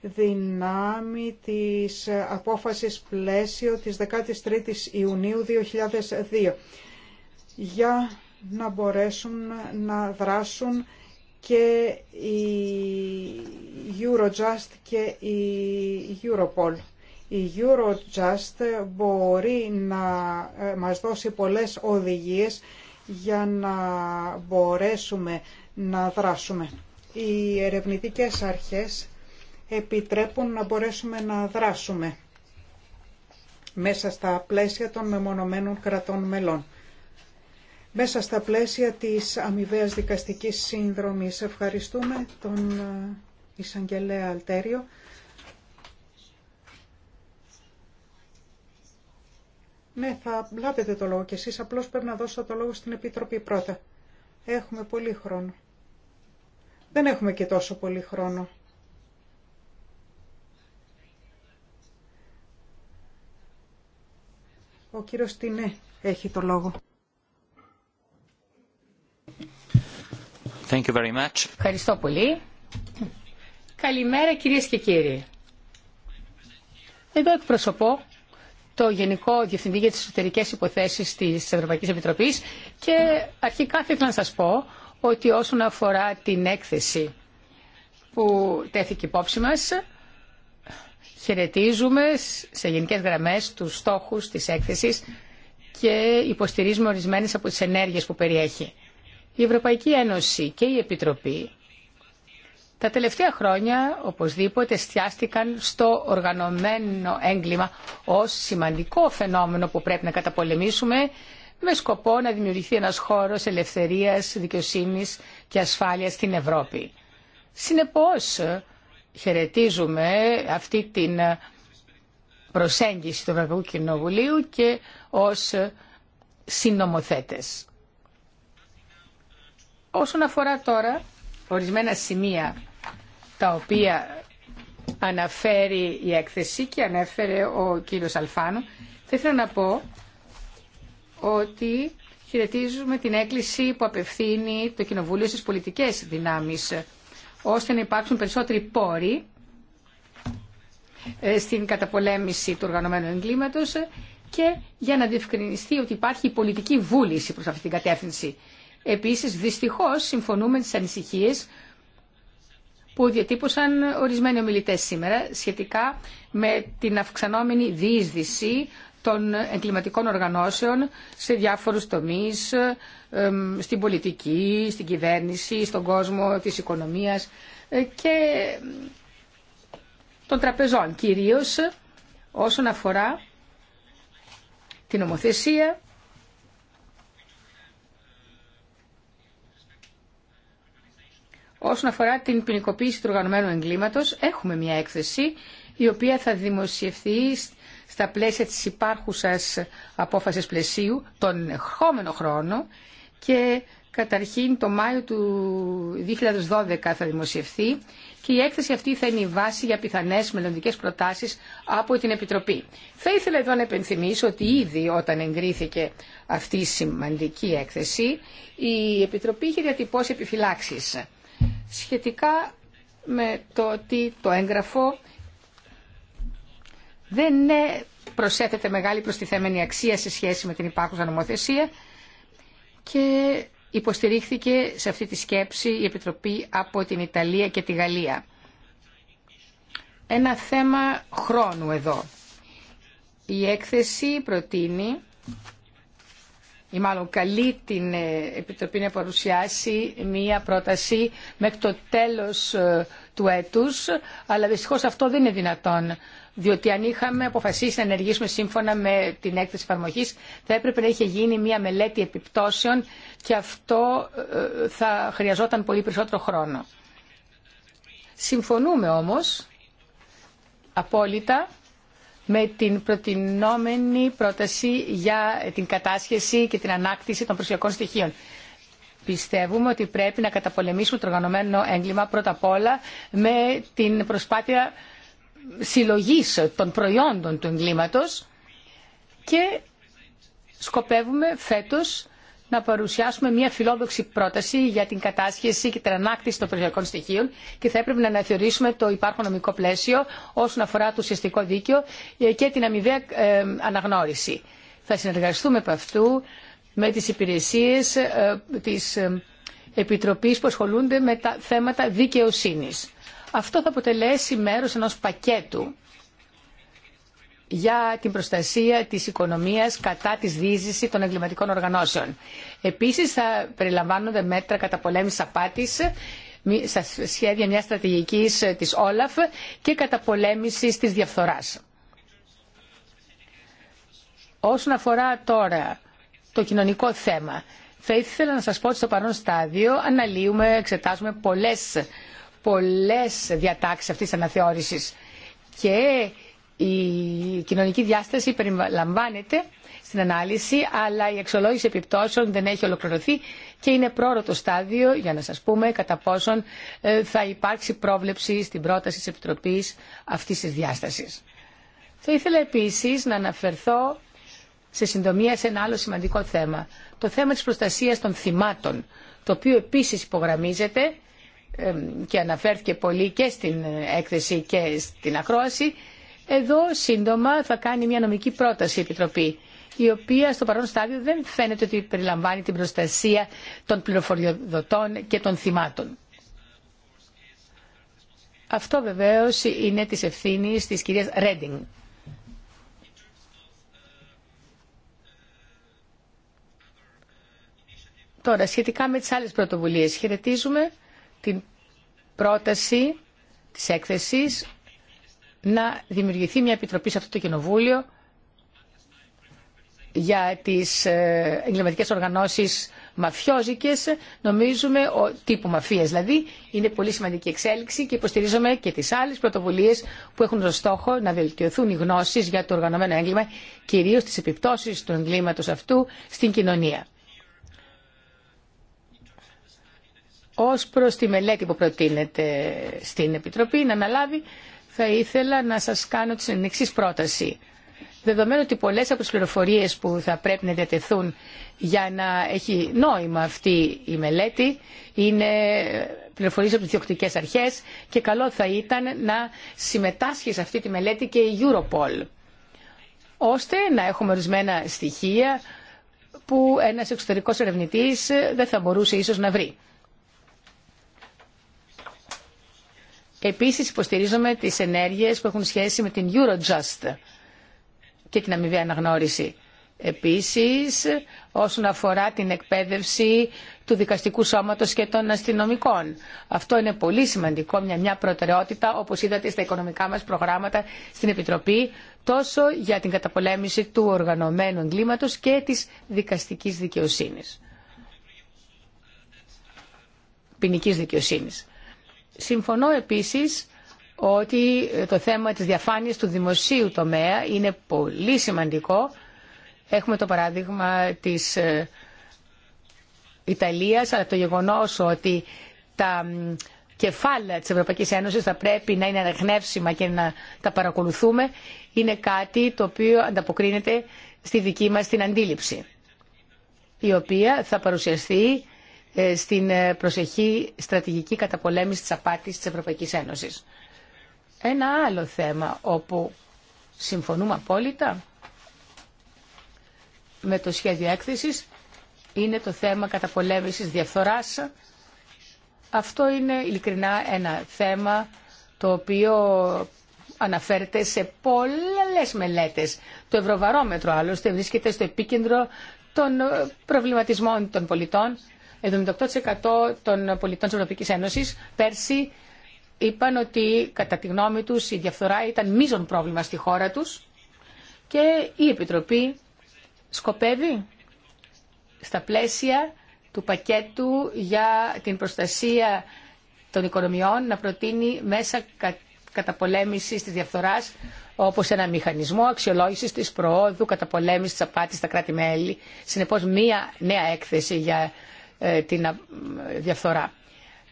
Δυνάμει της απόφασης πλαίσιο της 13ης Ιουνίου 2002 για να μπορέσουν να δράσουν και η Eurojust και η Europol. Η Eurojust μπορεί να ε, μας δώσει πολλές οδηγίες για να μπορέσουμε να δράσουμε. Οι ερευνητικές αρχές επιτρέπουν να μπορέσουμε να δράσουμε μέσα στα πλαίσια των μεμονωμένων κρατών μελών. Μέσα στα πλαίσια της αμοιβαία δικαστικής σύνδρομης ευχαριστούμε τον ε, εισαγγελέα Αλτέριο Ναι, θα λάβετε το λόγο κι εσείς, απλώς πρέπει να δώσω το λόγο στην Επίτροπη πρώτα. Έχουμε πολύ χρόνο. Δεν έχουμε και τόσο πολύ χρόνο. Ο κύριος Τινέ έχει το λόγο.
Thank you very much.
Ευχαριστώ πολύ. Καλημέρα κυρίες και κύριοι. Εδώ εκπροσωπώ το Γενικό Διευθυντή για τι εσωτερικέ Υποθέσεις της Ευρωπαϊκής Επιτροπής και αρχικά θα ήθελα να σα πω ότι όσον αφορά την έκθεση που τέθηκε υπόψη μα, χαιρετίζουμε σε γενικές γραμμές του στόχους της έκθεσης και υποστηρίζουμε ορισμένες από τις ενέργειες που περιέχει. Η Ευρωπαϊκή Ένωση και η Επιτροπή τα τελευταία χρόνια οπωσδήποτε στιάστηκαν στο οργανωμένο έγκλημα ως σημαντικό φαινόμενο που πρέπει να καταπολεμήσουμε με σκοπό να δημιουργηθεί ένας χώρος ελευθερίας, δικαιοσύνης και ασφάλειας στην Ευρώπη. Συνεπώς χαιρετίζουμε αυτή την προσέγγιση του Ευρωπαϊκού Κοινοβουλίου και ως συνομοθέτες. Όσον αφορά τώρα ορισμένα σημεία τα οποία αναφέρει η έκθεση και ανέφερε ο κύριος Αλφάνο, θα ήθελα να πω ότι χαιρετίζουμε την έκκληση που απευθύνει το Κοινοβούλιο στις πολιτικές δυνάμεις, ώστε να υπάρξουν περισσότεροι πόροι ε, στην καταπολέμηση του οργανωμένου εγκλήματος και για να διευκρινιστεί ότι υπάρχει πολιτική βούληση προς αυτή την κατεύθυνση. Επίσης, δυστυχώς, συμφωνούμε τις ανησυχίες που διατύπωσαν ορισμένοι ομιλητέ σήμερα σχετικά με την αυξανόμενη διείσδυση των εγκληματικών οργανώσεων σε διάφορους τομείς, στην πολιτική, στην κυβέρνηση, στον κόσμο της οικονομίας ε, και των τραπεζών, κυρίως όσον αφορά την ομοθεσία Όσον αφορά την ποινικοποίηση του οργανωμένου εγκλήματος, έχουμε μια έκθεση η οποία θα δημοσιευθεί στα πλαίσια της υπάρχουσας απόφασης πλαισίου τον ερχόμενο χρόνο και καταρχήν το Μάιο του 2012 θα δημοσιευθεί και η έκθεση αυτή θα είναι η βάση για πιθανές μελλοντικές προτάσεις από την Επιτροπή. Θα ήθελα εδώ να επενθυμίσω ότι ήδη όταν εγκρίθηκε αυτή η σημαντική έκθεση η Επιτροπή είχε διατυπώσει επιφυλάξεις σχετικά με το ότι το έγγραφο δεν προσέθεται μεγάλη προστιθέμενη αξία σε σχέση με την υπάρχουσα νομοθεσία και υποστηρίχθηκε σε αυτή τη σκέψη η Επιτροπή από την Ιταλία και τη Γαλλία. Ένα θέμα χρόνου εδώ. Η έκθεση προτείνει ή μάλλον καλεί την ε, Επιτροπή να παρουσιάσει μία πρόταση μέχρι το τέλος ε, του έτους, αλλά δυστυχώς αυτό δεν είναι δυνατόν. Διότι αν είχαμε αποφασίσει να ενεργήσουμε σύμφωνα με την έκθεση εφαρμογή, θα έπρεπε να είχε γίνει μία μελέτη επιπτώσεων και αυτό ε, θα χρειαζόταν πολύ περισσότερο χρόνο. Συμφωνούμε όμως απόλυτα με την προτινόμενη πρόταση για την κατάσχεση και την ανάκτηση των προσφυγικών στοιχείων. Πιστεύουμε ότι πρέπει να καταπολεμήσουμε το οργανωμένο έγκλημα πρώτα απ' όλα με την προσπάθεια συλλογής των προϊόντων του εγκλήματος και σκοπεύουμε φέτος να παρουσιάσουμε μια φιλόδοξη πρόταση για την κατάσχεση και την ανάκτηση των περιφερειακών στοιχείων και θα έπρεπε να αναθεωρήσουμε το υπάρχον νομικό πλαίσιο όσον αφορά το ουσιαστικό δίκαιο και την αμοιβαία ε, αναγνώριση. Θα συνεργαστούμε από αυτού με τις υπηρεσίες ε, της ε, Επιτροπής που ασχολούνται με τα θέματα δικαιοσύνης. Αυτό θα αποτελέσει μέρος ενός πακέτου για την προστασία της οικονομίας κατά της διείσδυση των εγκληματικών οργανώσεων. Επίσης θα περιλαμβάνονται μέτρα πολέμηση απάτης στα σχέδια μια στρατηγικής ε, της Όλαφ και καταπολέμηση της διαφθοράς. Όσον αφορά τώρα το κοινωνικό θέμα, θα ήθελα να σας πω ότι στο παρόν στάδιο αναλύουμε, εξετάζουμε πολλές, πολλές διατάξεις αυτής της αναθεώρησης και η κοινωνική διάσταση περιλαμβάνεται στην ανάλυση, αλλά η αξιολόγηση επιπτώσεων δεν έχει ολοκληρωθεί και είναι πρόωρο το στάδιο για να σας πούμε κατά πόσον ε, θα υπάρξει πρόβλεψη στην πρόταση της Επιτροπής αυτής της διάστασης. Θα ήθελα επίσης να αναφερθώ σε συντομία σε ένα άλλο σημαντικό θέμα. Το θέμα της προστασίας των θυμάτων, το οποίο επίσης υπογραμμίζεται και αναφέρθηκε πολύ και στην ε, έκθεση και στην ακρόαση, εδώ σύντομα θα κάνει μια νομική πρόταση η Επιτροπή η οποία στο παρόν στάδιο δεν φαίνεται ότι περιλαμβάνει την προστασία των πληροφοριοδοτών και των θυμάτων. Αυτό βεβαίως είναι της ευθύνης της κυρίας Ρέντινγκ. Τώρα, σχετικά με τις άλλες πρωτοβουλίες, χαιρετίζουμε την πρόταση της έκθεσης να δημιουργηθεί μια επιτροπή σε αυτό το κοινοβούλιο για τις ε, εγκληματικές οργανώσεις μαφιόζικες, νομίζουμε ο τύπου μαφίας δηλαδή, είναι πολύ σημαντική εξέλιξη και υποστηρίζουμε και τις άλλες πρωτοβουλίες που έχουν ως στόχο να βελτιωθούν οι γνώσεις για το οργανωμένο έγκλημα, κυρίως τις επιπτώσεις του εγκλήματος αυτού στην κοινωνία. Ως προς τη μελέτη που προτείνεται στην Επιτροπή να αναλάβει θα ήθελα να σας κάνω την εξή πρόταση. Δεδομένου ότι πολλές από τις πληροφορίες που θα πρέπει να διατεθούν για να έχει νόημα αυτή η μελέτη είναι πληροφορίες από τις διοκτικές αρχές και καλό θα ήταν να συμμετάσχει σε αυτή τη μελέτη και η Europol ώστε να έχουμε ορισμένα στοιχεία που ένας εξωτερικός ερευνητής δεν θα μπορούσε ίσως να βρει. Επίσης υποστηρίζουμε τις ενέργειες που έχουν σχέση με την Eurojust και την αμοιβή αναγνώριση. Επίσης, όσον αφορά την εκπαίδευση του δικαστικού σώματος και των αστυνομικών. Αυτό είναι πολύ σημαντικό, μια, μια προτεραιότητα, όπως είδατε στα οικονομικά μας προγράμματα στην Επιτροπή, τόσο για την καταπολέμηση του οργανωμένου εγκλήματος και της δικαστικής δικαιοσύνης. Ποινικής δικαιοσύνης. Συμφωνώ επίσης ότι το θέμα της διαφάνειας του δημοσίου τομέα είναι πολύ σημαντικό. Έχουμε το παράδειγμα της ε, Ιταλίας, αλλά το γεγονός ότι τα κεφάλαια της Ευρωπαϊκής Ένωσης θα πρέπει να είναι αναγνεύσιμα και να τα παρακολουθούμε, είναι κάτι το οποίο ανταποκρίνεται στη δική μας την αντίληψη, η οποία θα παρουσιαστεί ε, στην ε, προσεχή στρατηγική καταπολέμηση της απάτης της Ευρωπαϊκής Ένωσης. Ένα άλλο θέμα όπου συμφωνούμε απόλυτα με το σχέδιο έκθεσης είναι το θέμα καταπολέμησης διαφθοράς. Αυτό είναι ειλικρινά ένα θέμα το οποίο αναφέρεται σε πολλές μελέτες. Το Ευρωβαρόμετρο άλλωστε βρίσκεται στο επίκεντρο των ε, προβληματισμών των πολιτών 78% των πολιτών της Ευρωπαϊκής Ένωσης πέρσι είπαν ότι κατά τη γνώμη τους η διαφθορά ήταν μείζον πρόβλημα στη χώρα τους και η Επιτροπή σκοπεύει στα πλαίσια του πακέτου για την προστασία των οικονομιών να προτείνει μέσα καταπολέμησης της διαφθοράς όπως ένα μηχανισμό αξιολόγησης της προόδου καταπολέμησης της απάτης στα κράτη-μέλη. Συνεπώς μία νέα έκθεση για ε, την ε, διαφθορά.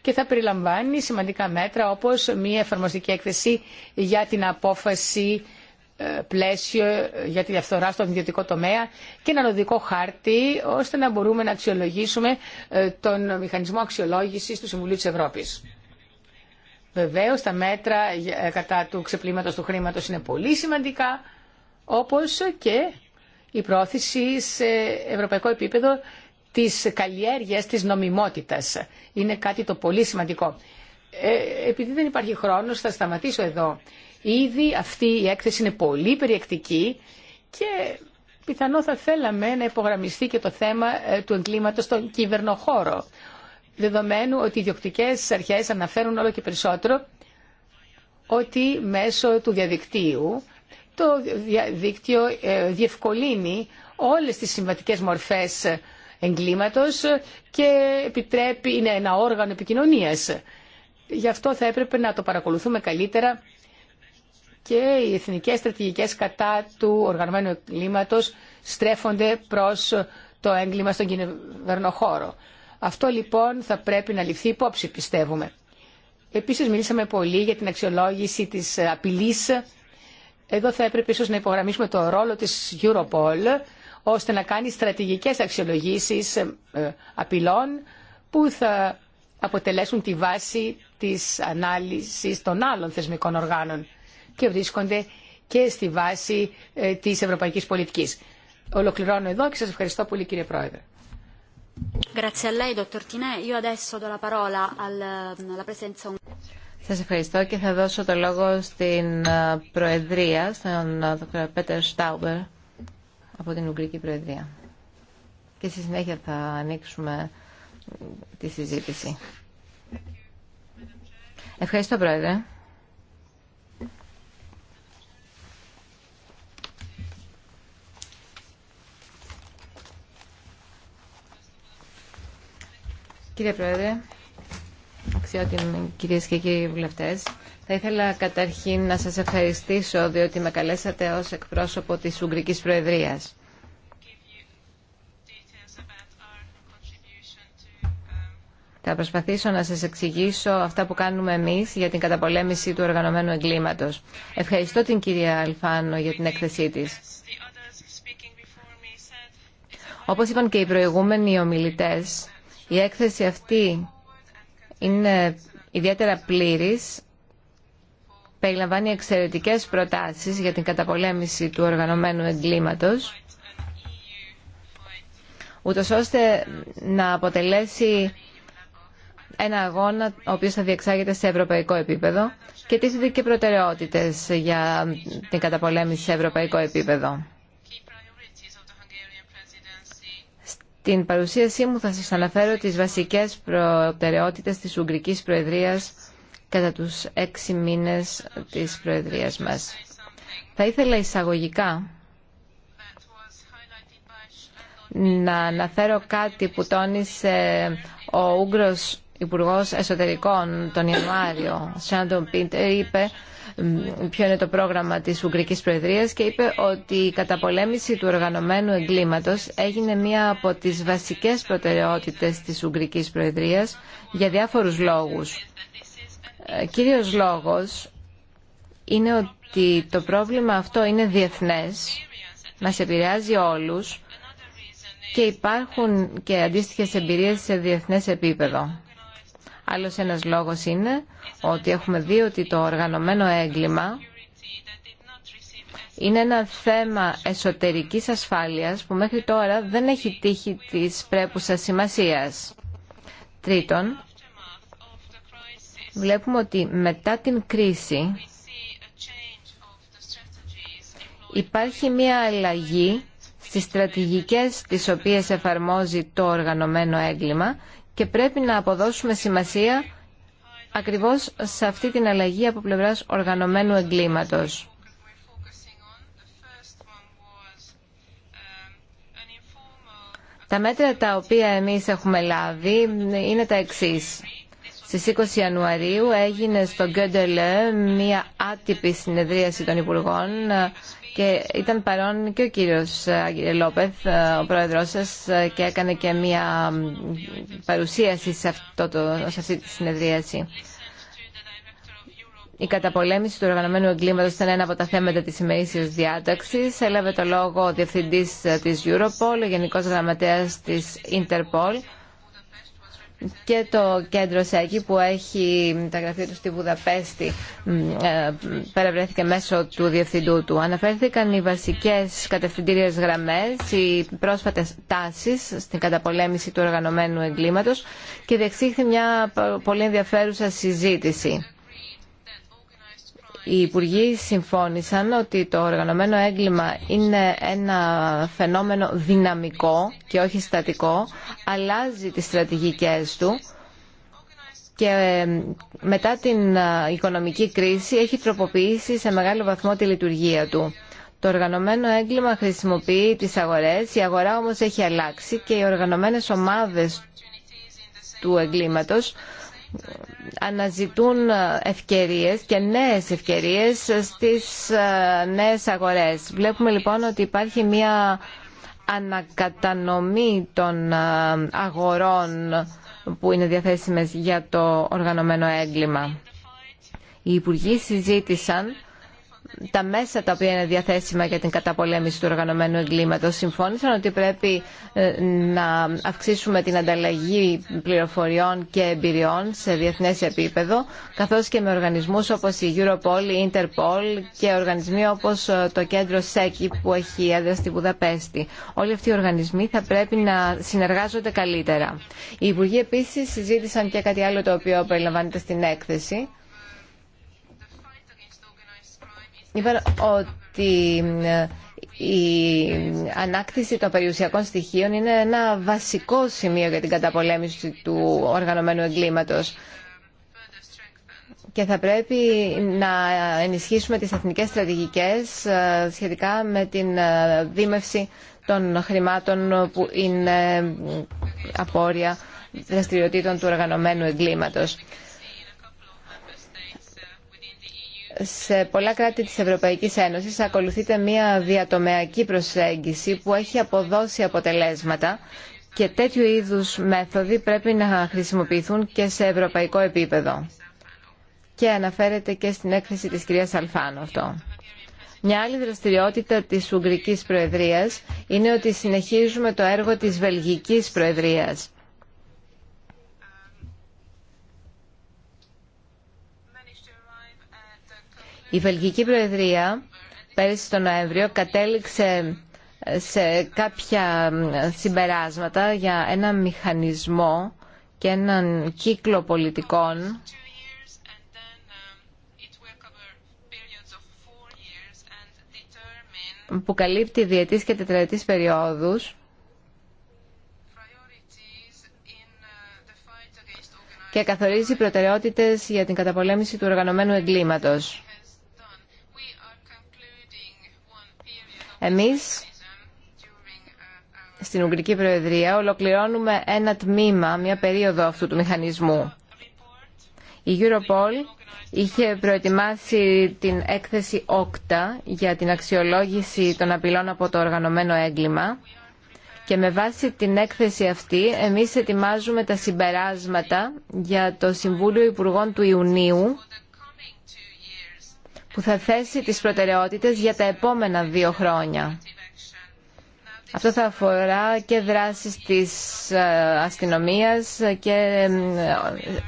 Και θα περιλαμβάνει σημαντικά μέτρα όπως μια εφαρμοστική έκθεση για την απόφαση ε, πλαίσιο για τη διαφθορά στον ιδιωτικό τομέα και έναν οδικό χάρτη ώστε να μπορούμε να αξιολογήσουμε τον μηχανισμό αξιολόγησης του Συμβουλίου της Ευρώπης. Βεβαίω, τα μέτρα κατά του ξεπλήματος του χρήματος είναι πολύ σημαντικά, όπως και η πρόθεση σε ευρωπαϊκό επίπεδο της καλλιέργειας της νομιμότητας. Είναι κάτι το πολύ σημαντικό. Ε, επειδή δεν υπάρχει χρόνος θα σταματήσω εδώ. Ήδη αυτή η έκθεση είναι πολύ περιεκτική και πιθανό θα θέλαμε να υπογραμμιστεί και το θέμα ε, του εγκλήματος στον κυβερνοχώρο. Δεδομένου ότι οι διοκτικές αρχές αναφέρουν όλο και περισσότερο ότι μέσω του διαδικτύου το διαδίκτυο ε, διευκολύνει όλες τις συμβατικές μορφές εγκλήματος και επιτρέπει, είναι ένα όργανο επικοινωνίας. Γι' αυτό θα έπρεπε να το παρακολουθούμε καλύτερα και οι εθνικές στρατηγικές κατά του οργανωμένου εγκλήματος στρέφονται προς το έγκλημα στον κυβερνοχώρο. Αυτό λοιπόν θα πρέπει να ληφθεί υπόψη πιστεύουμε. Επίσης μιλήσαμε πολύ για την αξιολόγηση της απειλής. Εδώ θα έπρεπε ίσως να υπογραμμίσουμε το ρόλο της Europol ώστε να κάνει στρατηγικές αξιολογήσεις ε, ε, απειλών που θα αποτελέσουν τη βάση της ανάλυσης των άλλων θεσμικών οργάνων και βρίσκονται και στη βάση ε, της ευρωπαϊκής πολιτικής. Ολοκληρώνω εδώ και σας ευχαριστώ πολύ κύριε Πρόεδρε.
Σας ευχαριστώ και θα δώσω το λόγο στην Προεδρία, στον Δ. Πέτερ Στάουμπερ από την Ουγγρική Προεδρία. Και στη συνέχεια θα ανοίξουμε τη συζήτηση. Ευχαριστώ, Πρόεδρε. Κύριε Πρόεδρε, αξιότιμοι κυρίες και κύριοι βουλευτές, θα ήθελα καταρχήν να σας ευχαριστήσω διότι με καλέσατε ως εκπρόσωπο της Ουγγρικής Προεδρίας. Θα προσπαθήσω να σας εξηγήσω αυτά που κάνουμε εμείς για την καταπολέμηση του οργανωμένου εγκλήματος. Ευχαριστώ την κυρία Αλφάνο για την έκθεσή της. Όπως είπαν και οι προηγούμενοι ομιλητές, η έκθεση αυτή είναι ιδιαίτερα πλήρης περιλαμβάνει εξαιρετικές προτάσεις για την καταπολέμηση του οργανωμένου εγκλήματος, ούτως ώστε να αποτελέσει ένα αγώνα ο οποίος θα διεξάγεται σε ευρωπαϊκό επίπεδο και τίθεται και προτεραιότητες για την καταπολέμηση σε ευρωπαϊκό επίπεδο. Στην παρουσίασή μου θα σας αναφέρω τις βασικές προτεραιότητες της Ουγγρικής Προεδρίας κατά τους έξι μήνες της Προεδρίας μας. Θα ήθελα εισαγωγικά να αναφέρω κάτι που τόνισε ο Ούγγρος Υπουργός Εσωτερικών τον Ιανουάριο, Σάντον Πίντερ, είπε ποιο είναι το πρόγραμμα της Ουγγρικής Προεδρίας και είπε ότι η καταπολέμηση του οργανωμένου εγκλήματος έγινε μία από τις βασικές προτεραιότητες της Ουγγρικής Προεδρίας για διάφορους λόγους. Ε, κύριος λόγος είναι ότι το πρόβλημα αυτό είναι διεθνές, μας επηρεάζει όλους και υπάρχουν και αντίστοιχες εμπειρίες σε διεθνές επίπεδο. Άλλος ένας λόγος είναι ότι έχουμε δει ότι το οργανωμένο έγκλημα είναι ένα θέμα εσωτερικής ασφάλειας που μέχρι τώρα δεν έχει τύχει της πρέπουσας σημασίας. Τρίτον, βλέπουμε ότι μετά την κρίση υπάρχει μια αλλαγή στις στρατηγικές τις οποίες εφαρμόζει το οργανωμένο έγκλημα και πρέπει να αποδώσουμε σημασία ακριβώς σε αυτή την αλλαγή από πλευράς οργανωμένου εγκλήματος. Τα μέτρα τα οποία εμείς έχουμε λάβει είναι τα εξής. Στις 20 Ιανουαρίου έγινε στο Γκέντελε μία άτυπη συνεδρίαση των Υπουργών και ήταν παρόν και ο κύριος Λόπεθ, ο πρόεδρος σας, και έκανε και μία παρουσίαση σε, αυτό το, αυτή τη συνεδρίαση. Η καταπολέμηση του οργανωμένου εγκλήματος ήταν ένα από τα θέματα της ημερήσιας διάταξης. Έλαβε το λόγο ο διευθυντής της Europol, ο γενικός γραμματέας της Interpol και το κέντρο ΣΕΚΙ που έχει τα γραφεία του στη Βουδαπέστη ε, παραβρέθηκε μέσω του διευθυντού του. Αναφέρθηκαν οι βασικές κατευθυντήριες γραμμές, οι πρόσφατες τάσεις στην καταπολέμηση του οργανωμένου εγκλήματος και διεξήχθη μια πολύ ενδιαφέρουσα συζήτηση. Οι Υπουργοί συμφώνησαν ότι το οργανωμένο έγκλημα είναι ένα φαινόμενο δυναμικό και όχι στατικό, αλλάζει τις στρατηγικές του και ε, μετά την ε, οικονομική κρίση έχει τροποποιήσει σε μεγάλο βαθμό τη λειτουργία του. Το οργανωμένο έγκλημα χρησιμοποιεί τις αγορές, η αγορά όμως έχει αλλάξει και οι οργανωμένες ομάδες του εγκλήματος αναζητούν ευκαιρίες και νέες ευκαιρίες στις ε, νέες αγορές. Βλέπουμε λοιπόν ότι υπάρχει μια ανακατανομή των ε, αγορών που είναι διαθέσιμες για το οργανωμένο έγκλημα. Οι Υπουργοί συζήτησαν τα μέσα τα οποία είναι διαθέσιμα για την καταπολέμηση του οργανωμένου εγκλήματος συμφώνησαν ότι πρέπει ε, να αυξήσουμε την ανταλλαγή πληροφοριών και εμπειριών σε διεθνές επίπεδο καθώς και με οργανισμούς όπως η Europol, η Interpol και οργανισμοί όπως ε, το κέντρο ΣΕΚΙ που έχει έδρα στη Βουδαπέστη. Όλοι αυτοί οι οργανισμοί θα πρέπει να συνεργάζονται καλύτερα. Οι Υπουργοί επίσης συζήτησαν και κάτι άλλο το οποίο περιλαμβάνεται στην έκθεση είπαν ότι ε, η ανάκτηση των περιουσιακών στοιχείων είναι ένα βασικό σημείο για την καταπολέμηση του οργανωμένου εγκλήματος και θα πρέπει να ενισχύσουμε τις εθνικές στρατηγικές ε, σχετικά με την ε, δίμευση των χρημάτων που είναι απόρρια δραστηριοτήτων του οργανωμένου εγκλήματος σε πολλά κράτη της Ευρωπαϊκής Ένωσης ακολουθείται μια διατομεακή προσέγγιση που έχει αποδώσει αποτελέσματα και τέτοιου είδους μέθοδοι πρέπει να χρησιμοποιηθούν και σε ευρωπαϊκό επίπεδο. Και αναφέρεται και στην έκθεση της κυρίας Αλφάνο αυτό. Μια άλλη δραστηριότητα της Ουγγρικής Προεδρίας είναι ότι συνεχίζουμε το έργο της Βελγικής Προεδρίας Η Βελγική Προεδρία πέρυσι τον Νοέμβριο κατέληξε ε, σε κάποια ε, συμπεράσματα για ένα μηχανισμό και έναν κύκλο πολιτικών που καλύπτει διετής και τετραετής περιόδους και καθορίζει προτεραιότητες για την καταπολέμηση του οργανωμένου εγκλήματος. Εμείς στην Ουγγρική Προεδρία ολοκληρώνουμε ένα τμήμα, μια περίοδο αυτού του μηχανισμού. Η Europol είχε προετοιμάσει την έκθεση ΟΚΤΑ για την αξιολόγηση των απειλών από το οργανωμένο έγκλημα και με βάση την έκθεση αυτή εμείς ετοιμάζουμε τα συμπεράσματα για το Συμβούλιο Υπουργών του Ιουνίου που θα θέσει τις προτεραιότητες για τα επόμενα δύο χρόνια. Αυτό θα αφορά και δράσεις της ε, αστυνομίας και ε,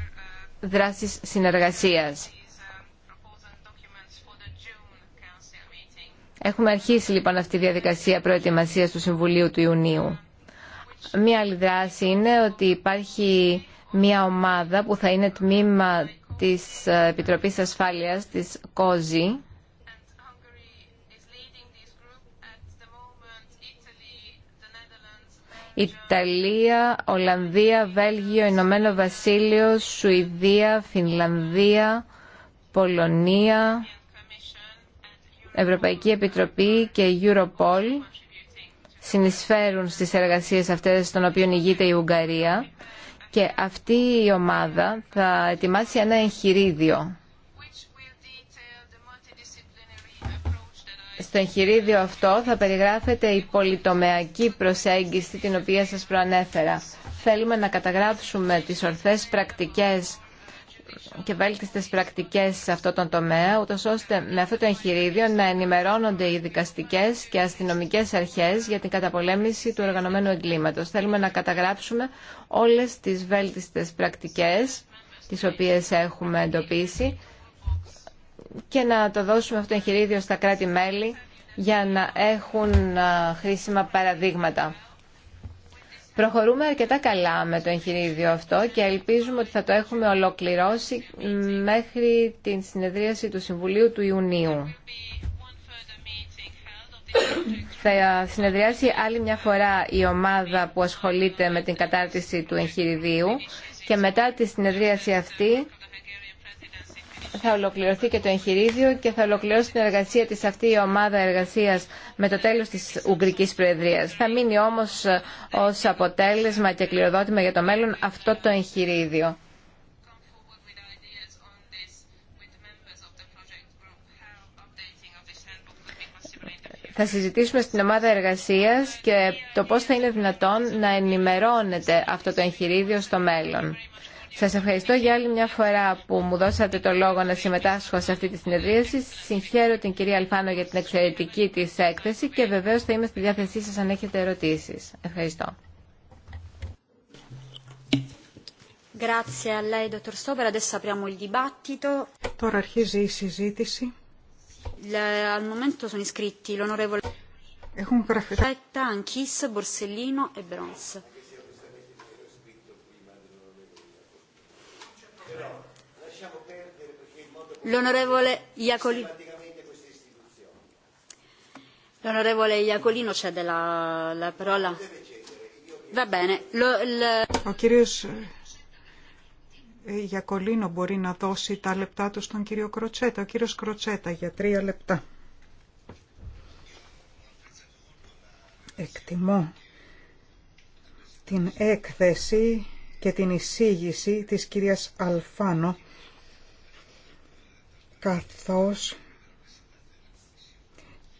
δράσεις συνεργασίας. Έχουμε αρχίσει λοιπόν αυτή η διαδικασία προετοιμασίας του Συμβουλίου του Ιουνίου. Μία άλλη δράση είναι ότι υπάρχει μια ομάδα που θα είναι τμήμα της ε, Επιτροπής Ασφάλειας της ΚΟΖΗ Ιταλία, Ολλανδία, Βέλγιο, Ηνωμένο Βασίλειο, Σουηδία, Φινλανδία, Πολωνία, Ευρωπαϊκή Επιτροπή και Europol συνεισφέρουν στις εργασίες αυτές των οποίων ηγείται η Ουγγαρία και αυτή η ομάδα θα ετοιμάσει ένα εγχειρίδιο. Στο εγχειρίδιο αυτό θα περιγράφεται η πολυτομεακή προσέγγιση την οποία σας προανέφερα. Θέλουμε να καταγράψουμε τις ορθές πρακτικές και βέλτιστες πρακτικές σε αυτό τον τομέα, ούτως ώστε με αυτό το εγχειρίδιο να ενημερώνονται οι δικαστικές και αστυνομικές αρχές για την καταπολέμηση του οργανωμένου εγκλήματος. Θέλουμε να καταγράψουμε όλες τις βέλτιστες πρακτικές τις οποίες έχουμε εντοπίσει και να το δώσουμε αυτό το εγχειρίδιο στα κράτη-μέλη για να έχουν χρήσιμα παραδείγματα. Προχωρούμε αρκετά καλά με το εγχειρίδιο αυτό και ελπίζουμε ότι θα το έχουμε ολοκληρώσει μέχρι την συνεδρίαση του Συμβουλίου του Ιουνίου. Θα συνεδριάσει άλλη μια φορά η ομάδα που ασχολείται με την κατάρτιση του εγχειριδίου και μετά τη συνεδρίαση αυτή θα ολοκληρωθεί και το εγχειρίδιο και θα ολοκληρώσει την εργασία της αυτή η ομάδα εργασίας με το τέλος της Ουγγρικής Προεδρίας. Θα μείνει όμως ως αποτέλεσμα και κληροδότημα για το μέλλον αυτό το εγχειρίδιο. θα συζητήσουμε στην ομάδα εργασίας και το πώς θα είναι δυνατόν να ενημερώνεται αυτό το εγχειρίδιο στο μέλλον. Σας ευχαριστώ για άλλη μια φορά που μου δώσατε το λόγο να συμμετάσχω σε αυτή τη συνεδρίαση. Συγχαίρω την κυρία Αλφάνο για την εξαιρετική της έκθεση και βεβαίως θα είμαι στη διάθεσή σας αν έχετε ερωτήσεις.
Ευχαριστώ. Τώρα αρχίζει η συζήτηση.
Έχουν Anchis, Borsellino e bronze.
Ο
κύριος Ιακολίνο ε, μπορεί να δώσει τα λεπτά του στον κύριο Κροτσέτα. Ο κύριος Κροτσέτα για τρία λεπτά. Εκτιμώ την έκθεση και την εισήγηση της κυρίας Αλφάνο καθώς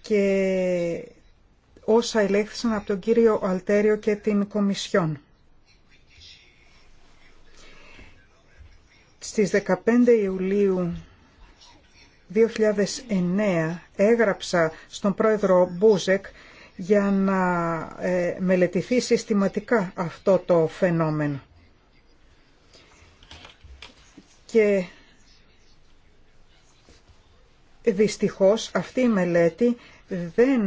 και όσα ελέγχθησαν από τον κύριο Αλτέριο και την Κομισιόν. Στις 15 Ιουλίου 2009 έγραψα στον πρόεδρο Μπούζεκ για να ε, μελετηθεί συστηματικά αυτό το φαινόμενο. Και Δυστυχώς αυτή η μελέτη δεν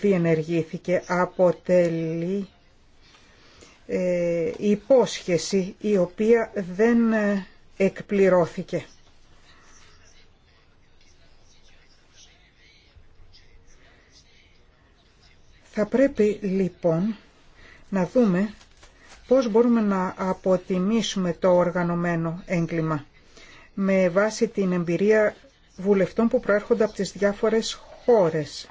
διενεργήθηκε, αποτελεί ε, υπόσχεση η οποία δεν ε, εκπληρώθηκε. Θα πρέπει λοιπόν να δούμε πώς μπορούμε να αποτιμήσουμε το οργανωμένο έγκλημα με βάση την εμπειρία βουλευτών που προέρχονται από τις διάφορες χώρες.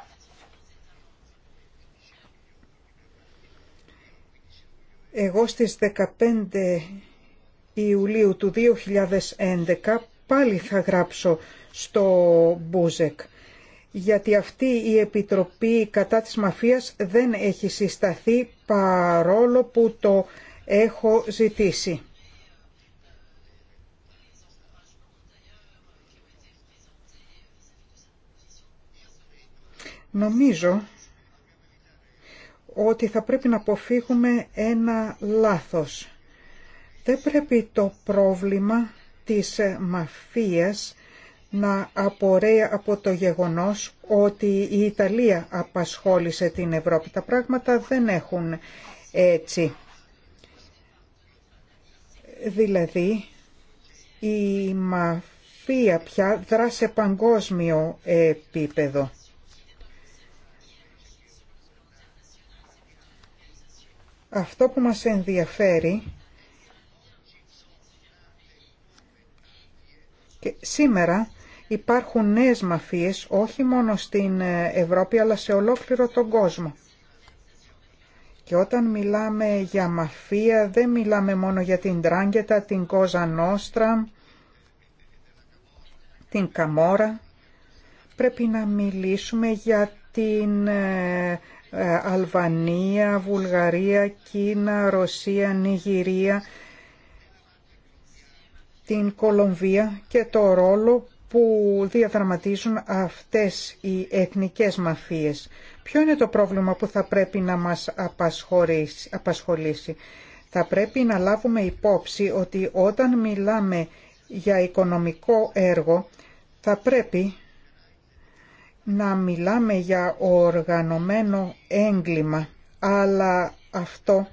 Εγώ στις 15 Ιουλίου του 2011 πάλι θα γράψω στο Μπούζεκ γιατί αυτή η Επιτροπή κατά της Μαφίας δεν έχει συσταθεί παρόλο που το έχω ζητήσει. Νομίζω ότι θα πρέπει να αποφύγουμε ένα λάθος. Δεν πρέπει το πρόβλημα της μαφίας να απορρέει από το γεγονός ότι η Ιταλία απασχόλησε την Ευρώπη. Τα πράγματα δεν έχουν έτσι. Δηλαδή, η μαφία πια δράσε παγκόσμιο επίπεδο. Αυτό που μας ενδιαφέρει και σήμερα υπάρχουν νέες μαφίες όχι μόνο στην ε, Ευρώπη αλλά σε ολόκληρο τον κόσμο. Και όταν μιλάμε για μαφία δεν μιλάμε μόνο για την Τράγκετα, την Κόζα Νόστρα, την Καμόρα. Πρέπει να μιλήσουμε για την ε, ε, Αλβανία, Βουλγαρία, Κίνα, Ρωσία, Νιγηρία, την Κολομβία και το ρόλο που διαδραματίζουν αυτές οι εθνικές μαφίες. Ποιο είναι το πρόβλημα που θα πρέπει να μας απασχολήσει. Θα πρέπει να λάβουμε υπόψη ότι όταν μιλάμε για οικονομικό έργο θα πρέπει να μιλάμε για οργανωμένο έγκλημα, αλλά αυτό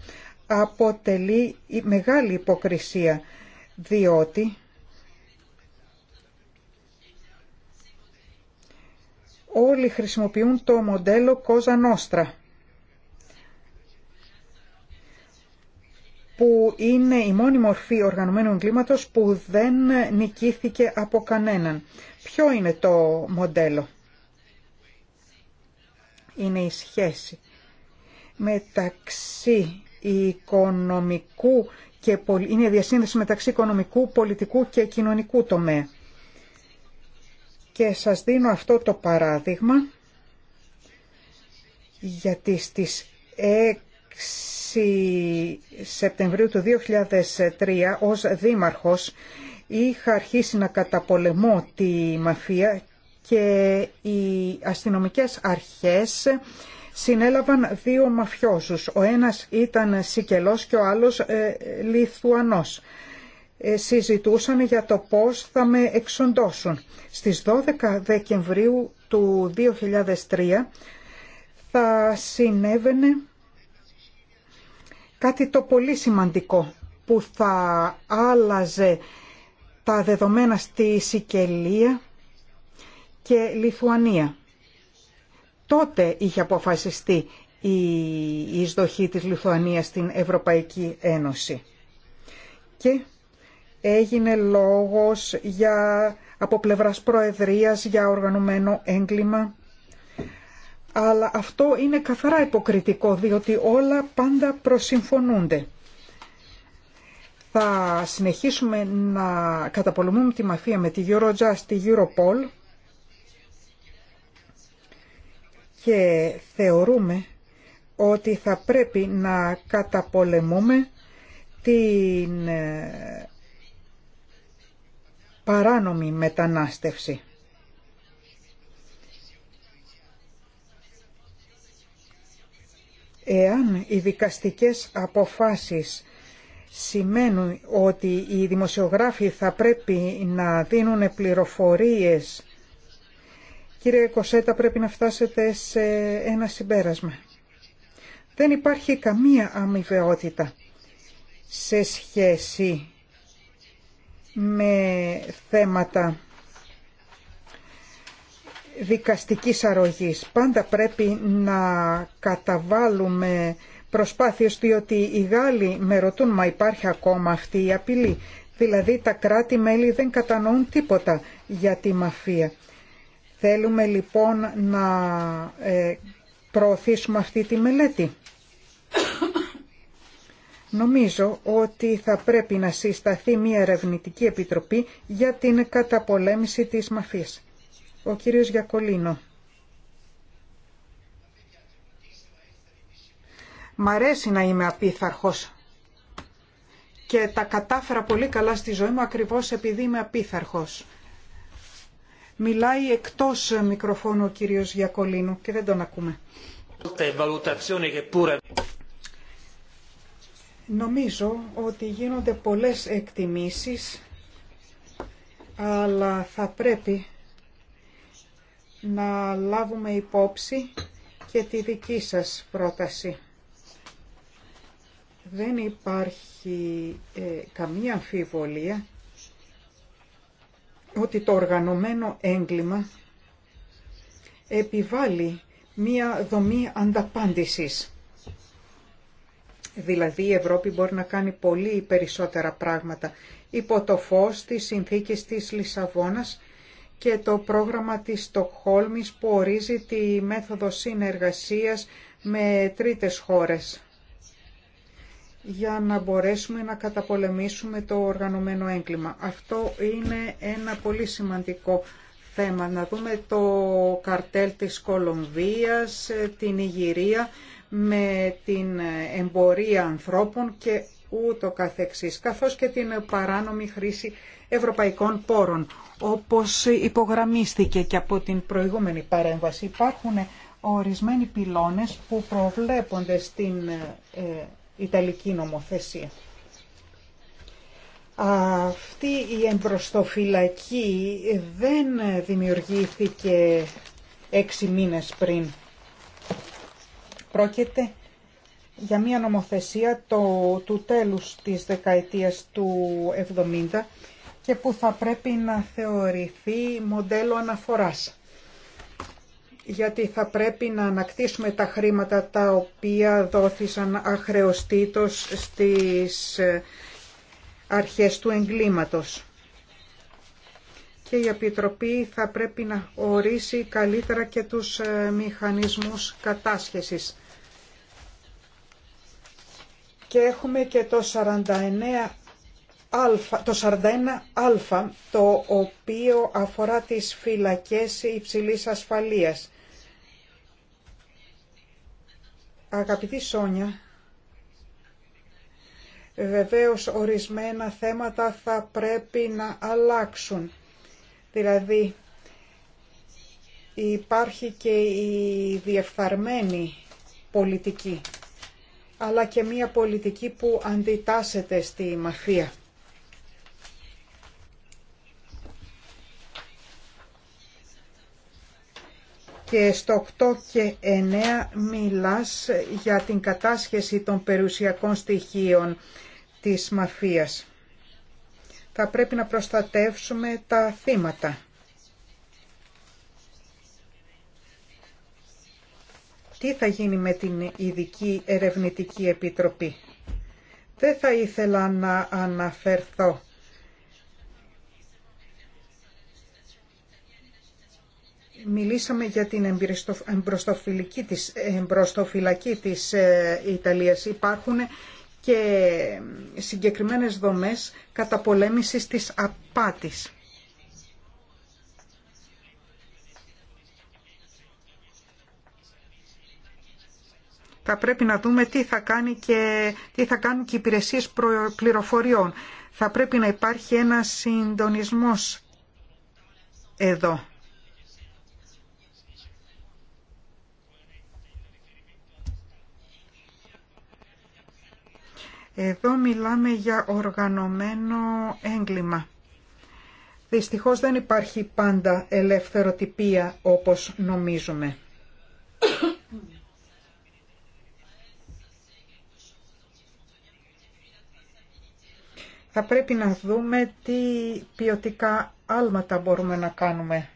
αποτελεί μεγάλη υποκρισία, διότι όλοι χρησιμοποιούν το μοντέλο Κόζα Νόστρα, που είναι η μόνη μορφή οργανωμένου εγκλήματος που δεν νικήθηκε από κανέναν. Ποιο είναι το μοντέλο είναι η σχέση μεταξύ οικονομικού και είναι διασύνδεση μεταξύ οικονομικού, πολιτικού και κοινωνικού τομέα. Και σας δίνω αυτό το παράδειγμα γιατί στις 6 Σεπτεμβρίου του 2003 ως δήμαρχος είχα αρχίσει να καταπολεμώ τη μαφία και οι αστυνομικές αρχές συνέλαβαν δύο μαφιόζους. Ο ένας ήταν Σικελός και ο άλλος ε, Λιθουανός. Ε, συζητούσαν για το πώς θα με εξοντώσουν. Στις 12 Δεκεμβρίου του 2003 θα συνέβαινε κάτι το πολύ σημαντικό που θα άλλαζε τα δεδομένα στη Σικελία και Λιθουανία. Τότε είχε αποφασιστεί η εισδοχή της Λιθουανίας στην Ευρωπαϊκή Ένωση. Και έγινε λόγος για, από πλευράς προεδρίας για οργανωμένο έγκλημα. Αλλά αυτό είναι καθαρά υποκριτικό, διότι όλα πάντα προσυμφωνούνται. Θα συνεχίσουμε να καταπολεμούμε τη μαφία με τη Eurojust, τη Europol και θεωρούμε ότι θα πρέπει να καταπολεμούμε την ε, παράνομη μετανάστευση. Εάν οι δικαστικές αποφάσεις σημαίνουν ότι οι δημοσιογράφοι θα πρέπει να δίνουν πληροφορίες Κύριε Κοσέτα, πρέπει να φτάσετε σε ένα συμπέρασμα. Δεν υπάρχει καμία αμοιβαιότητα σε σχέση με θέματα δικαστικής αρρωγής. Πάντα πρέπει να καταβάλουμε προσπάθειες, διότι οι Γάλλοι με ρωτούν, μα υπάρχει ακόμα αυτή η απειλή. Δηλαδή τα κράτη-μέλη δεν κατανοούν τίποτα για τη μαφία. Θέλουμε λοιπόν να ε, προωθήσουμε αυτή τη μελέτη. Νομίζω ότι θα πρέπει να συσταθεί μια ερευνητική επιτροπή για την καταπολέμηση της μαφίας. Ο κύριος Γιακολίνο. Μ' αρέσει να είμαι απίθαρχος και τα κατάφερα πολύ καλά στη ζωή μου ακριβώς επειδή είμαι απίθαρχος. Μιλάει εκτός μικροφώνου ο κύριος Γιακολίνου και δεν τον ακούμε. Νομίζω ότι γίνονται πολλές εκτιμήσεις, αλλά θα πρέπει να λάβουμε υπόψη και τη δική σας πρόταση. Δεν υπάρχει ε, καμία αμφιβολία ότι το οργανωμένο έγκλημα επιβάλλει μία δομή ανταπάντησης. Δηλαδή η Ευρώπη μπορεί να κάνει πολύ περισσότερα πράγματα υπό το φως της συνθήκης της Λισαβόνας και το πρόγραμμα της Στοκχόλμης που ορίζει τη μέθοδο συνεργασίας με τρίτες χώρες για να μπορέσουμε να καταπολεμήσουμε το οργανωμένο έγκλημα. Αυτό είναι ένα πολύ σημαντικό θέμα. Να δούμε το καρτέλ της Κολομβίας, ε, την Ιγυρία με την εμπορία ανθρώπων και ούτω καθεξής, καθώς και την παράνομη χρήση ευρωπαϊκών πόρων. Όπως υπογραμμίστηκε και από την προηγούμενη παρέμβαση, υπάρχουν ορισμένοι πυλώνες που προβλέπονται στην ε, Ιταλική νομοθεσία. Αυτή η εμπροστοφυλακή δεν δημιουργήθηκε έξι μήνες πριν. Πρόκειται για μια νομοθεσία το, του τέλους της δεκαετίας του 70 και που θα πρέπει να θεωρηθεί μοντέλο αναφοράς γιατί θα πρέπει να ανακτήσουμε τα χρήματα τα οποία δόθησαν αχρεωστήτως στις ε, αρχές του εγκλήματος. Και η Επιτροπή θα πρέπει να ορίσει καλύτερα και τους ε, μηχανισμούς κατάσχεσης. Και έχουμε και το 49 το 41α, το οποίο αφορά τις φυλακές υψηλής ασφαλείας. Αγαπητή Σόνια, βεβαίως ορισμένα θέματα θα πρέπει να αλλάξουν. Δηλαδή, υπάρχει και η διεφθαρμένη πολιτική, αλλά και μια πολιτική που αντιτάσσεται στη μαφία. και στο 8 και 9 μιλάς για την κατάσχεση των περιουσιακών στοιχείων της μαφίας. Θα πρέπει να προστατεύσουμε τα θύματα. Τι θα γίνει με την Ειδική Ερευνητική Επιτροπή. Δεν θα ήθελα να αναφερθώ Μιλήσαμε για την της, εμπροστοφυλακή της ε, Ιταλίας. Υπάρχουν και συγκεκριμένες δομές πολέμησης της απάτης. Θα πρέπει να δούμε τι θα, κάνει και, τι θα κάνουν και οι υπηρεσίες πληροφοριών. Θα πρέπει να υπάρχει ένα συντονισμός εδώ. Εδώ μιλάμε για οργανωμένο έγκλημα. Δυστυχώς δεν υπάρχει πάντα ελευθεροτυπία όπως νομίζουμε. Θα πρέπει να δούμε τι ποιοτικά άλματα μπορούμε να κάνουμε.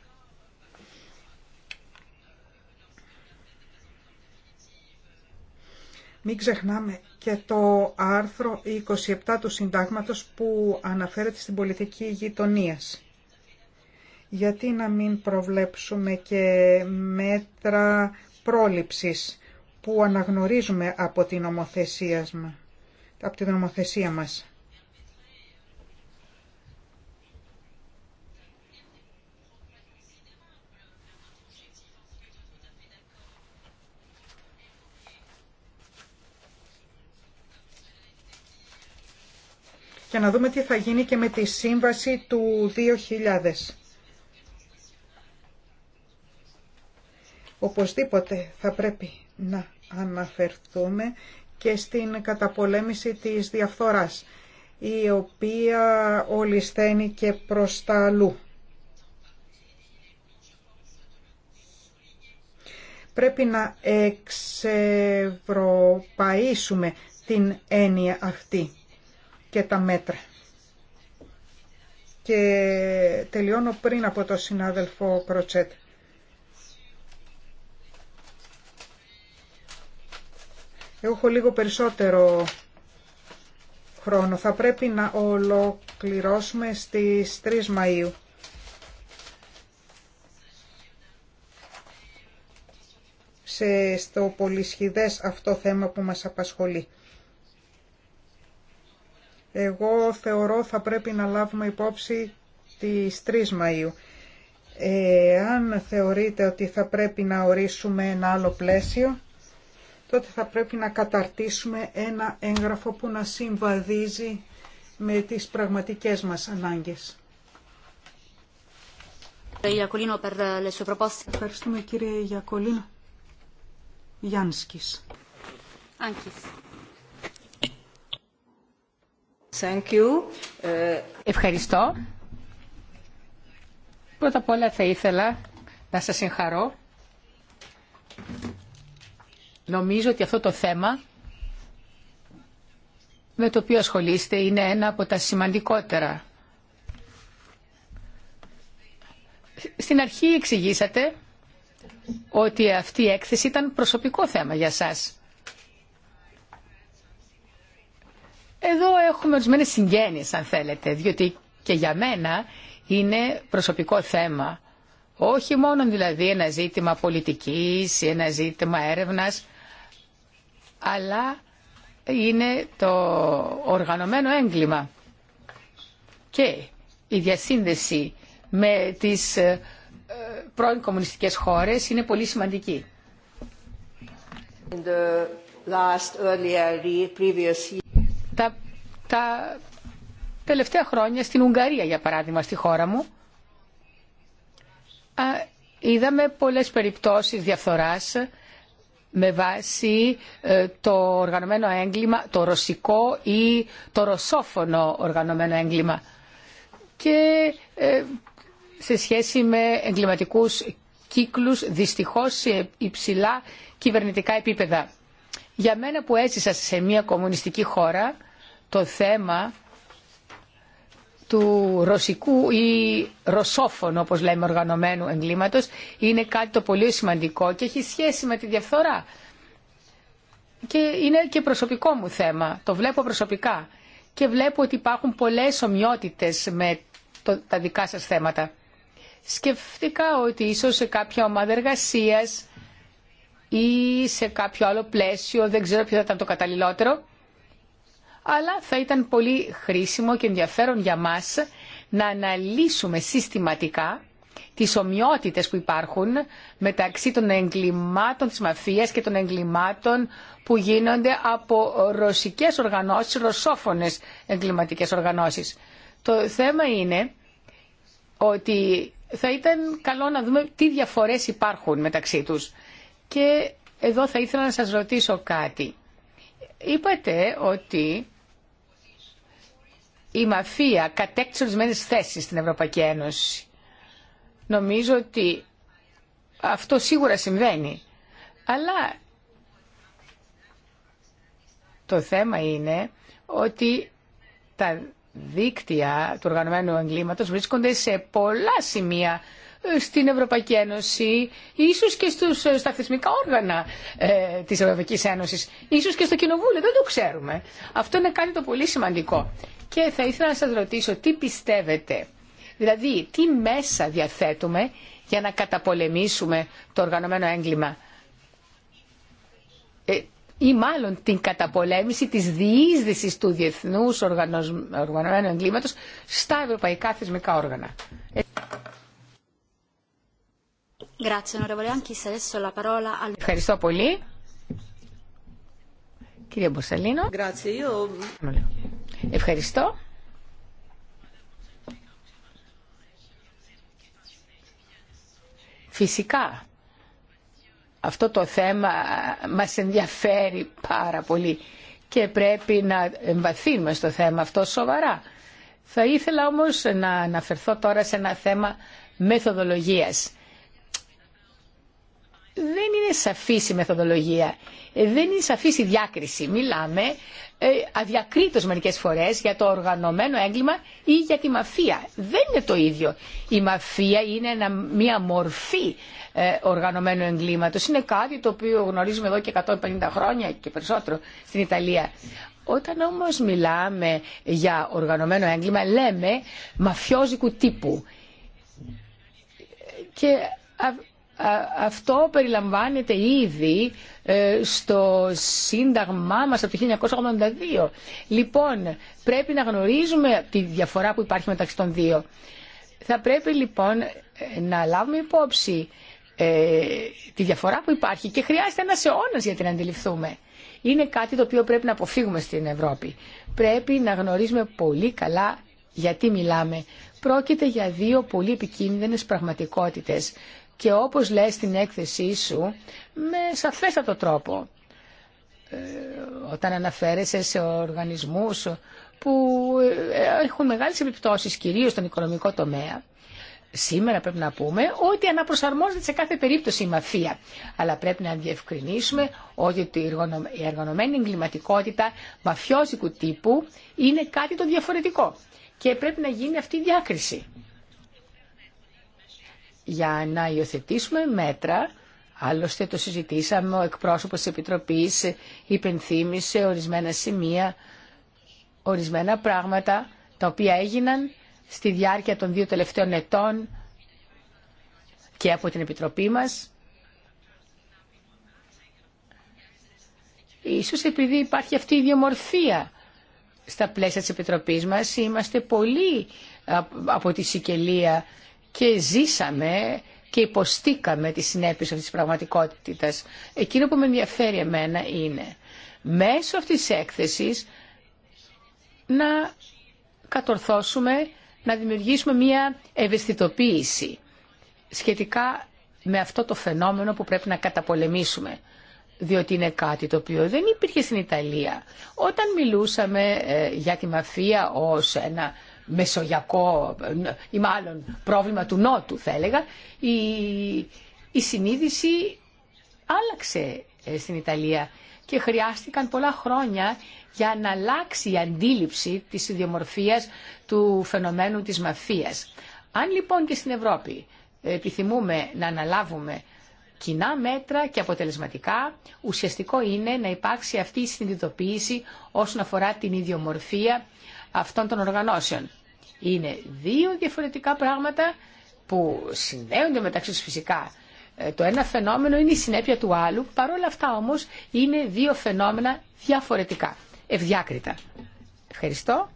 Μην ξεχνάμε και το άρθρο 27 του Συντάγματος που αναφέρεται στην πολιτική γειτονίας. Γιατί να μην προβλέψουμε και μέτρα πρόληψης που αναγνωρίζουμε από την ομοθεσία μας. Από την μας. να δούμε τι θα γίνει και με τη σύμβαση του 2000. Οπωσδήποτε θα πρέπει να αναφερθούμε και στην καταπολέμηση της διαφθοράς, η οποία ολισθαίνει και προς τα αλλού. Πρέπει να εξευρωπαίσουμε την έννοια αυτή και τα μέτρα. Και τελειώνω πριν από το συνάδελφο Κροτσέτ. έχω λίγο περισσότερο χρόνο. Θα πρέπει να ολοκληρώσουμε στις 3 Μαΐου. Σε, στο πολυσχηδές αυτό θέμα που μας απασχολεί. Εγώ θεωρώ θα πρέπει να λάβουμε υπόψη τις 3 Μαΐου. Αν θεωρείτε ότι θα πρέπει να ορίσουμε ένα άλλο πλαίσιο, τότε θα πρέπει να καταρτήσουμε ένα έγγραφο που να συμβαδίζει με τις πραγματικές μας ανάγκες.
Ευχαριστούμε κύριε Γιακολίνο.
Γιάνσκης.
Άγκης.
Ευχαριστώ. Πρώτα απ' όλα θα ήθελα να σας συγχαρώ. Νομίζω ότι αυτό το θέμα με το οποίο ασχολείστε είναι ένα από τα σημαντικότερα. Στην αρχή εξηγήσατε ότι αυτή η έκθεση ήταν προσωπικό θέμα για σας. Εδώ έχουμε ορισμένε συγγένειε, αν θέλετε, διότι και για μένα είναι προσωπικό θέμα. Όχι μόνο δηλαδή ένα ζήτημα πολιτικής ή ένα ζήτημα έρευνας, αλλά είναι το οργανωμένο έγκλημα και η διασύνδεση με τις ε, πρώην κομμουνιστικές χώρες είναι πολύ σημαντική τα, τα τελευταία χρόνια στην Ουγγαρία, για παράδειγμα, στη χώρα μου, είδαμε πολλές περιπτώσεις διαφθοράς με βάση ε, το οργανωμένο έγκλημα, το ρωσικό ή το ρωσόφωνο οργανωμένο έγκλημα και ε, σε σχέση με εγκληματικούς κύκλους δυστυχώς σε υψηλά κυβερνητικά επίπεδα. Για μένα που έζησα σε μια κομμουνιστική χώρα το θέμα του ρωσικού ή ρωσόφωνο, όπως λέμε, οργανωμένου εγκλήματος, είναι κάτι το πολύ σημαντικό και έχει σχέση με τη διαφθορά. Και είναι και προσωπικό μου θέμα, το βλέπω προσωπικά. Και βλέπω ότι υπάρχουν πολλές ομοιότητες με το, τα δικά σας θέματα. Σκεφτήκα ότι ίσως σε κάποια ομάδα εργασίας ή σε κάποιο άλλο πλαίσιο, δεν ξέρω ποιο θα ήταν το καταλληλότερο, αλλά θα ήταν πολύ χρήσιμο και ενδιαφέρον για μας να αναλύσουμε συστηματικά τις ομοιότητες που υπάρχουν μεταξύ των εγκλημάτων της μαφίας και των εγκλημάτων που γίνονται από ρωσικές οργανώσεις, ρωσόφωνες εγκληματικές οργανώσεις. Το θέμα είναι ότι θα ήταν καλό να δούμε τι διαφορές υπάρχουν μεταξύ τους. Και εδώ θα ήθελα να σας ρωτήσω κάτι. Είπατε ότι η μαφία κατέκτησε ορισμένε θέσεις στην Ευρωπαϊκή Ένωση. Νομίζω ότι αυτό σίγουρα συμβαίνει. Αλλά το θέμα είναι ότι τα δίκτυα του οργανωμένου εγκλήματος βρίσκονται σε πολλά σημεία στην Ευρωπαϊκή Ένωση, ίσως και στους, στα θεσμικά όργανα ε, της Ευρωπαϊκής Ένωσης, ίσως και στο Κοινοβούλιο, δεν το ξέρουμε. Αυτό είναι κάτι το πολύ σημαντικό. Και θα ήθελα να σας ρωτήσω τι πιστεύετε, δηλαδή τι μέσα διαθέτουμε για να καταπολεμήσουμε το οργανωμένο έγκλημα ε, ή μάλλον την καταπολέμηση της διείσδυσης του διεθνούς οργανωμένου εγκλήματος στα ευρωπαϊκά θεσμικά όργανα. Ε, Ευχαριστώ πολύ. Κύριε
Ευχαριστώ.
Ευχαριστώ. Φυσικά, αυτό το θέμα μας ενδιαφέρει πάρα πολύ και πρέπει να εμβαθύνουμε στο θέμα αυτό σοβαρά. Θα ήθελα όμως να αναφερθώ τώρα σε ένα θέμα μεθοδολογίας δεν είναι σαφής η μεθοδολογία, ε, δεν είναι σαφής η διάκριση. Μιλάμε ε, αδιακρίτως μερικές φορές για το οργανωμένο έγκλημα ή για τη μαφία. Δεν είναι το ίδιο. Η μαφία είναι μια μορφή ε, οργανωμένου εγκλήματος. Είναι κάτι το οποίο γνωρίζουμε εδώ και 150 χρόνια και περισσότερο στην Ιταλία. Όταν όμως μιλάμε για οργανωμένο έγκλημα λέμε μαφιόζικου τύπου. Και αυτό περιλαμβάνεται ήδη ε, στο σύνταγμά μας από το 1982. Λοιπόν, πρέπει να γνωρίζουμε τη διαφορά που υπάρχει μεταξύ των δύο. Θα πρέπει λοιπόν να λάβουμε υπόψη ε, τη διαφορά που υπάρχει και χρειάζεται ένα αιώνα για την αντιληφθούμε. Είναι κάτι το οποίο πρέπει να αποφύγουμε στην Ευρώπη. Πρέπει να γνωρίζουμε πολύ καλά γιατί μιλάμε. Πρόκειται για δύο πολύ επικίνδυνες πραγματικότητες και όπως λες στην έκθεσή σου με σαφέστατο τρόπο ε, όταν αναφέρεσαι σε οργανισμούς που ε, έχουν μεγάλες επιπτώσεις κυρίως στον οικονομικό τομέα. Σήμερα πρέπει να πούμε ότι αναπροσαρμόζεται σε κάθε περίπτωση η μαφία. Αλλά πρέπει να διευκρινίσουμε ότι η εργανομένη εγκληματικότητα μαφιόζικου τύπου είναι κάτι το διαφορετικό. Και πρέπει να γίνει αυτή η διάκριση για να υιοθετήσουμε μέτρα Άλλωστε το συζητήσαμε, ο εκπρόσωπος της Επιτροπής υπενθύμησε ορισμένα σημεία, ορισμένα πράγματα τα οποία έγιναν στη διάρκεια των δύο τελευταίων ετών και από την Επιτροπή μας. Ίσως επειδή υπάρχει αυτή η ιδιομορφία στα πλαίσια της Επιτροπής μας, είμαστε πολύ από τη Σικελία και ζήσαμε και υποστήκαμε τις συνέπειες αυτής της πραγματικότητας. Εκείνο που με ενδιαφέρει εμένα είναι μέσω αυτής της έκθεσης να κατορθώσουμε να δημιουργήσουμε μία ευαισθητοποίηση σχετικά με αυτό το φαινόμενο που πρέπει να καταπολεμήσουμε. Διότι είναι κάτι το οποίο δεν υπήρχε στην Ιταλία. Όταν μιλούσαμε ε, για τη μαφία ως ένα μεσογειακό ή μάλλον πρόβλημα του Νότου θα έλεγα, η, η συνείδηση άλλαξε ε, στην Ιταλία και χρειάστηκαν πολλά χρόνια για να αλλάξει η αντίληψη της ιδιομορφίας του φαινομένου της μαφίας. Αν λοιπόν και στην Ευρώπη επιθυμούμε να αναλάβουμε κοινά μέτρα και αποτελεσματικά, ουσιαστικό είναι να υπάρξει αυτή η συνειδητοποίηση όσον αφορά την ιδιομορφία αυτών των οργανώσεων. Είναι δύο διαφορετικά πράγματα που συνδέονται μεταξύ τους φυσικά. Ε, το ένα φαινόμενο είναι η συνέπεια του άλλου, παρόλα αυτά όμως είναι δύο φαινόμενα διαφορετικά, ευδιάκριτα.
Ευχαριστώ.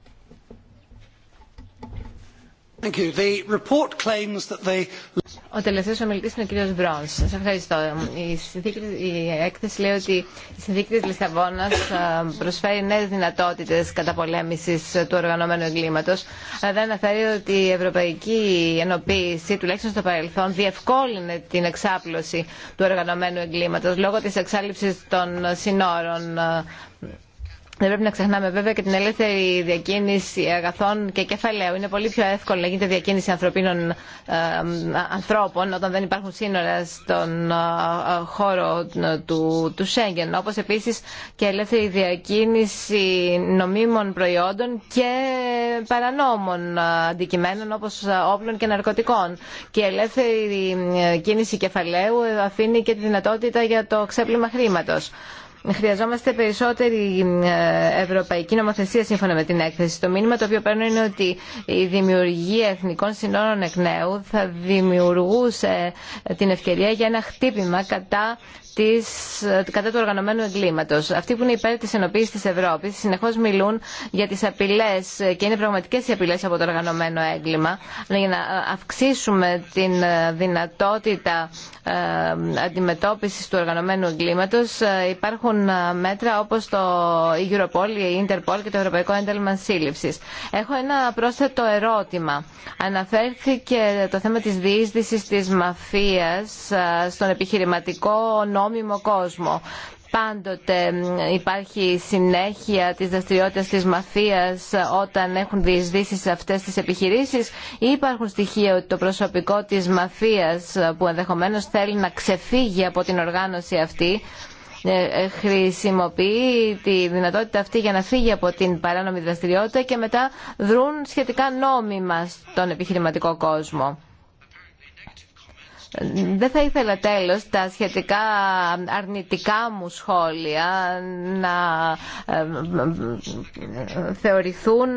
Ο τελευταίος ομιλητής είναι ο κύριος Μπρόνς. Σας ευχαριστώ. Η, συνθήκη, η έκθεση λέει ότι η συνθήκη της Λισαβόνας ε, προσφέρει νέες δυνατότητες καταπολέμησης του οργανωμένου εγκλήματος. Δεν αναφέρει ότι η ευρωπαϊκή ενοποίηση, τουλάχιστον στο παρελθόν, διευκόλυνε την εξάπλωση του οργανωμένου εγκλήματος λόγω της εξάλληψης των συνόρων ε, δεν πρέπει να ξεχνάμε βέβαια και την ελεύθερη διακίνηση αγαθών και κεφαλαίου. Είναι πολύ πιο εύκολο να γίνεται διακίνηση ανθρωπίνων ε, ανθρώπων όταν δεν υπάρχουν σύνορα στον ε, χώρο ε, του, του Σέγγεν. Όπως επίσης και ελεύθερη διακίνηση νομίμων προϊόντων και παρανόμων αντικειμένων όπως όπλων και ναρκωτικών. Και η ελεύθερη κίνηση κεφαλαίου αφήνει και τη δυνατότητα για το ξέπλυμα χρήματος. Ε, χρειαζόμαστε περισσότερη ε, ευρωπαϊκή νομοθεσία σύμφωνα με την έκθεση. Το μήνυμα το οποίο παίρνω είναι ότι η δημιουργία εθνικών συνόρων εκ νέου θα δημιουργούσε ε, την ευκαιρία για ένα χτύπημα κατά κατά του οργανωμένου εγκλήματος. Αυτοί που είναι υπέρ της ενοποίησης της Ευρώπης συνεχώς μιλούν για τις απειλές και είναι πραγματικές οι απειλές από το οργανωμένο έγκλημα για να αυξήσουμε την δυνατότητα ε, αντιμετώπισης του οργανωμένου εγκλήματος ε, υπάρχουν μέτρα όπως το Europol, η Interpol και το Ευρωπαϊκό Ένταλμα Σύλληψης. Έχω ένα πρόσθετο ερώτημα. Αναφέρθηκε το θέμα της διείσδυσης της μαφίας ε, στον επιχειρηματικό νόμο νόμιμο κόσμο. Πάντοτε υπάρχει συνέχεια της δραστηριότητας της μαφίας όταν έχουν διεισδύσει σε αυτές τις επιχειρήσεις ή υπάρχουν στοιχεία ότι το προσωπικό της μαφίας ε, που ενδεχομένως θέλει να ξεφύγει από την οργάνωση αυτή ε, ε, χρησιμοποιεί τη δυνατότητα αυτή για να φύγει από την παράνομη δραστηριότητα και μετά δρούν σχετικά νόμιμα στον επιχειρηματικό κόσμο. Δεν θα ήθελα τέλος τα σχετικά αρνητικά μου σχόλια να ε, ε, θεωρηθούν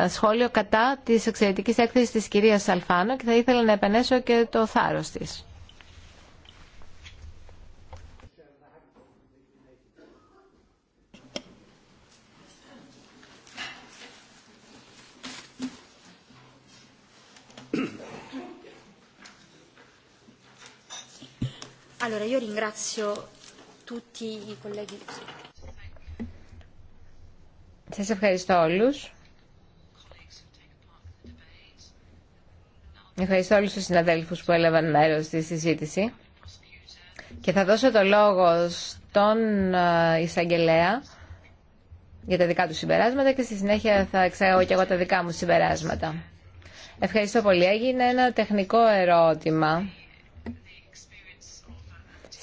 ε, σχόλιο κατά της εξαιρετικής έκθεσης της κυρίας Αλφάνο και θα ήθελα να επενέσω και το θάρρος της. Allora, ευχαριστώ όλους. Ευχαριστώ όλους τους συναδέλφους που έλαβαν μέρος στη συζήτηση. Και θα δώσω το λόγο στον ε, εισαγγελέα για τα δικά του συμπεράσματα και στη συνέχεια θα εξαγώ και εγώ τα δικά μου συμπεράσματα. Ευχαριστώ πολύ. Έγινε ένα τεχνικό ερώτημα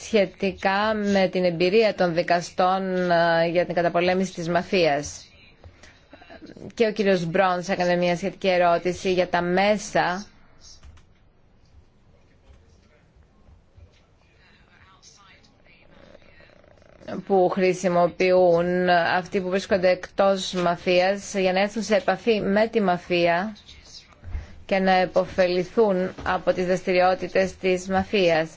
σχετικά με την εμπειρία των δικαστών ε, για την καταπολέμηση της μαφίας. Και ο κύριος Μπρόνς έκανε μια σχετική ερώτηση για τα μέσα που χρησιμοποιούν αυτοί που βρίσκονται εκτός μαφίας για να έρθουν σε επαφή με τη μαφία και να επωφεληθούν από τις δραστηριότητε της μαφίας.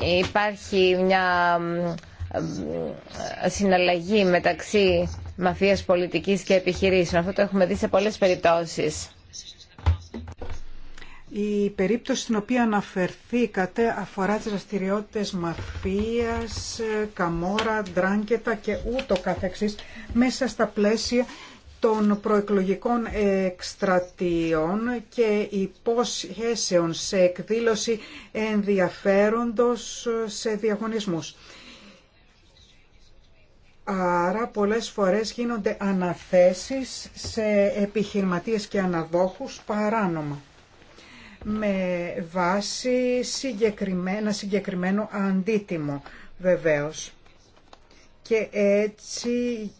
υπάρχει μια συναλλαγή μεταξύ μαφίας πολιτικής και επιχειρήσεων. Αυτό το έχουμε δει σε πολλές
περιπτώσεις. Η περίπτωση στην οποία αναφερθήκατε αφορά τις δραστηριότητε μαφίας, ε, καμόρα, ντράγκετα και ούτω καθεξής μέσα στα πλαίσια των προεκλογικών εκστρατείων και υπόσχεσεων σε εκδήλωση ενδιαφέροντος σε διαγωνισμούς. Άρα πολλές φορές γίνονται αναθέσεις σε επιχειρηματίες και αναδόχους παράνομα με βάση συγκεκριμένα, συγκεκριμένο αντίτιμο βεβαίως. Και έτσι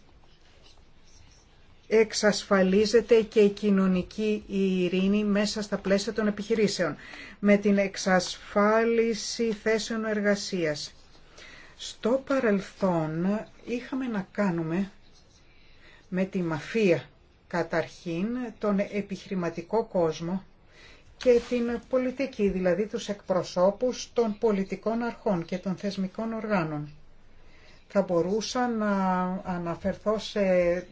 εξασφαλίζεται και η κοινωνική ειρήνη μέσα στα πλαίσια των επιχειρήσεων με την εξασφάλιση θέσεων εργασίας. Στο παρελθόν είχαμε να κάνουμε με τη μαφία καταρχήν τον επιχειρηματικό κόσμο και την πολιτική, δηλαδή τους εκπροσώπους των πολιτικών αρχών και των θεσμικών οργάνων. Θα μπορούσα να αναφερθώ σε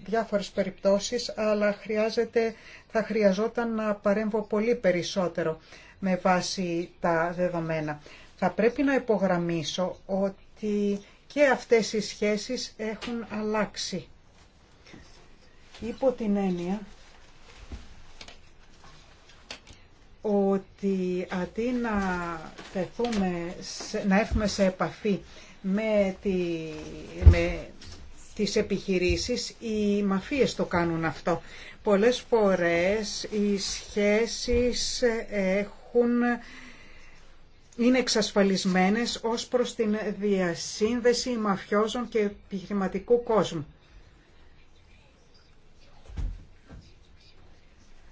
διάφορες περιπτώσεις, αλλά χρειάζεται, θα χρειαζόταν να παρέμβω πολύ περισσότερο με βάση τα δεδομένα. Θα πρέπει να υπογραμμίσω ότι και αυτές οι σχέσεις έχουν αλλάξει. Υπό την έννοια ότι αντί να, να έρθουμε σε επαφή με, τη, με τις επιχειρήσεις, οι μαφίες το κάνουν αυτό. Πολλές φορές οι σχέσεις έχουν, είναι εξασφαλισμένες ως προς την διασύνδεση μαφιόζων και επιχειρηματικού κόσμου.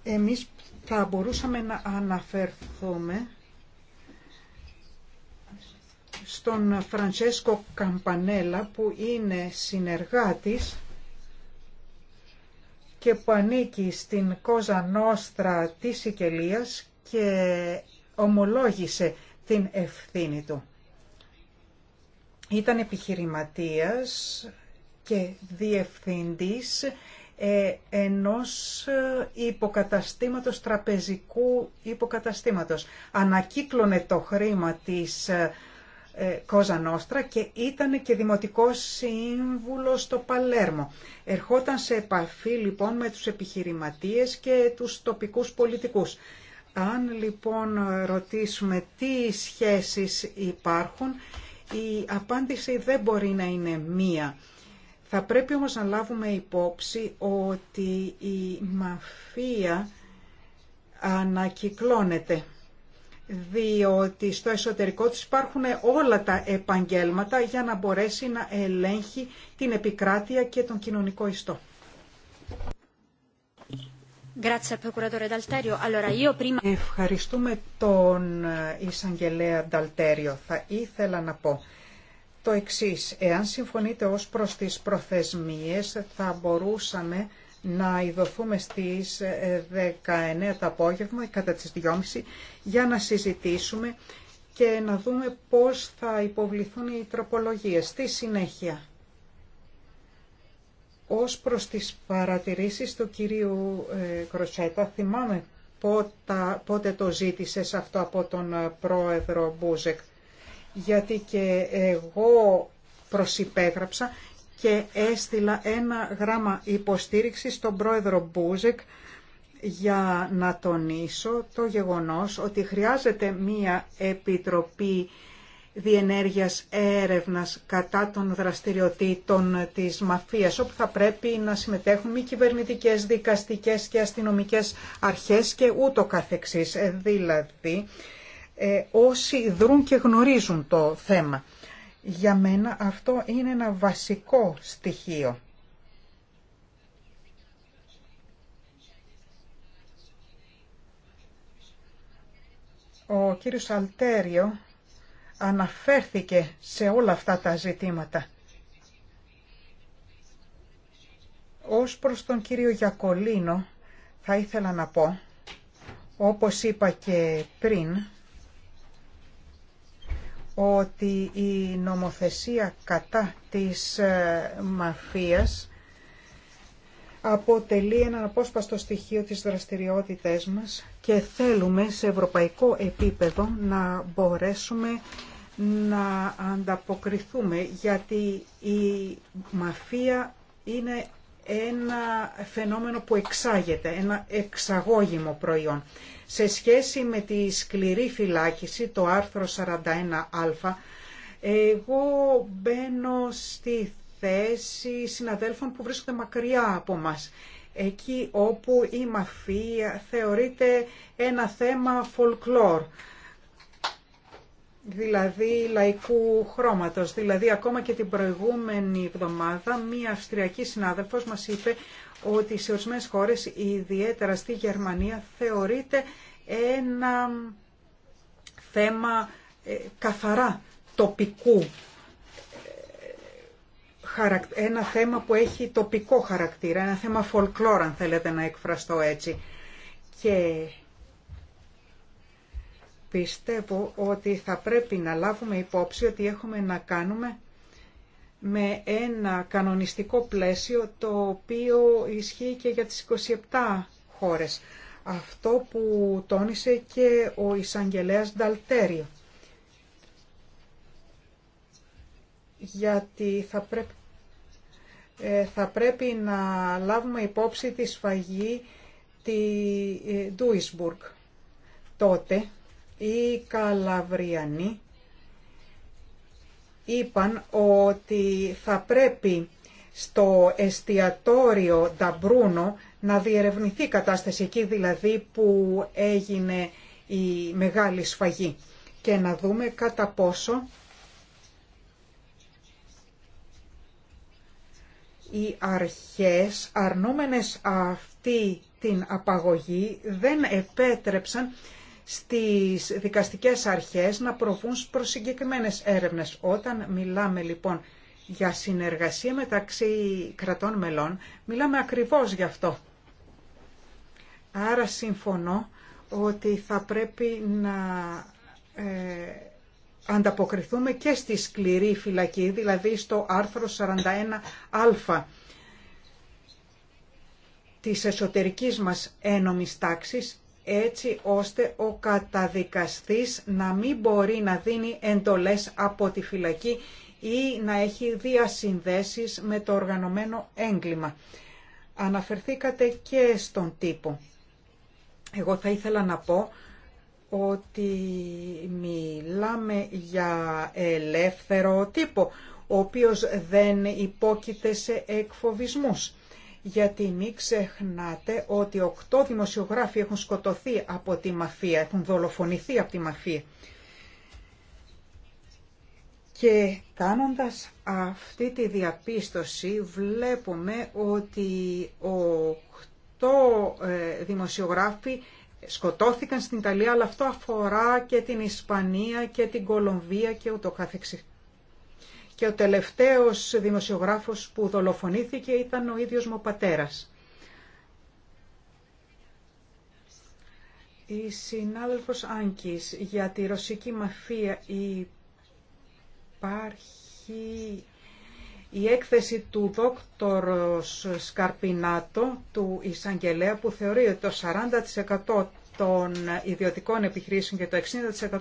Εμείς θα μπορούσαμε να αναφερθούμε στον Φραντσέσκο Καμπανέλα που είναι συνεργάτης και που ανήκει στην Κόζα Νόστρα της Σικελίας και ομολόγησε την ευθύνη του. Ήταν επιχειρηματίας και διευθυντής ε, ενός ε, υποκαταστήματος, τραπεζικού υποκαταστήματος. Ανακύκλωνε το χρήμα της ε, Κόζα ε, Νόστρα και ήταν και δημοτικό σύμβουλο στο Παλέρμο. Ερχόταν σε επαφή λοιπόν με τους επιχειρηματίες και τους τοπικούς πολιτικούς. Αν λοιπόν ρωτήσουμε τι σχέσεις υπάρχουν, η απάντηση δεν μπορεί να είναι μία. Θα πρέπει όμως να λάβουμε υπόψη ότι η μαφία ανακυκλώνεται διότι στο εσωτερικό της υπάρχουν όλα τα επαγγέλματα για να μπορέσει να ελέγχει την επικράτεια και τον κοινωνικό ιστό. Ευχαριστούμε τον Ισαγγελέα Νταλτέριο. Θα ήθελα να πω το εξής. Εάν συμφωνείτε ως προς τις προθεσμίες θα μπορούσαμε να ειδωθούμε στις 19 ε, το απόγευμα κατά τις 2.30 για να συζητήσουμε και να δούμε πώς θα υποβληθούν οι τροπολογίες. Στη συνέχεια, ως προς τις παρατηρήσεις του κυρίου ε, Κροσέτα, θυμάμαι πότε το ζήτησες αυτό από τον ε, πρόεδρο Μπούζεκ, γιατί και εγώ προσυπέγραψα και έστειλα ένα γράμμα υποστήριξης στον πρόεδρο Μπούζεκ για να τονίσω το γεγονός ότι χρειάζεται μία επιτροπή διενέργειας έρευνας κατά των δραστηριοτήτων της μαφίας, όπου θα πρέπει να συμμετέχουν οι κυβερνητικές, δικαστικές και αστυνομικές αρχές και ούτω καθεξής. Ε, δηλαδή, ε, όσοι δρούν και γνωρίζουν το θέμα. Για μένα αυτό είναι ένα βασικό στοιχείο. Ο κύριος Αλτέριο αναφέρθηκε σε όλα αυτά τα ζητήματα. Ως προς τον κύριο Γιακολίνο θα ήθελα να πω, όπως είπα και πριν, ότι η νομοθεσία κατά της ε, μαφίας αποτελεί έναν απόσπαστο στοιχείο της δραστηριότητές μας και θέλουμε σε ευρωπαϊκό επίπεδο να μπορέσουμε να ανταποκριθούμε γιατί η μαφία είναι ένα φαινόμενο που εξάγεται, ένα εξαγώγημο προϊόν. Σε σχέση με τη σκληρή φυλάκιση, το άρθρο 41α, εγώ μπαίνω στη θέση συναδέλφων που βρίσκονται μακριά από μας. Εκεί όπου η μαφία θεωρείται ένα θέμα folklore δηλαδή λαϊκού χρώματος. Δηλαδή ακόμα και την προηγούμενη εβδομάδα μία αυστριακή συνάδελφος μας είπε ότι σε ορισμένες χώρες, ιδιαίτερα στη Γερμανία, θεωρείται ένα θέμα ε, καθαρά τοπικού ε, ένα θέμα που έχει τοπικό χαρακτήρα, ένα θέμα φολκλόρ αν θέλετε να εκφραστώ έτσι. Και Πιστεύω ότι θα πρέπει να λάβουμε υπόψη ότι έχουμε να κάνουμε με ένα κανονιστικό πλαίσιο το οποίο ισχύει και για τις 27 χώρες. Αυτό που τόνισε και ο Ισαγγελέας Νταλτέριο. Γιατί θα πρέπει, θα πρέπει να λάβουμε υπόψη τη σφαγή τη ε, Duisburg Τότε οι Καλαβριανοί είπαν ότι θα πρέπει στο εστιατόριο Νταμπρούνο να διερευνηθεί η κατάσταση εκεί δηλαδή που έγινε η μεγάλη σφαγή και να δούμε κατά πόσο οι αρχές αρνούμενες αυτή την απαγωγή δεν επέτρεψαν στις δικαστικές αρχές να προβούν προς συγκεκριμένε έρευνες. Όταν μιλάμε λοιπόν για συνεργασία μεταξύ κρατών μελών, μιλάμε ακριβώς γι' αυτό. Άρα συμφωνώ ότι θα πρέπει να ε, ανταποκριθούμε και στη σκληρή φυλακή, δηλαδή στο άρθρο 41α της εσωτερικής μας ένομης τάξης έτσι ώστε ο καταδικαστής να μην μπορεί να δίνει εντολές από τη φυλακή ή να έχει διασυνδέσεις με το οργανωμένο έγκλημα. Αναφερθήκατε και στον τύπο. Εγώ θα ήθελα να πω ότι μιλάμε για ελεύθερο τύπο, ο οποίος δεν υπόκειται σε εκφοβισμούς γιατί μην ξεχνάτε ότι οκτώ δημοσιογράφοι έχουν σκοτωθεί από τη μαφία, έχουν δολοφονηθεί από τη μαφία. Και κάνοντας αυτή τη διαπίστωση βλέπουμε ότι οκτώ ε, δημοσιογράφοι σκοτώθηκαν στην Ιταλία, αλλά αυτό αφορά και την Ισπανία και την Κολομβία και ούτω καθεξής και ο τελευταίος δημοσιογράφος που δολοφονήθηκε ήταν ο ίδιος μου πατέρας. Η συνάδελφος Άγκης για τη ρωσική μαφία υπάρχει η έκθεση του δόκτωρος Σκαρπινάτο του Ισαγγελέα που θεωρεί ότι το 40% των ιδιωτικών επιχειρήσεων και το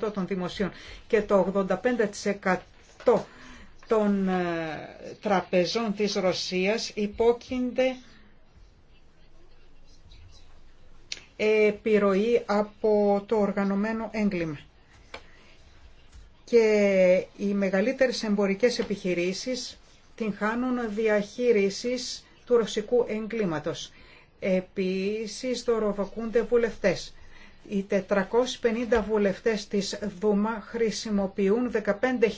60% των δημοσίων και το 85% των ε, τραπεζών της Ρωσίας υπόκεινται επιρροή από το οργανωμένο έγκλημα. Και οι μεγαλύτερες εμπορικές επιχειρήσεις την χάνουν διαχείρισης του ρωσικού εγκλήματος. Επίσης δωροδοκούνται βουλευτές. Οι 450 βουλευτές της Δούμα χρησιμοποιούν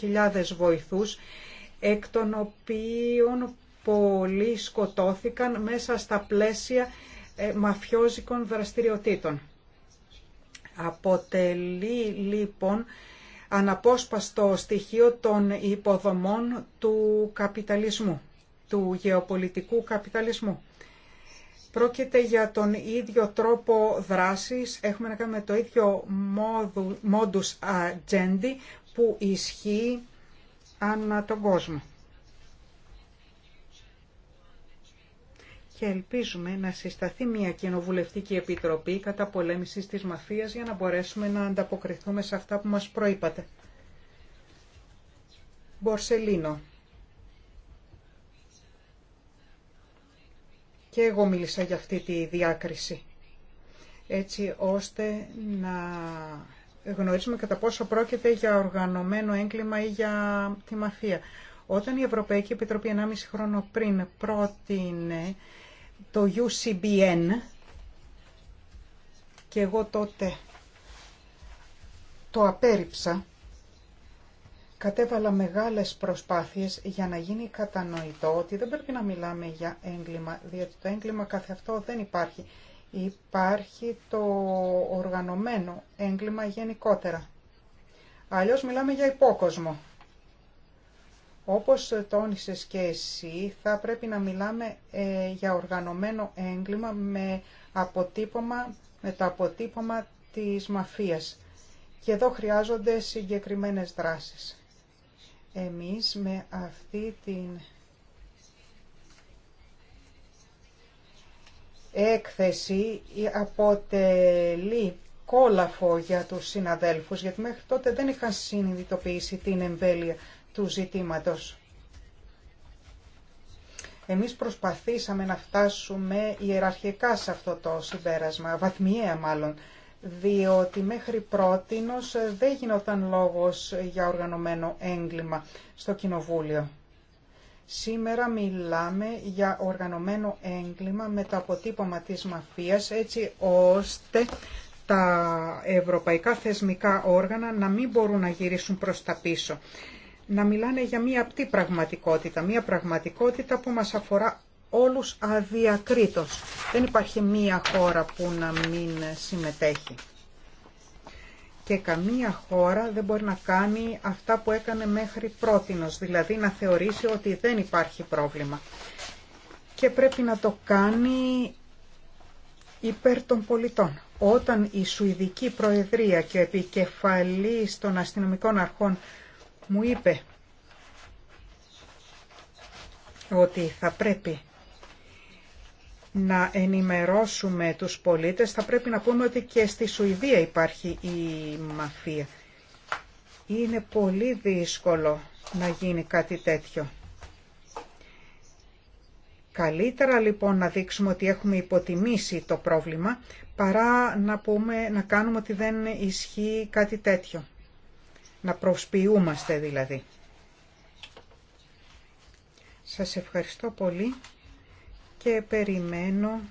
15.000 βοηθούς, εκ των οποίων πολλοί σκοτώθηκαν μέσα στα πλαίσια ε, μαφιόζικων δραστηριοτήτων. Αποτελεί λοιπόν αναπόσπαστο στοιχείο των υποδομών του καπιταλισμού, του γεωπολιτικού καπιταλισμού. Πρόκειται για τον ίδιο τρόπο δράσης, έχουμε να κάνουμε το ίδιο modus agendi που ισχύει ανά τον κόσμο. Και ελπίζουμε να συσταθεί μια κοινοβουλευτική επιτροπή κατά πολέμησης της μαφίας για να μπορέσουμε να ανταποκριθούμε σε αυτά που μας προείπατε. Μπορσελίνο. Και εγώ μίλησα για αυτή τη διάκριση, έτσι ώστε να γνωρίζουμε κατά πόσο πρόκειται για οργανωμένο έγκλημα ή για τη μαφία. Όταν η Ευρωπαϊκή Επιτροπή 1,5 χρόνο πριν πρότεινε το UCBN και εγώ τότε το απέρριψα κατέβαλα μεγάλες προσπάθειες για να γίνει κατανοητό ότι δεν πρέπει να μιλάμε για έγκλημα, διότι το έγκλημα καθε αυτό δεν υπάρχει. Υπάρχει το οργανωμένο έγκλημα γενικότερα. Αλλιώς μιλάμε για υπόκοσμο. Όπως τόνισες και εσύ, θα πρέπει να μιλάμε ε, για οργανωμένο έγκλημα με, αποτύπωμα, με το αποτύπωμα της μαφίας. Και εδώ χρειάζονται συγκεκριμένες δράσεις. Εμείς με αυτή την έκθεση αποτελεί κόλαφο για τους συναδέλφους, γιατί μέχρι τότε δεν είχαν συνειδητοποιήσει την εμβέλεια του ζητήματος. Εμείς προσπαθήσαμε να φτάσουμε ιεραρχικά σε αυτό το συμπέρασμα, βαθμιαία μάλλον, διότι μέχρι πρότινος ε, δεν γινόταν λόγος για οργανωμένο έγκλημα στο Κοινοβούλιο. Σήμερα μιλάμε για οργανωμένο έγκλημα με το αποτύπωμα της μαφίας έτσι ώστε τα ευρωπαϊκά θεσμικά όργανα να μην μπορούν να γυρίσουν προς τα πίσω. Να μιλάνε για μία απτή πραγματικότητα, μία πραγματικότητα που μας αφορά όλους αδιακρίτως. Δεν υπάρχει μία χώρα που να μην συμμετέχει. Και καμία χώρα δεν μπορεί να κάνει αυτά που έκανε μέχρι πρότινος, δηλαδή να θεωρήσει ότι δεν υπάρχει πρόβλημα. Και πρέπει να το κάνει υπέρ των πολιτών. Όταν η Σουηδική Προεδρία και ο επικεφαλής των αστυνομικών αρχών μου είπε ότι θα πρέπει να ενημερώσουμε τους πολίτες, θα πρέπει να πούμε ότι και στη Σουηδία υπάρχει η μαφία. Είναι πολύ δύσκολο να γίνει κάτι τέτοιο. Καλύτερα λοιπόν να δείξουμε ότι έχουμε υποτιμήσει το πρόβλημα παρά να, πούμε, να κάνουμε ότι δεν ισχύει κάτι τέτοιο. Να προσποιούμαστε δηλαδή. Σας ευχαριστώ πολύ και περιμένω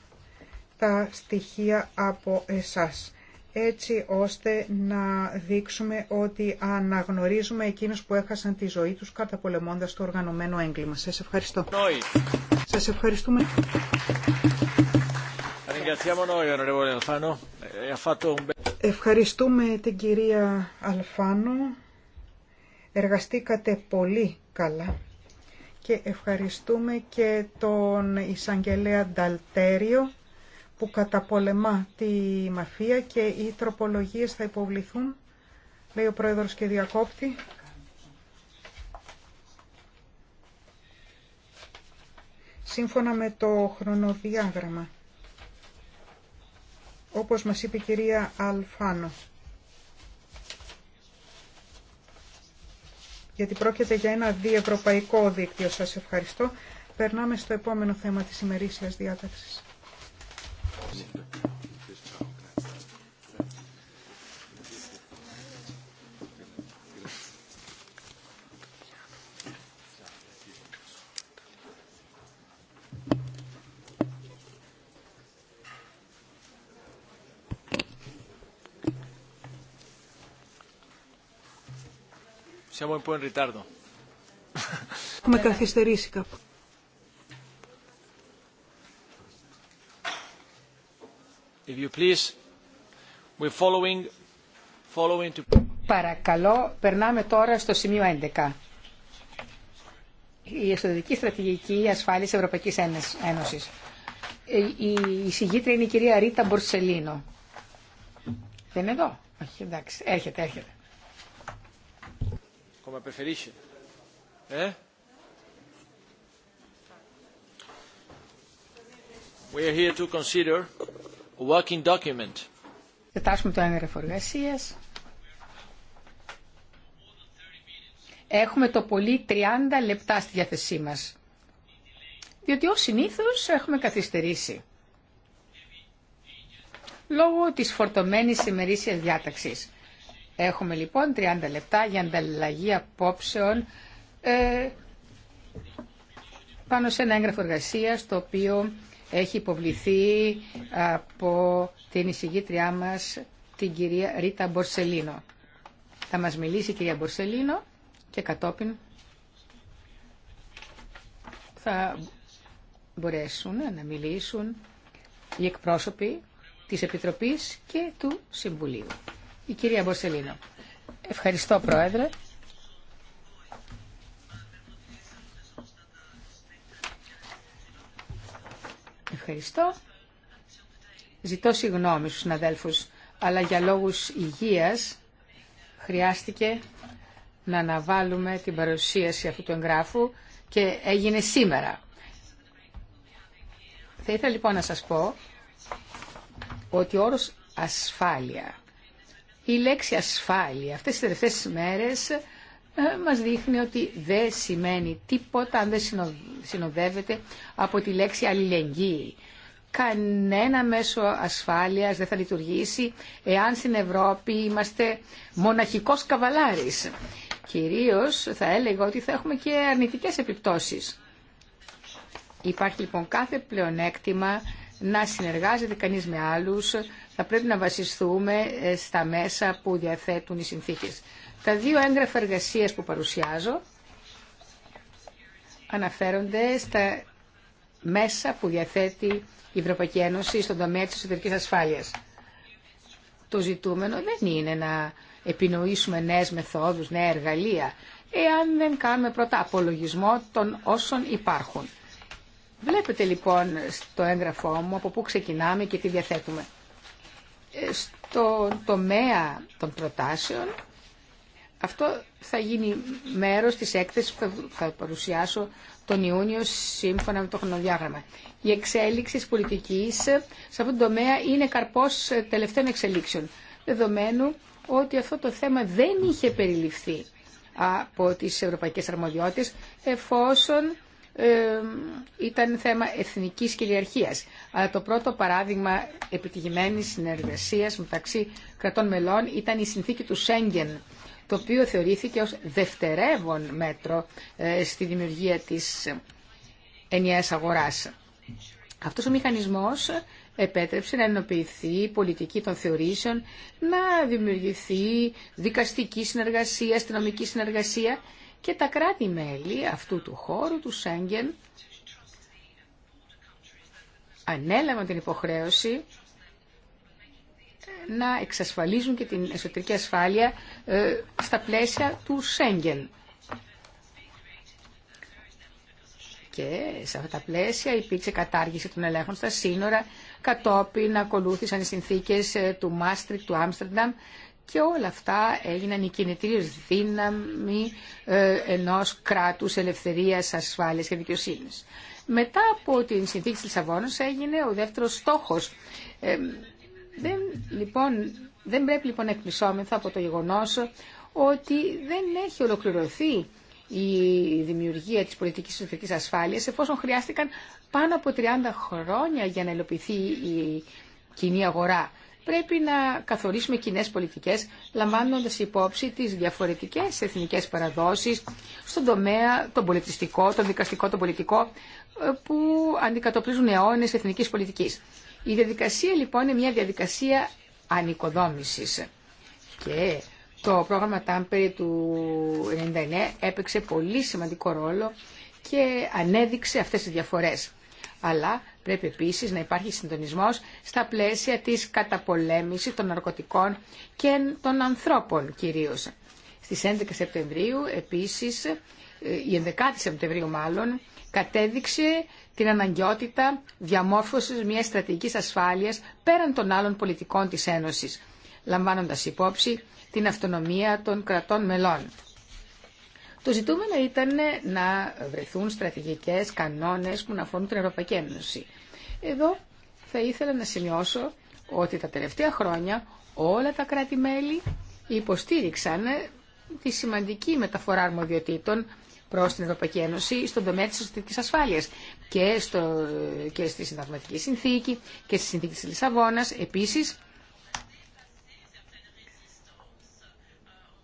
τα στοιχεία από εσάς έτσι ώστε να δείξουμε ότι αναγνωρίζουμε εκείνους που έχασαν τη ζωή τους καταπολεμώντας το οργανωμένο έγκλημα. Σας ευχαριστώ. Noi. ευχαριστούμε.
Eh,
ευχαριστούμε την κυρία Αλφάνο. Εργαστήκατε πολύ καλά και ευχαριστούμε και τον Ισαγγελέα Νταλτέριο που καταπολεμά τη μαφία και οι τροπολογίες θα υποβληθούν, λέει ο πρόεδρος και διακόπτη. Σύμφωνα με το χρονοδιάγραμμα, όπως μας είπε η κυρία Αλφάνο. γιατί πρόκειται για ένα διευρωπαϊκό δίκτυο. Σας ευχαριστώ. Περνάμε στο επόμενο θέμα της ημερήσιας διάταξης.
Siamo un po' in ritardo.
Έχουμε καθυστερήσει κάπου.
If you please, we're following, following to...
Παρακαλώ, περνάμε τώρα στο σημείο 11. Η εσωτερική στρατηγική ασφάλεια Ευρωπαϊκή Ένωση. Ε, η συγγήτρια είναι η κυρία Ρίτα Μπορσελίνο. Δεν είναι εδώ. Όχι, εντάξει. Έρχεται, έρχεται
come ¿Eh?
το έγγραφο εργασία. Έχουμε το πολύ 30 λεπτά στη διάθεσή μας. Διότι ως συνήθως έχουμε καθυστερήσει. Λόγω της φορτωμένης ημερήσιας διάταξης. Έχουμε λοιπόν 30 λεπτά για ανταλλαγή απόψεων ε, πάνω σε ένα έγγραφο εργασία το οποίο έχει υποβληθεί από την εισηγήτριά μας την κυρία Ρίτα Μπορσελίνο. Θα μας μιλήσει η κυρία Μπορσελίνο και κατόπιν θα μπορέσουν να μιλήσουν οι εκπρόσωποι της Επιτροπής και του Συμβουλίου. Η κυρία Μπορσελίνο. Ευχαριστώ, Πρόεδρε. Ευχαριστώ. Ζητώ συγγνώμη στους συναδέλφους, αλλά για λόγους υγείας χρειάστηκε να αναβάλουμε την παρουσίαση αυτού του εγγράφου και έγινε σήμερα. Θα ήθελα λοιπόν να σας πω ότι ο όρος ασφάλεια η λέξη ασφάλεια αυτές τις τελευταίες μέρες ε, μας δείχνει ότι δεν σημαίνει τίποτα αν δεν συνοδεύεται από τη λέξη αλληλεγγύη. Κανένα μέσο ασφάλειας δεν θα λειτουργήσει εάν στην Ευρώπη είμαστε μοναχικός καβαλάρης. Κυρίως θα έλεγα ότι θα έχουμε και αρνητικές επιπτώσεις. Υπάρχει λοιπόν κάθε πλεονέκτημα να συνεργάζεται κανείς με άλλους, θα πρέπει να βασιστούμε ε, στα μέσα που διαθέτουν οι συνθήκες. Τα δύο έγγραφα εργασίας που παρουσιάζω αναφέρονται στα μέσα που διαθέτει η Ευρωπαϊκή Ένωση στον τομέα της εσωτερικής ασφάλειας. Το ζητούμενο δεν είναι να επινοήσουμε νέες μεθόδους, νέα εργαλεία, εάν δεν κάνουμε πρώτα απολογισμό των όσων υπάρχουν. Βλέπετε λοιπόν στο έγγραφό μου από πού ξεκινάμε και τι διαθέτουμε. Ε, στο τομέα των προτάσεων αυτό θα γίνει μέρος της έκθεσης που θα παρουσιάσω τον Ιούνιο σύμφωνα με το χρονοδιάγραμμα. Η εξέλιξη της πολιτικής σε αυτόν τον τομέα είναι καρπός τελευταίων εξελίξεων, δεδομένου ότι αυτό το θέμα δεν είχε περιληφθεί από τις ευρωπαϊκές αρμοδιότητες, εφόσον ήταν θέμα εθνικής κυριαρχίας. Αλλά το πρώτο παράδειγμα επιτυχημένης συνεργασίας μεταξύ κρατών μελών ήταν η συνθήκη του Σέγγεν, το οποίο θεωρήθηκε ως δευτερεύον μέτρο ε, στη δημιουργία της ενιαίας αγοράς. Αυτός ο μηχανισμός επέτρεψε να ενοποιηθεί η πολιτική των θεωρήσεων, να δημιουργηθεί δικαστική συνεργασία, αστυνομική συνεργασία και τα κράτη-μέλη αυτού του χώρου, του Σέγγεν, ανέλαβαν την υποχρέωση να εξασφαλίζουν και την εσωτερική ασφάλεια ε, στα πλαίσια του Σέγγεν. Και σε αυτά τα πλαίσια υπήρξε κατάργηση των ελέγχων στα σύνορα, κατόπιν ακολούθησαν οι συνθήκες ε, του Μάστρικ, του Άμστερνταμ και όλα αυτά έγιναν η κινητήριος δύναμη ε, ενός κράτους ελευθερίας, ασφάλειας και δικαιοσύνης. Μετά από την συνθήκη της Λισαβόνας έγινε ο δεύτερος στόχος. Ε, δεν, λοιπόν, δεν πρέπει λοιπόν να εκπλησόμεθα από το γεγονός ότι δεν έχει ολοκληρωθεί η δημιουργία της πολιτικής εσωτερικής ασφάλειας εφόσον χρειάστηκαν πάνω από 30 χρόνια για να ελοπιθεί η κοινή αγορά πρέπει να καθορίσουμε κοινέ πολιτικές λαμβάνοντας υπόψη τις διαφορετικές εθνικές παραδόσεις στον τομέα, τον πολιτιστικό, τον δικαστικό, τον πολιτικό ε, που αντικατοπτρίζουν αιώνε εθνική πολιτική. Η διαδικασία λοιπόν είναι μια διαδικασία ανοικοδόμηση. και το πρόγραμμα Τάμπερ του 1999 έπαιξε πολύ σημαντικό ρόλο και ανέδειξε αυτές τις διαφορές αλλά πρέπει επίσης να υπάρχει συντονισμός στα πλαίσια της καταπολέμησης των ναρκωτικών και των ανθρώπων κυρίως. Στις 11 Σεπτεμβρίου επίσης, η 11η Σεπτεμβρίου μάλλον, κατέδειξε την αναγκαιότητα διαμόρφωσης μιας στρατηγικής ασφάλειας πέραν των άλλων πολιτικών της Ένωσης, λαμβάνοντας υπόψη την αυτονομία των κρατών μελών. Το ζητούμενο ήταν να βρεθούν στρατηγικές κανόνες που να αφορούν την Ευρωπαϊκή Ένωση. Εδώ θα ήθελα να σημειώσω ότι τα τελευταία χρόνια όλα τα κράτη-μέλη υποστήριξαν τη σημαντική μεταφορά αρμοδιοτήτων προ την Ευρωπαϊκή Ένωση στον τομέα τη εσωτερική ασφάλεια και, στο, και στη συνταγματική συνθήκη και στη συνθήκη τη Λισαβόνα. Επίση,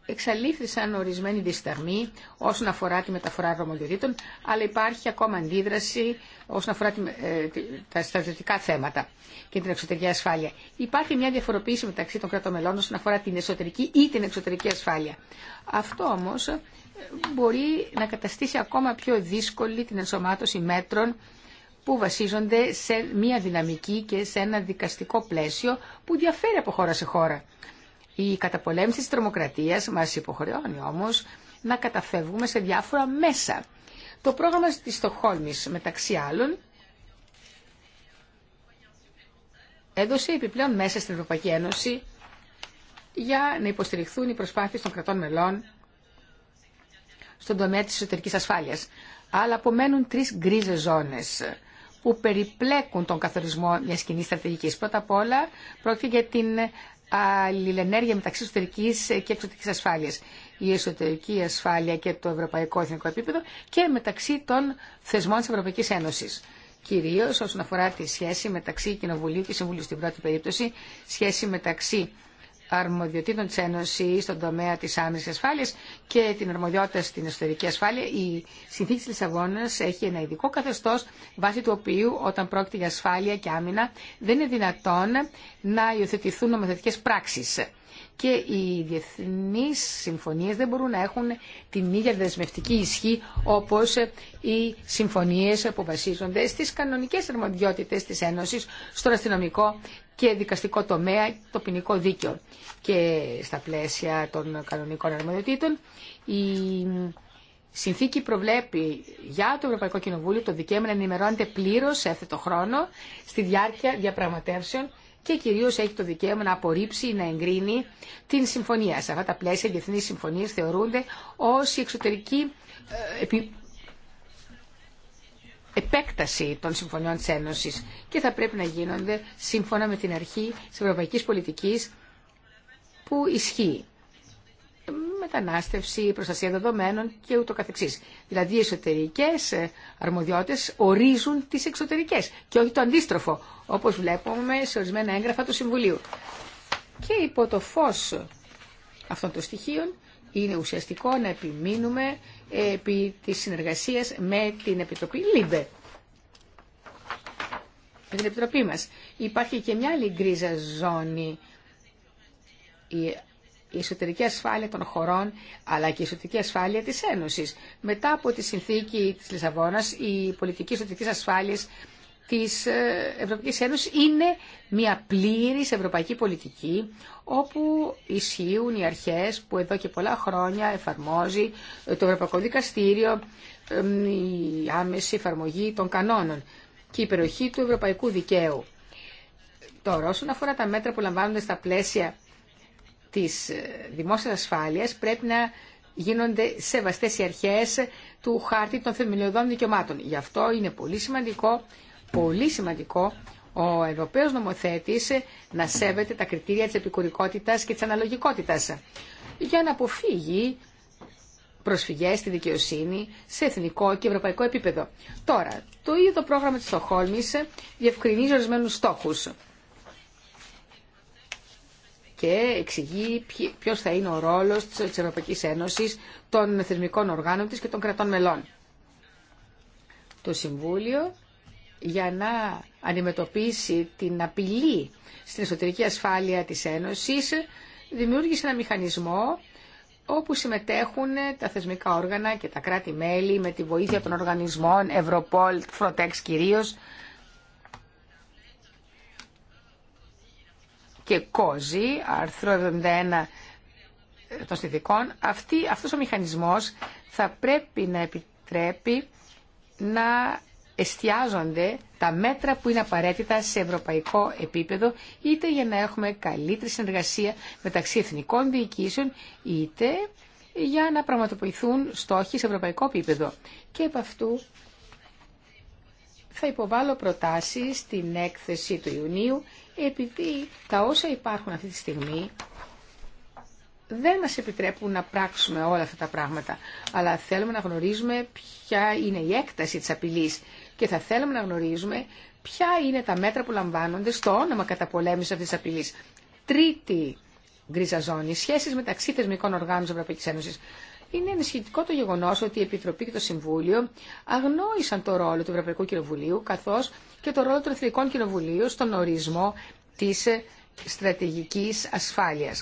Εξαλήφθησαν ορισμένοι δισταγμοί όσον αφορά τη μεταφορά αρμοδιοτήτων αλλά υπάρχει ακόμα αντίδραση όσον αφορά ε, τα στρατιωτικά θέματα και την εξωτερική ασφάλεια. Υπάρχει μια διαφοροποίηση μεταξύ των κρατών μελών όσον αφορά την εσωτερική ή την εξωτερική ασφάλεια. Αυτό όμω ε, μπορεί να καταστήσει ακόμα πιο δύσκολη την ενσωμάτωση μέτρων που βασίζονται σε μια δυναμική και σε ένα δικαστικό πλαίσιο που διαφέρει από χώρα σε χώρα. Η καταπολέμηση της τρομοκρατίας μας υποχρεώνει όμως να καταφεύγουμε σε διάφορα μέσα. Το πρόγραμμα της Στοχόλμης μεταξύ άλλων έδωσε επιπλέον μέσα στην Ευρωπαϊκή Ένωση για να υποστηριχθούν οι προσπάθειες των κρατών μελών στον τομέα της εσωτερικής ασφάλειας. Αλλά απομένουν τρεις γκρίζες ζώνες που περιπλέκουν τον καθορισμό μιας κοινή στρατηγικής. Πρώτα απ' όλα πρόκειται για την αλληλενέργεια μεταξύ εσωτερική και εξωτερική ασφάλειας. Η εσωτερική ασφάλεια και το ευρωπαϊκό εθνικό επίπεδο και μεταξύ των θεσμών τη Ευρωπαϊκής Ένωσης. Κυρίως όσον αφορά τη σχέση μεταξύ Κοινοβουλίου και Συμβουλίου στην πρώτη περίπτωση, σχέση μεταξύ αρμοδιοτήτων της Ένωση στον τομέα της άμεσης ασφάλειας και την αρμοδιότητα στην εσωτερική ασφάλεια, η συνθήκη της Λισαβόνας έχει ένα ειδικό καθεστώς βάσει του οποίου όταν πρόκειται για ασφάλεια και άμυνα δεν είναι δυνατόν να υιοθετηθούν νομοθετικές πράξεις και οι διεθνείς συμφωνίες δεν μπορούν να έχουν την ίδια δεσμευτική ισχύ όπως οι συμφωνίες που βασίζονται στις κανονικές αρμοδιότητες της Ένωσης, στον αστυνομικό και δικαστικό τομέα, το ποινικό δίκαιο. Και στα πλαίσια των κανονικών αρμοδιοτήτων, η συνθήκη προβλέπει για το Ευρωπαϊκό Κοινοβούλιο το δικαίωμα να ενημερώνεται πλήρω σε αυτό το χρόνο στη διάρκεια διαπραγματεύσεων και κυρίως έχει το δικαίωμα να απορρίψει ή να εγκρίνει την συμφωνία. Σε αυτά τα πλαίσια οι διεθνείς συμφωνίες θεωρούνται ω η εξωτερική ε, επέκταση των συμφωνιών τη Ένωση και θα πρέπει να γίνονται σύμφωνα με την αρχή τη Ευρωπαϊκή Πολιτική που ισχύει μετανάστευση, προστασία δεδομένων και ούτω καθεξής. Δηλαδή οι εσωτερικές ε, αρμοδιότητες ορίζουν τις εξωτερικές και όχι το αντίστροφο, όπως βλέπουμε σε ορισμένα έγγραφα του Συμβουλίου. Και υπό το φως αυτών των στοιχείων είναι ουσιαστικό να επιμείνουμε επί της συνεργασίας με την Επιτροπή ΛΥΜΠΕ. Με την Επιτροπή μας. Υπάρχει και μια άλλη γκρίζα ζώνη η εσωτερική ασφάλεια των χωρών αλλά και η εσωτερική ασφάλεια της Ένωσης. Μετά από τη συνθήκη της Λισαβόνας η πολιτική εσωτερική ασφάλειας της ε, Ευρωπαϊκής Ένωσης είναι μια πλήρης ευρωπαϊκή πολιτική όπου ισχύουν οι αρχές που εδώ και πολλά χρόνια εφαρμόζει το Ευρωπαϊκό Δικαστήριο η άμεση εφαρμογή των κανόνων και η περιοχή του ευρωπαϊκού δικαίου. Τώρα, όσον αφορά τα μέτρα που λαμβάνονται στα πλαίσια της δημόσιας ασφάλειας πρέπει να γίνονται σεβαστές οι αρχές του χάρτη των θεμελιωδών δικαιωμάτων. Γι' αυτό είναι πολύ σημαντικό, πολύ σημαντικό ο Ευρωπαίος νομοθέτης να σέβεται τα κριτήρια της επικουρικότητας και της αναλογικότητας για να αποφύγει προσφυγές στη δικαιοσύνη σε εθνικό και ευρωπαϊκό επίπεδο. Τώρα, το ίδιο το πρόγραμμα της Στοχόλμης διευκρινίζει ορισμένους στόχους και εξηγεί ποιο θα είναι ο ρόλος της Ευρωπαϊκής Ένωσης, των θεσμικών οργάνων τη και των κρατών μελών. Το Συμβούλιο για να αντιμετωπίσει την απειλή στην εσωτερική ασφάλεια της Ένωσης δημιούργησε ένα μηχανισμό όπου συμμετέχουν τα θεσμικά όργανα και τα κράτη-μέλη με τη βοήθεια των οργανισμών Ευρωπόλ, Φροτέξ κυρίως και κόζι, άρθρο 71 των συνθηκών, αυτή, αυτός ο μηχανισμός θα πρέπει να επιτρέπει να εστιάζονται τα μέτρα που είναι απαραίτητα σε ευρωπαϊκό επίπεδο είτε για να έχουμε καλύτερη συνεργασία μεταξύ εθνικών διοικήσεων είτε για να πραγματοποιηθούν στόχοι σε ευρωπαϊκό επίπεδο. Και από αυτού θα υποβάλω προτάσεις στην έκθεση του Ιουνίου επειδή τα όσα υπάρχουν αυτή τη στιγμή δεν μας επιτρέπουν να πράξουμε όλα αυτά τα πράγματα, αλλά θέλουμε να γνωρίζουμε ποια είναι η έκταση της απειλής και θα θέλουμε να γνωρίζουμε ποια είναι τα μέτρα που λαμβάνονται στο όνομα καταπολέμησης αυτής της απειλής. Τρίτη γκρίζα ζώνη, σχέσεις μεταξύ θεσμικών οργάνων της Ευρωπαϊκής Ένωσης. Είναι ενισχυτικό το γεγονό ότι η Επιτροπή και το Συμβούλιο αγνόησαν το ρόλο του Ευρωπαϊκού Κοινοβουλίου καθώ και το ρόλο των Εθνικών Κοινοβουλίων στον ορισμό τη ε, στρατηγική ασφάλεια.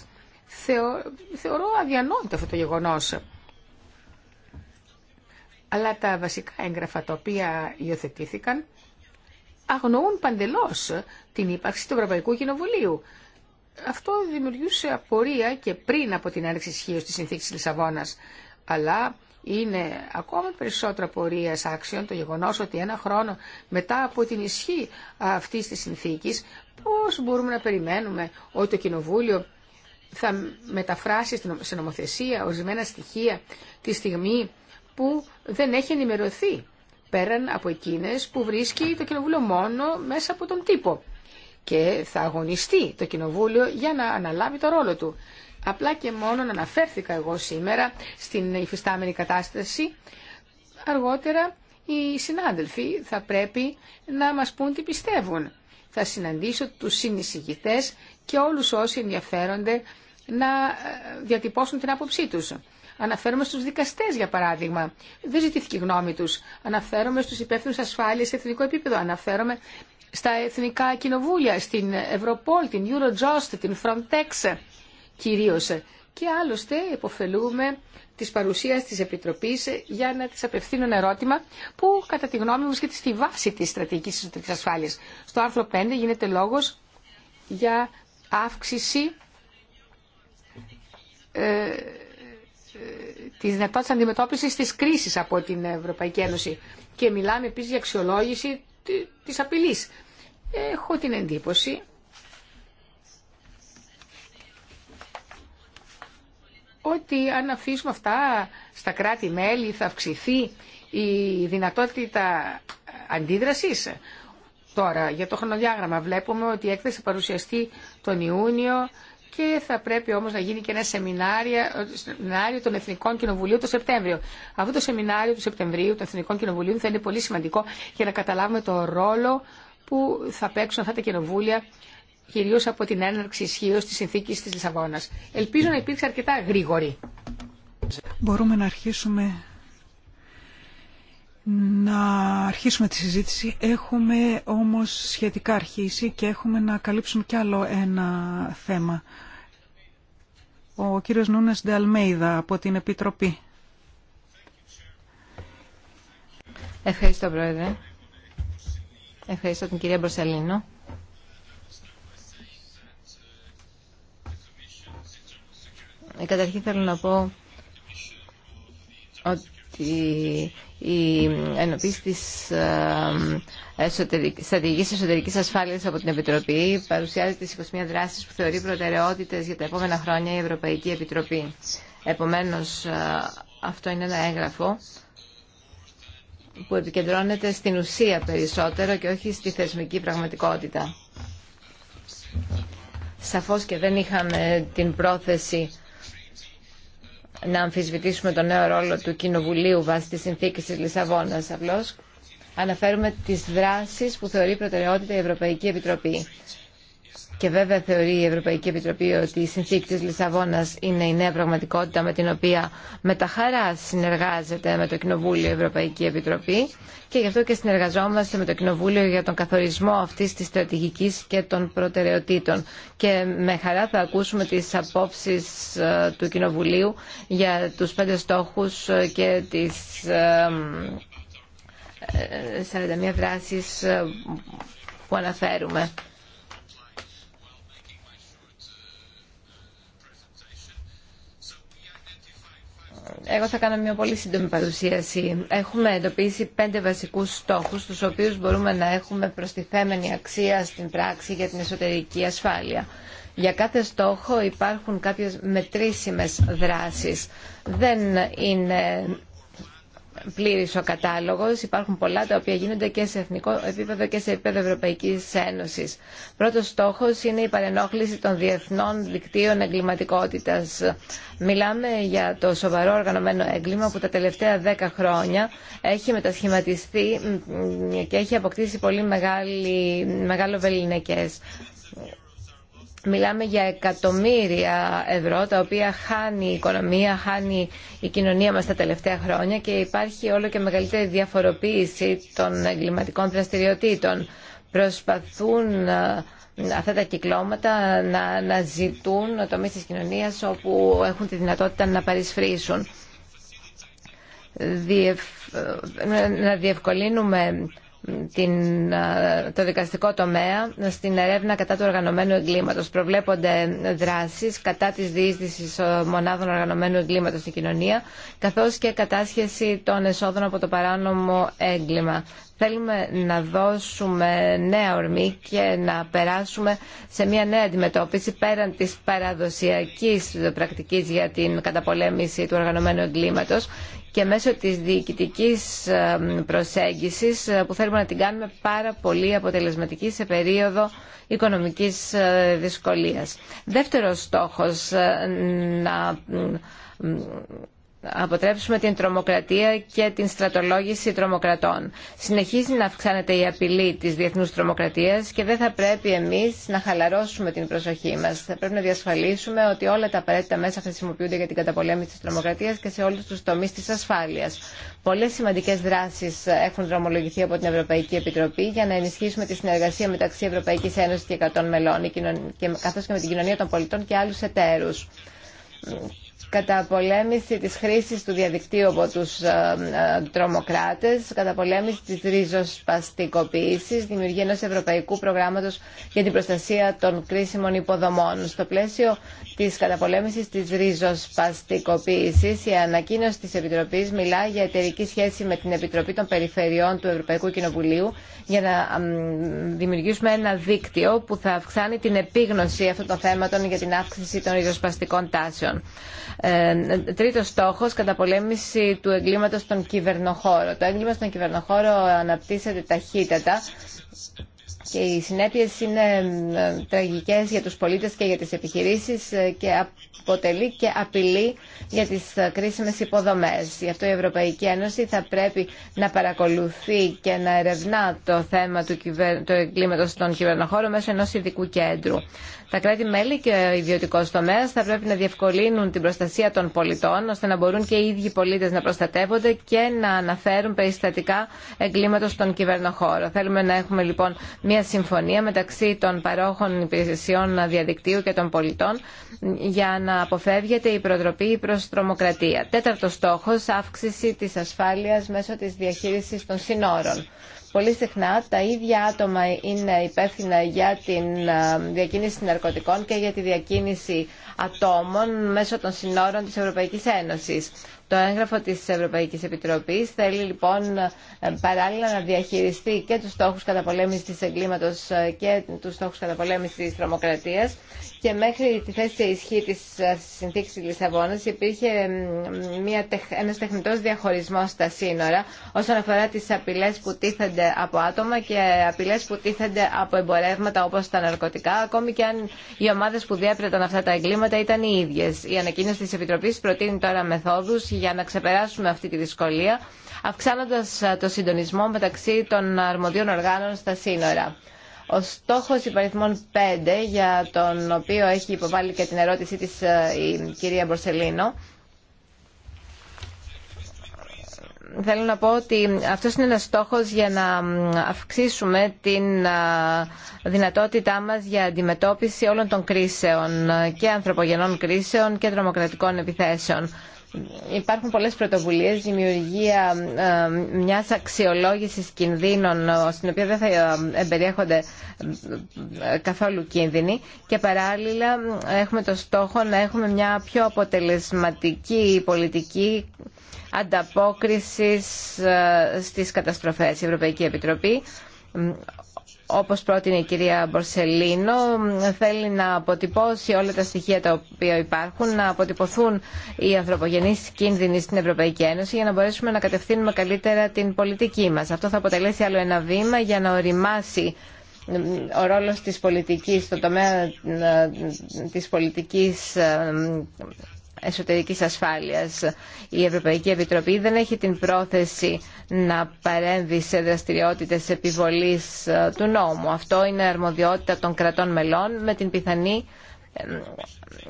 Θεωρώ αδιανόητο αυτό το γεγονό. Αλλά τα βασικά έγγραφα τα οποία υιοθετήθηκαν αγνοούν παντελώ την ύπαρξη του Ευρωπαϊκού Κοινοβουλίου. Αυτό δημιουργούσε απορία και πριν από την άνοιξη ισχύω τη συνθήκη Λισαβόνα. Αλλά είναι ακόμα περισσότερο απορία άξιον το γεγονό ότι ένα χρόνο μετά από την ισχύ αυτή τη συνθήκη, πώ μπορούμε να περιμένουμε ότι το Κοινοβούλιο θα μεταφράσει σε νομοθεσία ορισμένα στοιχεία τη στιγμή που δεν έχει ενημερωθεί πέραν από εκείνες που βρίσκει το Κοινοβούλιο μόνο μέσα από τον τύπο και θα αγωνιστεί το Κοινοβούλιο για να αναλάβει το ρόλο του. Απλά και μόνο αναφέρθηκα εγώ σήμερα στην υφιστάμενη κατάσταση. Αργότερα οι συνάδελφοι θα πρέπει να μας πούν τι πιστεύουν. Θα συναντήσω τους συνεισηγητές και όλους όσοι ενδιαφέρονται να ε, διατυπώσουν την άποψή τους. Αναφέρομαι στους δικαστές, για παράδειγμα. Δεν ζητήθηκε η γνώμη του. Αναφέρομαι στους υπεύθυνους ασφάλεια σε εθνικό επίπεδο. Αναφέρομαι στα εθνικά κοινοβούλια, στην Ευρωπόλ, την Eurojust, την Frontex κυρίω. Και άλλωστε υποφελούμε τη παρουσία τη επιτροπή για να τη απευθύνω ένα ερώτημα που κατά τη γνώμη μου βρίσκεται στη βάση τη στρατηγική της ασφάλειας. Στο άρθρο 5 γίνεται λόγο για αύξηση ε, Τη δυνατότητα αντιμετώπιση της κρίση από την Ευρωπαϊκή Ένωση και μιλάμε επίσης για αξιολόγηση της απειλή. Έχω την εντύπωση ότι αν αφήσουμε αυτά στα κράτη-μέλη θα αυξηθεί η δυνατότητα αντίδρασης. Τώρα, για το χρονοδιάγραμμα βλέπουμε ότι η έκθεση παρουσιαστεί τον Ιούνιο και θα πρέπει όμως να γίνει και ένα ε, σεμινάριο των Εθνικών Κοινοβουλίων το Σεπτέμβριο. Αυτό το σεμινάριο του Σεπτεμβρίου των Εθνικών Κοινοβουλίων θα είναι πολύ σημαντικό για να καταλάβουμε το ρόλο που θα παίξουν αυτά τα κοινοβούλια κυρίω από την έναρξη ισχύω τη συνθήκη τη Λισαβόνα. Ελπίζω να υπήρξε αρκετά γρήγορη.
Μπορούμε να αρχίσουμε τη συζήτηση. Έχουμε όμως σχετικά αρχίσει και έχουμε να καλύψουμε κι άλλο ένα θέμα. Ο κύριος Νούνες Ντεαλμέιδα από την Επιτροπή. Ευχαριστώ, Πρόεδρε.
Ευχαριστώ την κυρία Μπροσελίνο. Ε, καταρχήν θέλω να πω ότι η ενοποίηση ε, της στρατηγικής εσωτερικής ασφάλειας από την Επιτροπή παρουσιάζει τις 21 δράσεις που θεωρεί προτεραιότητες για τα επόμενα χρόνια η Ευρωπαϊκή Επιτροπή. Επομένως, ε, αυτό είναι ένα έγγραφο που επικεντρώνεται στην ουσία περισσότερο και όχι στη θεσμική πραγματικότητα. Σαφώς και δεν είχαμε την πρόθεση να αμφισβητήσουμε τον νέο ρόλο του Κοινοβουλίου βάσει τη συνθήκη τη Λισαβόνα. Απλώ αναφέρουμε τι δράσει που θεωρεί προτεραιότητα η Ευρωπαϊκή Επιτροπή. Και βέβαια θεωρεί η Ευρωπαϊκή Επιτροπή ότι η συνθήκη της Λισαβόνας είναι η νέα πραγματικότητα με την οποία με τα χαρά συνεργάζεται με το Κοινοβούλιο η Ευρωπαϊκή Επιτροπή και γι' αυτό και συνεργαζόμαστε με το Κοινοβούλιο για τον καθορισμό αυτής της στρατηγικής και των προτεραιοτήτων. Και με χαρά θα ακούσουμε τις απόψεις ε, του Κοινοβουλίου για τους πέντε στόχους ε, και τις 41 ε, δράσεις που αναφέρουμε. Εγώ θα κάνω μια πολύ σύντομη παρουσίαση. Έχουμε εντοπίσει πέντε βασικούς στόχους, τους οποίους μπορούμε να έχουμε προστιθέμενη αξία στην πράξη για την εσωτερική ασφάλεια. Για κάθε στόχο υπάρχουν κάποιες μετρήσιμες δράσεις. Δεν είναι πλήρη ο κατάλογο. Υπάρχουν πολλά τα οποία γίνονται και σε εθνικό επίπεδο και σε επίπεδο Ευρωπαϊκή Ένωση. Πρώτο στόχο είναι η παρενόχληση των διεθνών δικτύων εγκληματικότητα. Μιλάμε για το σοβαρό οργανωμένο έγκλημα που τα τελευταία δέκα χρόνια έχει μετασχηματιστεί και έχει αποκτήσει πολύ μεγάλο βεληνικές. Μιλάμε για εκατομμύρια ευρώ τα οποία χάνει η οικονομία, χάνει η κοινωνία μας τα τελευταία χρόνια και υπάρχει όλο και μεγαλύτερη διαφοροποίηση των εγκληματικών δραστηριοτήτων. Προσπαθούν ε, αυτά τα κυκλώματα να, να ζητούν τομείς της κοινωνίας όπου έχουν τη δυνατότητα να παρισφρήσουν. Ε, να διευκολύνουμε την, ε, το δικαστικό τομέα στην ερεύνα κατά του οργανωμένου εγκλήματος. Προβλέπονται δράσεις κατά της των μονάδων οργανωμένου εγκλήματος στην κοινωνία, καθώς και κατάσχεση των εσόδων από το παράνομο έγκλημα. Θέλουμε να δώσουμε νέα ορμή και να περάσουμε σε μια νέα αντιμετώπιση πέραν της παραδοσιακής πρακτικής για την καταπολέμηση του οργανωμένου εγκλήματος και μέσω της διοικητικής προσέγγισης ε, που θέλουμε να την κάνουμε πάρα πολύ αποτελεσματική σε περίοδο οικονομικής ε, δυσκολίας. Δεύτερος στόχος ε, να αποτρέψουμε την τρομοκρατία και την στρατολόγηση τρομοκρατών. Συνεχίζει να αυξάνεται η απειλή της διεθνούς τρομοκρατίας και δεν θα πρέπει εμείς να χαλαρώσουμε την προσοχή μας. Θα πρέπει να διασφαλίσουμε ότι όλα τα απαραίτητα μέσα χρησιμοποιούνται για την καταπολέμηση της τρομοκρατίας και σε όλους τους τομείς της ασφάλειας. Πολλές σημαντικές δράσεις έχουν δρομολογηθεί από την Ευρωπαϊκή Επιτροπή για να ενισχύσουμε τη συνεργασία μεταξύ Ευρωπαϊκής Ένωσης και 100 μελών, καθώς και με την κοινωνία των πολιτών και άλλους εταίρους καταπολέμηση της χρήσης του διαδικτύου από τους ε, ε, τρομοκράτες, καταπολέμηση της ρίζοσπαστικοποίησης, δημιουργία ενός ευρωπαϊκού προγράμματος για την προστασία των κρίσιμων υποδομών. Στο πλαίσιο της καταπολέμησης της ρίζοσπαστικοποίησης, η ανακοίνωση της Επιτροπής μιλά για εταιρική σχέση με την Επιτροπή των Περιφερειών του Ευρωπαϊκού Κοινοβουλίου για να δημιουργήσουμε ένα δίκτυο που θα αυξάνει την επίγνωση αυτών των θέματων για την αύξηση των ριζοσπαστικών τάσεων. Ε, τρίτος στόχος, καταπολέμηση του εγκλήματος στον κυβερνοχώρο. Το έγκλημα στον κυβερνοχώρο αναπτύσσεται ταχύτατα και οι συνέπειες είναι ε, τραγικές για τους πολίτες και για τις επιχειρήσεις ε, και αποτελεί και απειλή για τις κρίσιμες υποδομές. Γι' αυτό η Ευρωπαϊκή Ένωση θα πρέπει να παρακολουθεί και να ερευνά το θέμα του, κυβερ... του εγκλήματος στον κυβερνοχώρο μέσω ενός ειδικού κέντρου. Τα κράτη-μέλη και ο ιδιωτικό τομέα θα πρέπει να διευκολύνουν την προστασία των πολιτών, ώστε να μπορούν και οι ίδιοι πολίτε να προστατεύονται και να αναφέρουν περιστατικά εγκλήματο στον κυβερνοχώρο. Θέλουμε να έχουμε λοιπόν μια συμφωνία μεταξύ των παρόχων υπηρεσιών διαδικτύου και των πολιτών, για να αποφεύγεται η προτροπή προ τρομοκρατία. Τέταρτος στόχος, αύξηση της ασφάλειας μέσω της διαχείρισης των συνόρων. Πολύ συχνά τα ίδια άτομα είναι υπεύθυνα για την ε, διακίνηση ναρκωτικών και για τη διακίνηση ατόμων μέσω των συνόρων της Ευρωπαϊκής Ένωσης. Το έγγραφο τη Ευρωπαϊκή Επιτροπή. θέλει λοιπόν ε, παράλληλα να διαχειριστεί και του στόχου καταπολέμησης τη εγκλήματο ε, και του στόχου καταπολέμησης τη τρομοκρατία. και μέχρι τη θέση σε ισχύ τη ε, συνθήκης τη Λισαβόνας υπήρχε ένα τεχνητό διαχωρισμό στα σύνορα όσον αφορά τι απειλέ που τίθενται από άτομα και απειλέ που τίθενται από εμπορεύματα όπω τα ναρκωτικά ακόμη και αν οι ομάδε που διέπρεταν αυτά τα εγκλήματα ήταν οι ίδιε. Η ανακοίνωση τη Επιτροπή προτείνει τώρα μεθόδου για να ξεπεράσουμε αυτή τη δυσκολία, αυξάνοντας ε, το συντονισμό μεταξύ των αρμοδίων οργάνων στα σύνορα. Ο στόχο υπαριθμών 5, για τον οποίο έχει υποβάλει και την ερώτησή της ε, η κυρία Μπορσελίνο, θέλω να πω ότι αυτό είναι ένας στόχος για να αυξήσουμε την ε, δυνατότητά μας για αντιμετώπιση όλων των κρίσεων και ανθρωπογενών κρίσεων και τρομοκρατικών επιθέσεων. Υπάρχουν πολλές πρωτοβουλίες, δημιουργία ε, μια αξιολόγησης κινδύνων, ε, στην οποία δεν θα ε, εμπεριέχονται καθόλου κίνδυνοι και παράλληλα έχουμε το στόχο να έχουμε μια πιο αποτελεσματική πολιτική ανταπόκρισης στις καταστροφές. Η Ευρωπαϊκή Επιτροπή όπως πρότεινε η κυρία Μπορσελίνο, θέλει να αποτυπώσει όλα τα στοιχεία τα οποία υπάρχουν, να αποτυπωθούν οι ανθρωπογενείς κίνδυνοι στην Ευρωπαϊκή Ένωση για να μπορέσουμε να κατευθύνουμε καλύτερα την πολιτική μας. Αυτό θα αποτελέσει άλλο ένα βήμα για να οριμάσει ο ρόλος της πολιτικής, στο τομέα της πολιτικής εσωτερικής ασφάλειας. Η Ευρωπαϊκή Επιτροπή δεν έχει την πρόθεση να παρέμβει σε δραστηριότητες επιβολής ε, του νόμου. Αυτό είναι αρμοδιότητα των κρατών μελών με την πιθανή ε,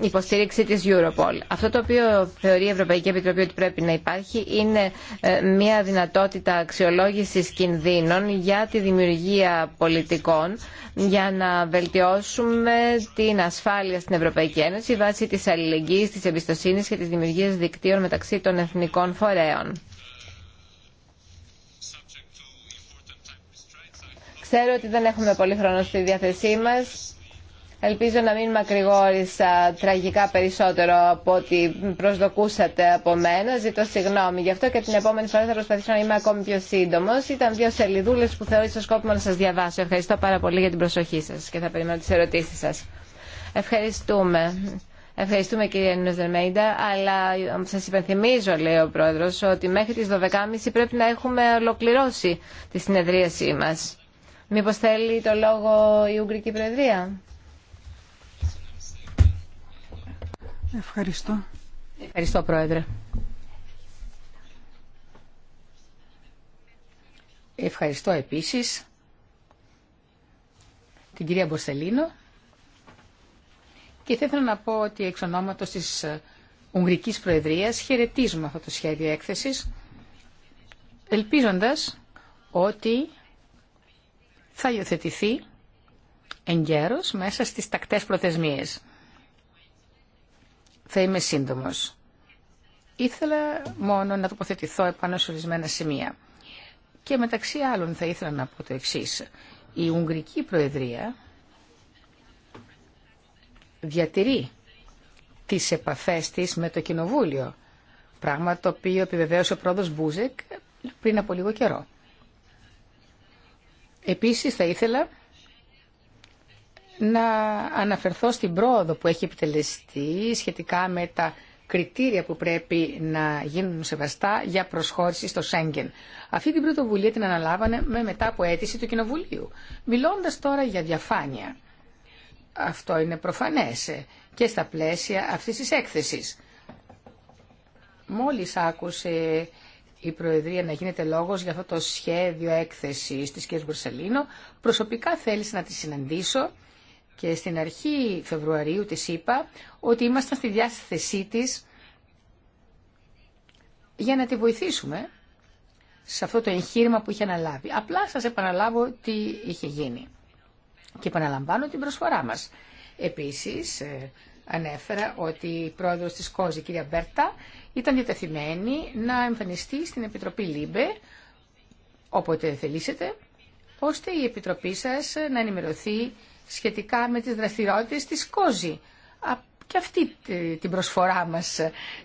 υποστήριξη της Europol. Αυτό το οποίο θεωρεί η Ευρωπαϊκή Επιτροπή ότι πρέπει να υπάρχει είναι ε, μια δυνατότητα αξιολόγησης κινδύνων για τη δημιουργία πολιτικών για να βελτιώσουμε την ασφάλεια στην Ευρωπαϊκή Ένωση βάσει της αλληλεγγύης, της εμπιστοσύνης και της δημιουργίας δικτύων μεταξύ των εθνικών φορέων. Ξέρω ότι δεν έχουμε πολύ χρόνο στη διάθεσή μας. Ελπίζω να μην μακρηγόρησα τραγικά περισσότερο από ό,τι προσδοκούσατε από μένα. Ζητώ συγγνώμη γι' αυτό και την επόμενη φορά θα προσπαθήσω να είμαι ακόμη πιο σύντομο. Ήταν δύο σελίδούλε που θεώρησα σκόπιμο να σα διαβάσω. Ευχαριστώ πάρα πολύ για την προσοχή σα και θα περιμένω τι ερωτήσει σα. Ευχαριστούμε. Ευχαριστούμε κύριε Δερμέιντα, αλλά σα υπενθυμίζω, λέει ο πρόεδρο, ότι μέχρι τι 12.30 πρέπει να έχουμε ολοκληρώσει τη συνεδρίασή μα. Μηπω θέλει το λόγο η Ουγγρική Προεδρία.
Ευχαριστώ. Ευχαριστώ, Πρόεδρε. Ευχαριστώ επίσης την κυρία Μπορσελίνο και θα ήθελα να πω ότι εξ ονόματος της Ουγγρικής Προεδρίας χαιρετίζουμε αυτό το σχέδιο έκθεσης ελπίζοντας ότι θα υιοθετηθεί εγκαίρως μέσα στις τακτές προθεσμίες. Θα είμαι σύντομος. Ήθελα μόνο να τοποθετηθώ επάνω σε ορισμένα σημεία. Και μεταξύ άλλων θα ήθελα να πω το εξή. Η Ουγγρική Προεδρία διατηρεί τις επαφές της με το Κοινοβούλιο, πράγμα το οποίο επιβεβαίωσε ο πρόεδρος Μπούζεκ πριν από λίγο καιρό. Επίσης θα ήθελα να αναφερθώ στην πρόοδο που έχει επιτελεστεί σχετικά με τα κριτήρια που πρέπει να γίνουν σεβαστά για προσχώρηση στο Σέγγεν. Αυτή την πρωτοβουλία την αναλάβανε με μετά από αίτηση του Κοινοβουλίου. Μιλώντας τώρα για διαφάνεια. Αυτό είναι προφανές και στα πλαίσια αυτής της έκθεσης. Μόλις άκουσε η Προεδρία να γίνεται λόγος για αυτό το σχέδιο έκθεσης της κ. Βουρσελίνο προσωπικά θέλησε να τη συναντήσω και στην αρχή Φεβρουαρίου της είπα ότι ήμασταν στη διάθεσή της για να τη βοηθήσουμε σε αυτό το εγχείρημα που είχε αναλάβει. Απλά σας επαναλάβω τι είχε γίνει και επαναλαμβάνω την προσφορά μας. Επίσης, ε, ανέφερα ότι η πρόεδρος της Κόζη, η κυρία Μπέρτα, ήταν διατεθειμένη να εμφανιστεί στην Επιτροπή ΛΥΜΠΕ, όποτε θελήσετε, ώστε η Επιτροπή σας να ενημερωθεί σχετικά με τις δραστηριότητες της Κόζη. Και αυτή την προσφορά μας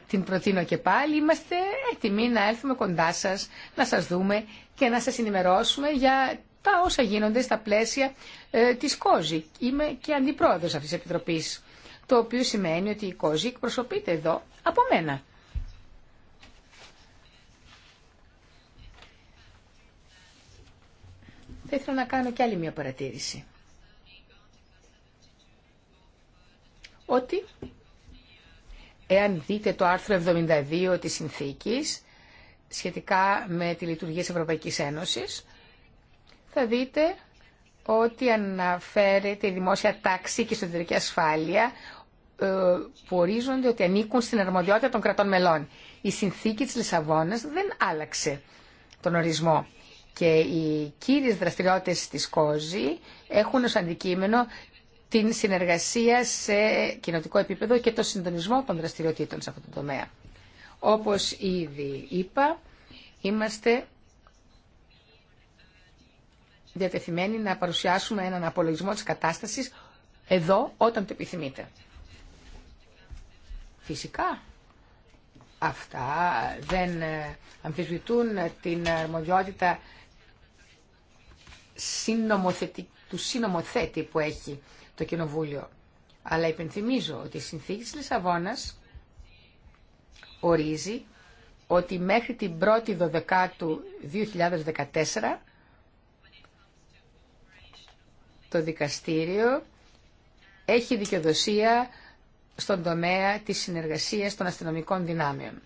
την προτείνω και πάλι. Είμαστε έτοιμοι να έλθουμε κοντά σας, να σας δούμε και να σας ενημερώσουμε για τα όσα γίνονται στα πλαίσια ε, της Κόζη. Είμαι και αντιπρόεδρος αυτής της Επιτροπής, το οποίο σημαίνει ότι η Κόζη εκπροσωπείται εδώ από μένα. Θα ήθελα να κάνω και άλλη μια παρατήρηση. ότι εάν δείτε το άρθρο 72 της συνθήκης σχετικά με τη λειτουργία της Ευρωπαϊκής Ένωσης, θα δείτε ότι αναφέρεται η δημόσια τάξη και η εσωτερική ασφάλεια ε, που ορίζονται ότι ανήκουν στην αρμοδιότητα των κρατών μελών. Η συνθήκη της Λισαβόνας δεν άλλαξε τον ορισμό και οι κύριες δραστηριότητες της ΚΟΖΗ έχουν ως αντικείμενο την συνεργασία σε κοινοτικό επίπεδο και το συντονισμό των δραστηριοτήτων σε αυτό το τομέα. Όπως ήδη είπα, είμαστε διατεθειμένοι να παρουσιάσουμε έναν απολογισμό της κατάστασης εδώ όταν το επιθυμείτε. Φυσικά, αυτά δεν ε, αμφισβητούν την αρμοδιότητα του συνομοθέτη που έχει το Κοινοβούλιο. Αλλά υπενθυμίζω ότι η συνθήκη της Λισαβόνας ορίζει ότι μέχρι την 1η 12 2014 το δικαστήριο έχει δικαιοδοσία στον τομέα της συνεργασίας των αστυνομικών δυνάμεων.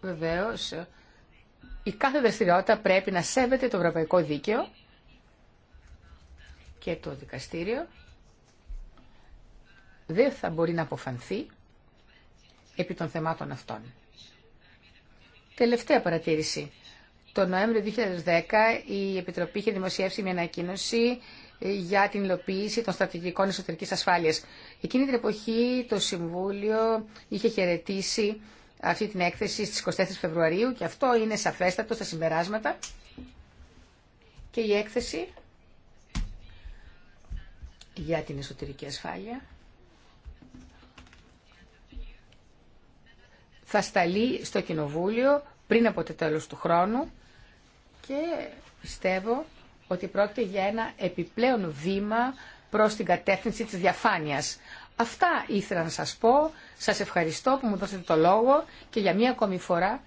Βεβαίως, η κάθε δραστηριότητα πρέπει να σέβεται το ευρωπαϊκό δίκαιο και το δικαστήριο δεν θα μπορεί να αποφανθεί επί των θεμάτων αυτών. Τελευταία παρατήρηση. Το Νοέμβριο 2010 η Επιτροπή είχε δημοσιεύσει μια ανακοίνωση για την υλοποίηση των στρατηγικών εσωτερικής ασφάλειας. Εκείνη την εποχή το Συμβούλιο είχε χαιρετήσει αυτή την έκθεση στις 24 Φεβρουαρίου και αυτό είναι σαφέστατο στα συμπεράσματα και η έκθεση για την εσωτερική ασφάλεια θα σταλεί στο Κοινοβούλιο πριν από το τέλος του χρόνου και πιστεύω ότι πρόκειται για ένα επιπλέον βήμα προς την κατεύθυνση της διαφάνειας. Αυτά ήθελα να σας πω σας ευχαριστώ που μου δώσατε το λόγο και για μία ακόμη φορά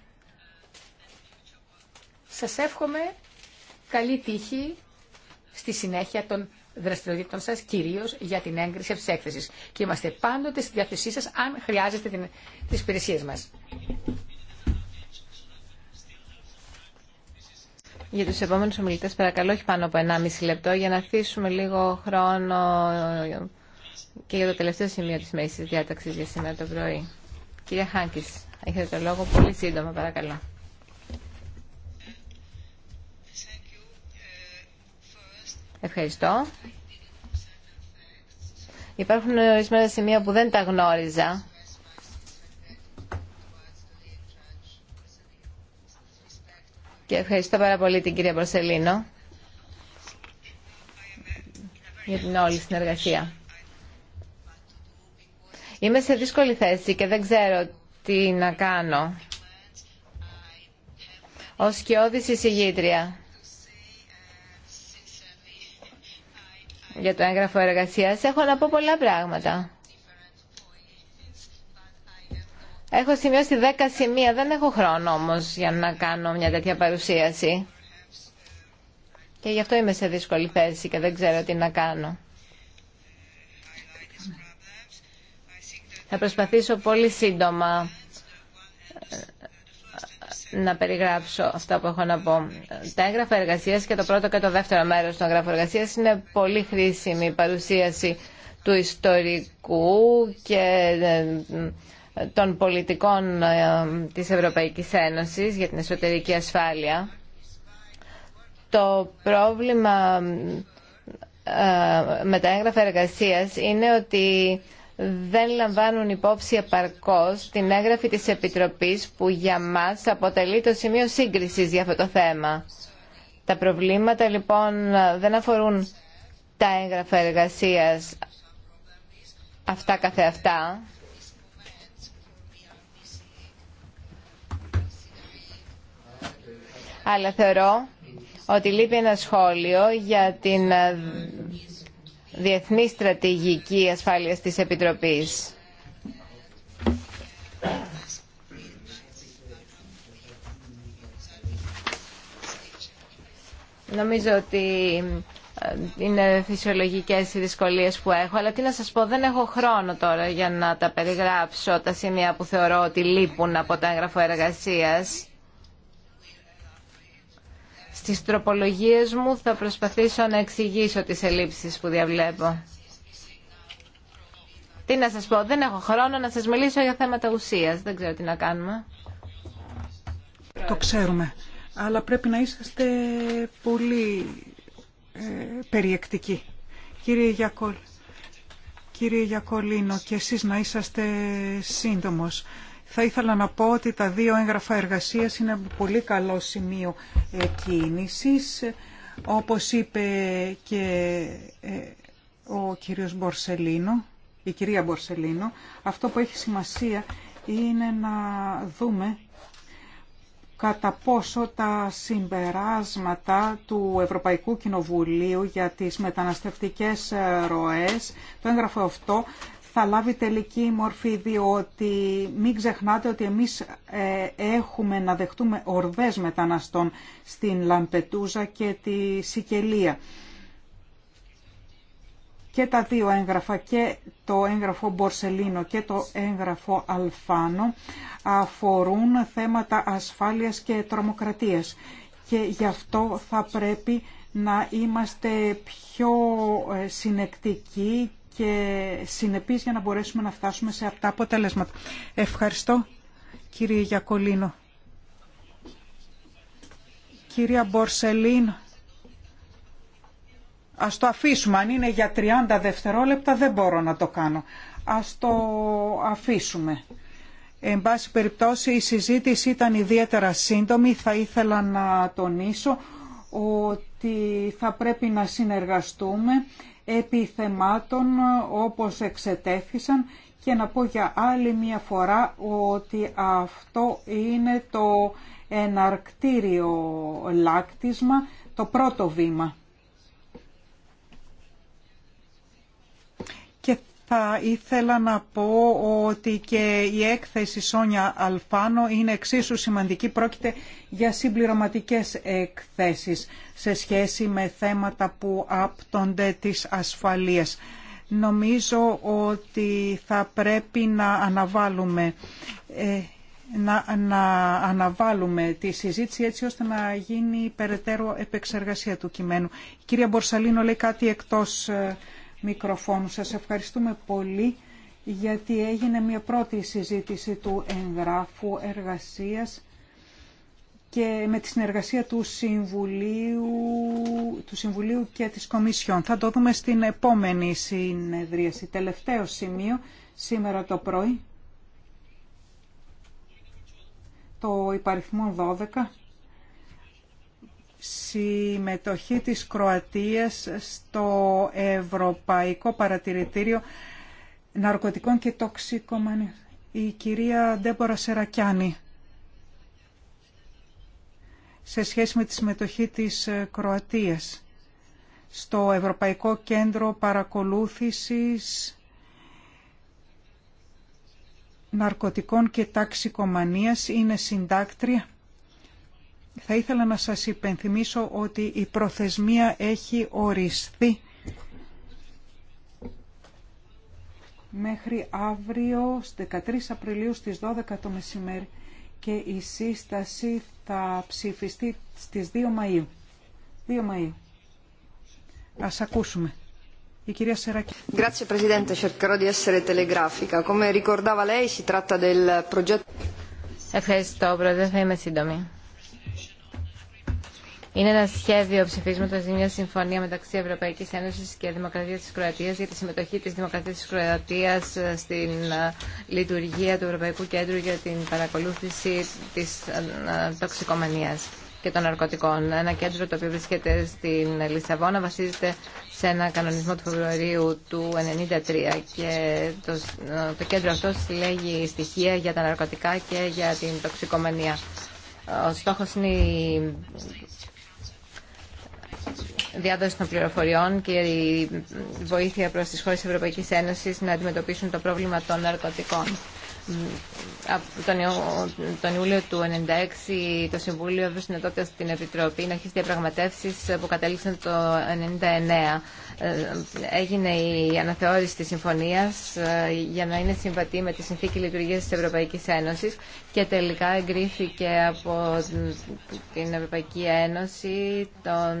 σας εύχομαι καλή τύχη στη συνέχεια των δραστηριοτήτων σας, κυρίως για την έγκριση της έκθεσης. Και είμαστε πάντοτε στη διάθεσή σας αν χρειάζεστε την, τις υπηρεσίες μας.
Για τους επόμενους ομιλητές παρακαλώ, όχι πάνω από 1,5 λεπτό, για να αφήσουμε λίγο χρόνο και για το τελευταίο σημείο της μέσης διάταξης για σήμερα το πρωί. Κυρία Χάνκης, έχετε το λόγο πολύ σύντομα, παρακαλώ. Ευχαριστώ. Υπάρχουν ορισμένα σημεία που δεν τα γνώριζα. Και ευχαριστώ πάρα πολύ την κυρία Προσελίνο για την όλη συνεργασία. Είμαι σε δύσκολη θέση και δεν ξέρω τι να κάνω. Ω σκιώδης εισηγήτρια για το έγγραφο εργασία, έχω να πω πολλά πράγματα. Έχω σημειώσει δέκα σημεία, δεν έχω χρόνο όμως για να κάνω μια τέτοια παρουσίαση. Και γι' αυτό είμαι σε δύσκολη θέση και δεν ξέρω τι να κάνω. Θα προσπαθήσω πολύ σύντομα ε, να περιγράψω αυτά που έχω να πω. Τα έγγραφα εργασία και το πρώτο και το δεύτερο μέρο των έγγραφων εργασία είναι πολύ χρήσιμη παρουσίαση του ιστορικού και ε, των πολιτικών ε, της Ευρωπαϊκής Ένωσης για την εσωτερική ασφάλεια. Το πρόβλημα με τα έγγραφα εργασίας είναι ότι δεν λαμβάνουν υπόψη επαρκώ την έγγραφη της Επιτροπής που για μας αποτελεί το σημείο σύγκρισης για αυτό το θέμα. Τα προβλήματα λοιπόν δεν αφορούν τα έγγραφα εργασίας αυτά καθεαυτά. Αλλά θεωρώ ότι λείπει ένα σχόλιο για την διεθνή στρατηγική ασφάλειας της Επιτροπής. Νομίζω ότι ε, είναι φυσιολογικές οι δυσκολίες που έχω, αλλά τι να σας πω, δεν έχω χρόνο τώρα για να τα περιγράψω τα σημεία που θεωρώ ότι λείπουν από τα έγγραφο εργασίας. Στις τροπολογίες μου θα προσπαθήσω να εξηγήσω τις ελλείψεις που διαβλέπω. Τι να σας πω, δεν έχω χρόνο να σας μιλήσω για θέματα ουσίας. Δεν
ξέρω τι να κάνουμε. Το ξέρουμε. Αλλά πρέπει να είσαστε πολύ ε, περιεκτικοί. Κύριε Γιακολ, κύριε Γιακολίνο, και εσείς να είσαστε σύντομος. Θα ήθελα να πω ότι τα δύο έγγραφα εργασίας είναι πολύ καλό σημείο κίνησης. Όπως είπε και ε, ο κύριος Μπορσελίνο, η κυρία Μπορσελίνο, αυτό που έχει σημασία είναι να δούμε κατά πόσο τα συμπεράσματα του Ευρωπαϊκού Κοινοβουλίου για τις μεταναστευτικές ροές, το έγγραφο αυτό θα λάβει τελική μορφή, διότι μην ξεχνάτε ότι εμείς ε, έχουμε να δεχτούμε ορδές μεταναστών στην Λαμπετούζα και τη Σικελία. Και τα δύο έγγραφα, και το έγγραφο Μπορσελίνο και το έγγραφο Αλφάνο, αφορούν θέματα ασφάλειας και τρομοκρατίας. Και γι' αυτό θα πρέπει να είμαστε πιο ε, συνεκτικοί και συνεπείς για να μπορέσουμε να φτάσουμε σε αυτά αποτελέσματα. Ευχαριστώ κύριε Γιακολίνο. Κυρία Μπορσελίν, ας το αφήσουμε. Αν είναι για 30 δευτερόλεπτα δεν μπορώ να το κάνω. Ας το αφήσουμε. Εν πάση περιπτώσει η συζήτηση ήταν ιδιαίτερα σύντομη. Θα ήθελα να τονίσω ότι θα πρέπει να συνεργαστούμε επιθεμάτων όπως εξετέθησαν και να πω για άλλη μια φορά ότι αυτό είναι το εναρκτήριο λάκτισμα, το πρώτο βήμα. θα ήθελα να πω ότι και η έκθεση Σόνια Αλφάνο είναι εξίσου σημαντική. Πρόκειται για συμπληρωματικές εκθέσεις σε σχέση με θέματα που άπτονται της ασφαλείας. Νομίζω ότι θα πρέπει να αναβάλουμε, ε, να, αναβάλουμε τη συζήτηση έτσι ώστε να γίνει περαιτέρω επεξεργασία του κειμένου. Η κυρία Μπορσαλίνο λέει κάτι εκτός... Ε, μικροφόνου. Σας ευχαριστούμε πολύ γιατί έγινε μια πρώτη συζήτηση του εγγράφου εργασίας και με τη συνεργασία του Συμβουλίου, του Συμβουλίου και της Κομισιόν. Θα το δούμε στην επόμενη συνεδρίαση. Τελευταίο σημείο σήμερα το πρωί, το υπαριθμό 12 συμμετοχή της Κροατίας στο Ευρωπαϊκό Παρατηρητήριο Ναρκωτικών και Τοξικομανίας. Η κυρία Ντέμπορα Σερακιάνη σε σχέση με τη συμμετοχή της Κροατίας στο Ευρωπαϊκό Κέντρο Παρακολούθησης Ναρκωτικών και Ταξικομανίας είναι συντάκτρια θα ήθελα να σας υπενθυμίσω ότι η προθεσμία έχει οριστεί μέχρι αύριο στις 13 Απριλίου στις 12 το μεσημέρι και η σύσταση θα ψηφιστεί στις 2 Μαΐου. 2 Μαΐου. Ας ακούσουμε. Η κυρία Σεράκη. Grazie Presidente, cercherò di essere telegrafica. Come ricordava lei, si tratta del progetto...
Ευχαριστώ, Πρόεδρε. Θα είμαι σύντομη. Είναι ένα σχέδιο ψηφίσματο για μια συμφωνία μεταξύ Ευρωπαϊκή Ένωση και Δημοκρατία τη Κροατία για τη συμμετοχή τη Δημοκρατία τη Κροατία στην ε, λειτουργία του Ευρωπαϊκού Κέντρου για την παρακολούθηση τη ε, τοξικομανία και των ναρκωτικών. Ένα κέντρο το οποίο βρίσκεται στην Λισαβόνα βασίζεται σε ένα κανονισμό του Φεβρουαρίου του 1993 και ε, το, κέντρο αυτό συλλέγει στοιχεία για τα ναρκωτικά και για την τοξικομανία. Ο στόχος είναι η διάδοση των πληροφοριών και η βοήθεια προς τις χώρες της Ευρωπαϊκής Ένωσης να αντιμετωπίσουν το πρόβλημα των ναρκωτικών. Από τον, Ιούλιο του 1996 το Συμβούλιο έδωσε την στην Επιτροπή να αρχίσει διαπραγματεύσεις που κατέληξαν το 1999. Ε, έγινε η αναθεώρηση της συμφωνίας ε, για να είναι συμβατή με τη Συνθήκη Λειτουργίας της Ευρωπαϊκής Ένωσης και τελικά εγκρίθηκε από την Ευρωπαϊκή Ένωση τον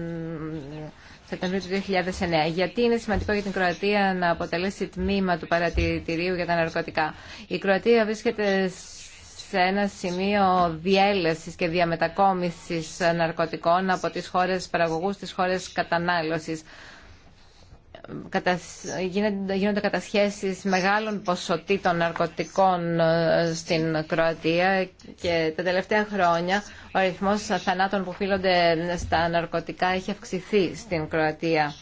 Σεπτεμβρίου του 2009. Γιατί είναι σημαντικό για την Κροατία να αποτελέσει τμήμα του παρατηρητηρίου για τα ναρκωτικά. Η Κροατία βρίσκεται σε ένα σημείο διέλευση και διαμετακόμισης ναρκωτικών από τις χώρες παραγωγούς τις χώρες κατανάλωσης γίνονται κατασχέσεις μεγάλων ποσοτήτων ναρκωτικών ε, στην Κροατία και τα τελευταία χρόνια ο αριθμός θανάτων που φύλλονται στα ναρκωτικά έχει αυξηθεί στην Κροατία.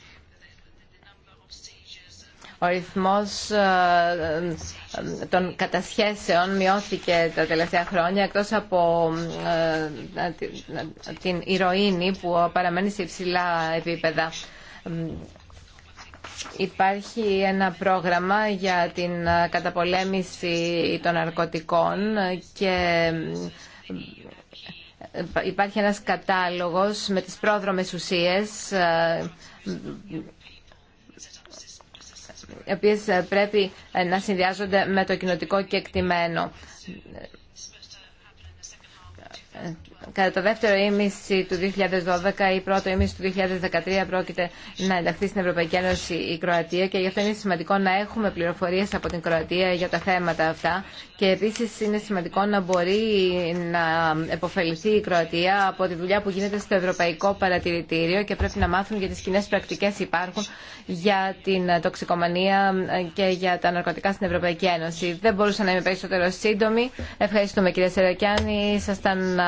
Ο ρυθμός ε, ε, των κατασχέσεων μειώθηκε τα τελευταία χρόνια εκτός από την ηρωίνη που παραμένει σε υψηλά επίπεδα. Υπάρχει ένα πρόγραμμα για την ε, καταπολέμηση των ναρκωτικών και ε, υπάρχει ένας κατάλογος με τις πρόδρομες ουσίες ε, οι οποίες πρέπει να συνδυάζονται με το κοινοτικό κεκτημένο κατά το δεύτερο ήμιση του 2012 ή πρώτο ήμιση του 2013 πρόκειται να ενταχθεί στην Ευρωπαϊκή Ένωση η Κροατία και γι' αυτό είναι σημαντικό να έχουμε πληροφορίες από την Κροατία για τα θέματα αυτά και επίσης είναι σημαντικό να μπορεί να επωφεληθεί η Κροατία από τη δουλειά που γίνεται στο Ευρωπαϊκό Παρατηρητήριο και πρέπει να μάθουν για τις κοινέ πρακτικές υπάρχουν για την τοξικομανία και για τα ναρκωτικά στην Ευρωπαϊκή Ένωση. Δεν μπορούσα να είμαι περισσότερο σύντομη. Ευχαριστούμε κύριε Σερακιάνη. Ήσασταν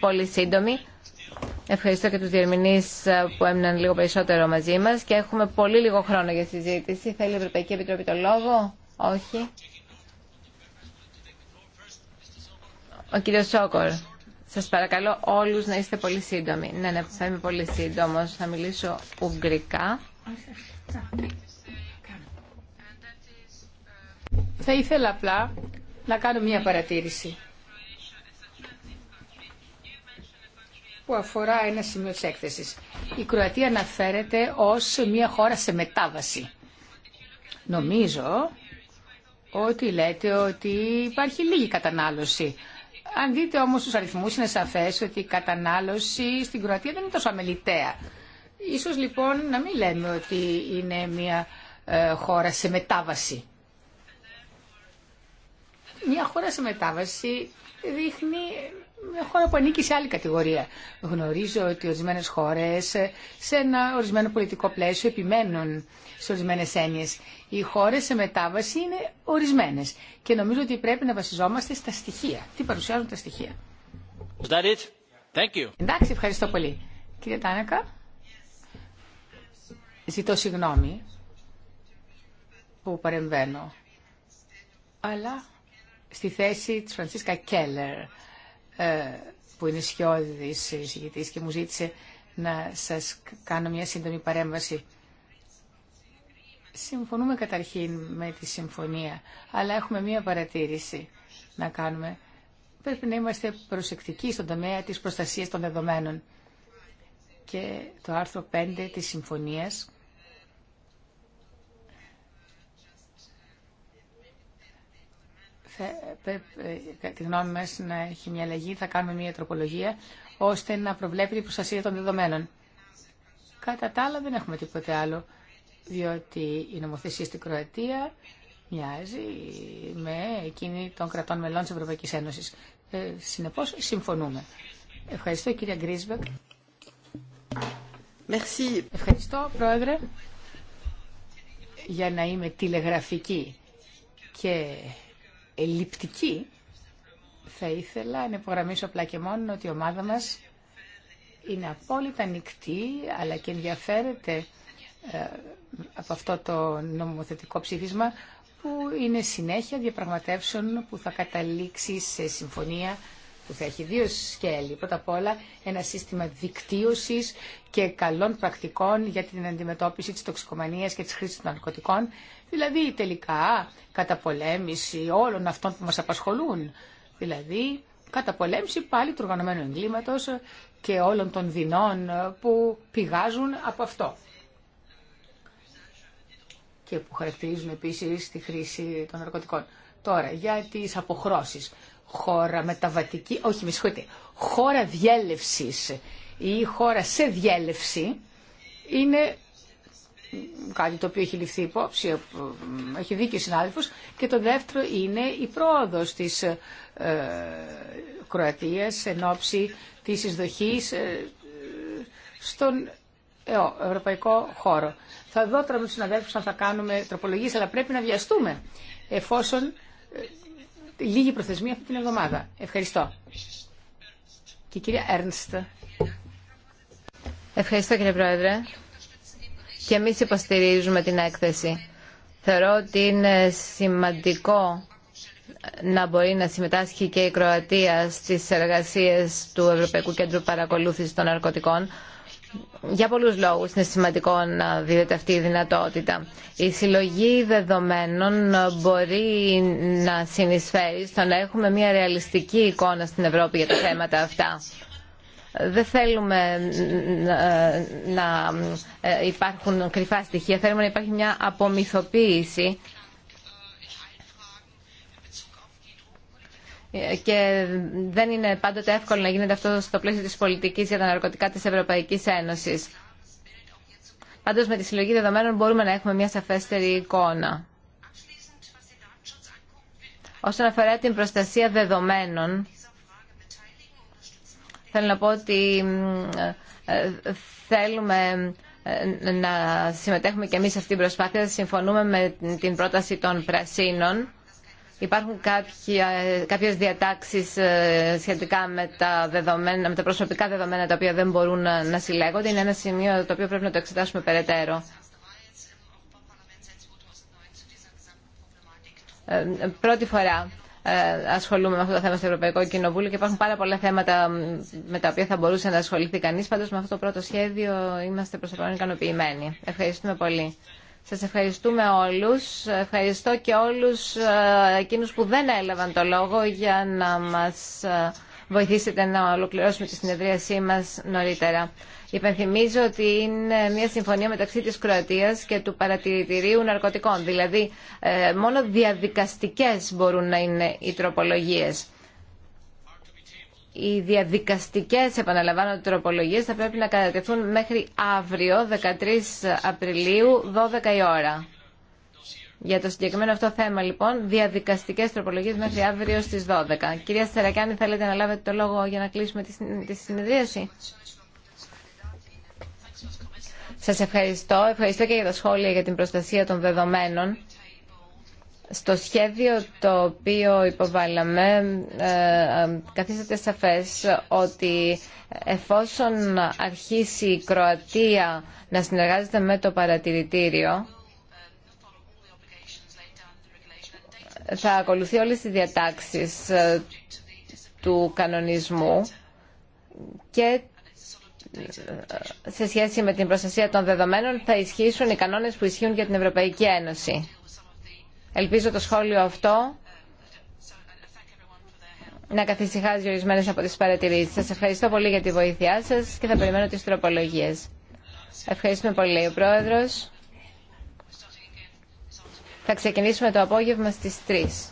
πολύ σύντομη. Ευχαριστώ και τους διερμηνείς ε, που έμειναν λίγο περισσότερο μαζί μας και έχουμε πολύ λίγο χρόνο για συζήτηση. Θέλει η Ευρωπαϊκή Επιτροπή το λόγο. Όχι. Ο κύριος Σόκορ, σας παρακαλώ όλους να είστε πολύ σύντομοι. Ναι, ναι, θα είμαι
πολύ σύντομος. Θα μιλήσω ουγγρικά. Θα ήθελα απλά να κάνω μία παρατήρηση. που αφορά ένα σημείο της έκθεσης. Η Κροατία αναφέρεται ως μια χώρα σε μετάβαση. Νομίζω ότι λέτε ότι υπάρχει λίγη κατανάλωση. Αν δείτε όμως τους αριθμούς είναι σαφές ότι η κατανάλωση στην Κροατία δεν είναι τόσο αμεληταία. Ίσως λοιπόν να μην λέμε ότι είναι μια ε, χώρα σε μετάβαση. Μια χώρα σε μετάβαση δείχνει χώρα που ανήκει σε άλλη κατηγορία. Γνωρίζω ότι ορισμένε χώρε ε, σε ένα ορισμένο πολιτικό πλαίσιο επιμένουν σε ορισμένε έννοιε. Οι χώρε σε μετάβαση είναι ορισμένε και νομίζω ότι πρέπει να βασιζόμαστε στα στοιχεία. Τι παρουσιάζουν τα στοιχεία. Εντάξει, ευχαριστώ πολύ. Κύριε Τάνακα, ζητώ συγγνώμη που παρεμβαίνω, αλλά στη θέση της Φρανσίσκα Κέλλερ ε, που είναι σιώδης συζητητής και μου ζήτησε να σας κάνω μια σύντομη παρέμβαση. Συμφωνούμε καταρχήν με τη συμφωνία, αλλά έχουμε μια παρατήρηση να κάνουμε. Πρέπει να είμαστε προσεκτικοί στον τομέα της προστασίας των δεδομένων. Και το άρθρο 5 της συμφωνίας τη γνώμη μα να έχει μια αλλαγή, θα κάνουμε μια τροπολογία, ώστε να προβλέπει την προστασία των δεδομένων. Κατά τα άλλα δεν έχουμε τίποτε άλλο, διότι η νομοθεσία στην Κροατία μοιάζει με εκείνη των κρατών μελών της Ευρωπαϊκής Ένωσης. Ε, συνεπώς, συμφωνούμε. Ευχαριστώ, κυρία Γκρίσβεκ. Ευχαριστώ, Πρόεδρε, για να είμαι τηλεγραφική και ελλειπτική, θα ήθελα να υπογραμμίσω απλά και μόνο ότι η ομάδα μας είναι απόλυτα ανοιχτή, αλλά και ενδιαφέρεται ε, από αυτό το νομοθετικό ψήφισμα που είναι συνέχεια διαπραγματεύσεων που θα καταλήξει σε συμφωνία που θα έχει δύο σκέλη. Πρώτα απ' όλα ένα σύστημα δικτύωσης και καλών πρακτικών για την αντιμετώπιση της τοξικομανίας και της χρήσης των ναρκωτικών, δηλαδή τελικά καταπολέμηση όλων αυτών που μας απασχολούν, δηλαδή καταπολέμηση πάλι του οργανωμένου εγκλήματος και όλων των δεινών που πηγάζουν από αυτό και που χαρακτηρίζουν επίσης τη χρήση των ναρκωτικών. Τώρα, για τις αποχρώσεις χώρα μεταβατική, όχι με συγχωρείτε, χώρα διέλευσης ή χώρα σε διέλευση είναι κάτι το οποίο έχει ληφθεί υπόψη, ε, έχει δίκιο ο συνάδελφος, και το δεύτερο είναι η πρόοδος της ε, Κροατίας εν ώψη της εισδοχής ε, στον ε, ευρωπαϊκό χώρο. Θα δω τώρα με τους συναδέλφους αν θα κάνουμε τροπολογίες, αλλά πρέπει να βιαστούμε, εφόσον λίγη προθεσμία αυτή την εβδομάδα. Ευχαριστώ. Και η κυρία Έρνστ.
Ευχαριστώ κύριε Πρόεδρε. Και εμείς υποστηρίζουμε την έκθεση. Θεωρώ ότι είναι σημαντικό να μπορεί να συμμετάσχει και η Κροατία στις εργασίες του Ευρωπαϊκού Κέντρου Παρακολούθησης των Ναρκωτικών για πολλούς λόγους είναι σημαντικό να δίδεται αυτή η δυνατότητα. Η συλλογή δεδομένων μπορεί να συνεισφέρει στο να έχουμε μια ρεαλιστική εικόνα στην Ευρώπη για τα θέματα αυτά. Δεν θέλουμε να ε, υπάρχουν κρυφά στοιχεία, θέλουμε να υπάρχει μια απομυθοποίηση και δεν είναι πάντοτε εύκολο να γίνεται αυτό στο πλαίσιο της πολιτικής για τα ναρκωτικά της Ευρωπαϊκής Ένωσης. Πάντως με τη συλλογή δεδομένων μπορούμε να έχουμε μια σαφέστερη εικόνα. Όσον αφορά την προστασία δεδομένων, θέλω να πω ότι ε, ε, θέλουμε ε, να συμμετέχουμε και εμείς σε αυτή την προσπάθεια. Συμφωνούμε με την πρόταση των πρασίνων Υπάρχουν ε, κάποιε διατάξει ε, σχετικά με τα, δεδομένα, με προσωπικά δεδομένα τα οποία δεν μπορούν ε, να συλλέγονται. Είναι ένα σημείο το οποίο πρέπει να το εξετάσουμε περαιτέρω. Πρώτη φορά ασχολούμαι με αυτό το θέμα στο Ευρωπαϊκό Κοινοβούλιο και υπάρχουν πάρα πολλά θέματα με τα οποία θα μπορούσε να ασχοληθεί κανείς. Πάντως με αυτό το πρώτο σχέδιο είμαστε προς το ικανοποιημένοι. Ευχαριστούμε πολύ. Σας ευχαριστούμε όλους. Ευχαριστώ και όλους ε, εκείνους που δεν έλαβαν το λόγο για να μας ε, βοηθήσετε να ολοκληρώσουμε τη συνεδρίασή μας νωρίτερα. Υπενθυμίζω ότι είναι μια συμφωνία μεταξύ της Κροατίας και του Παρατηρητηρίου Ναρκωτικών. Δηλαδή, ε, μόνο διαδικαστικές μπορούν να είναι οι τροπολογίες οι διαδικαστικές επαναλαμβάνω τροπολογίες θα πρέπει να κατατεθούν μέχρι αύριο 13 Απριλίου 12 η ώρα. Για το συγκεκριμένο αυτό θέμα λοιπόν διαδικαστικές τροπολογίες μέχρι αύριο στις 12. Κυρία Στερακάνη, θέλετε να λάβετε το λόγο για να κλείσουμε τη συνεδρίαση. Σας ευχαριστώ. Ευχαριστώ και για τα σχόλια για την προστασία των δεδομένων. Στο σχέδιο το οποίο υποβάλαμε ε, ε, καθίσατε σαφές ότι εφόσον αρχίσει η Κροατία να συνεργάζεται με το παρατηρητήριο θα ακολουθεί όλες τις διατάξεις ε, του κανονισμού και σε σχέση με την προστασία των δεδομένων θα ισχύσουν οι κανόνες που ισχύουν για την Ευρωπαϊκή Ένωση. Ελπίζω το σχόλιο αυτό να καθησυχάζει ορισμένε από τις παρατηρήσεις. Σας ευχαριστώ πολύ για τη βοήθειά σας και θα περιμένω τις τροπολογίες. Ευχαριστούμε πολύ, ο Πρόεδρος. Θα ξεκινήσουμε το απόγευμα στις 3.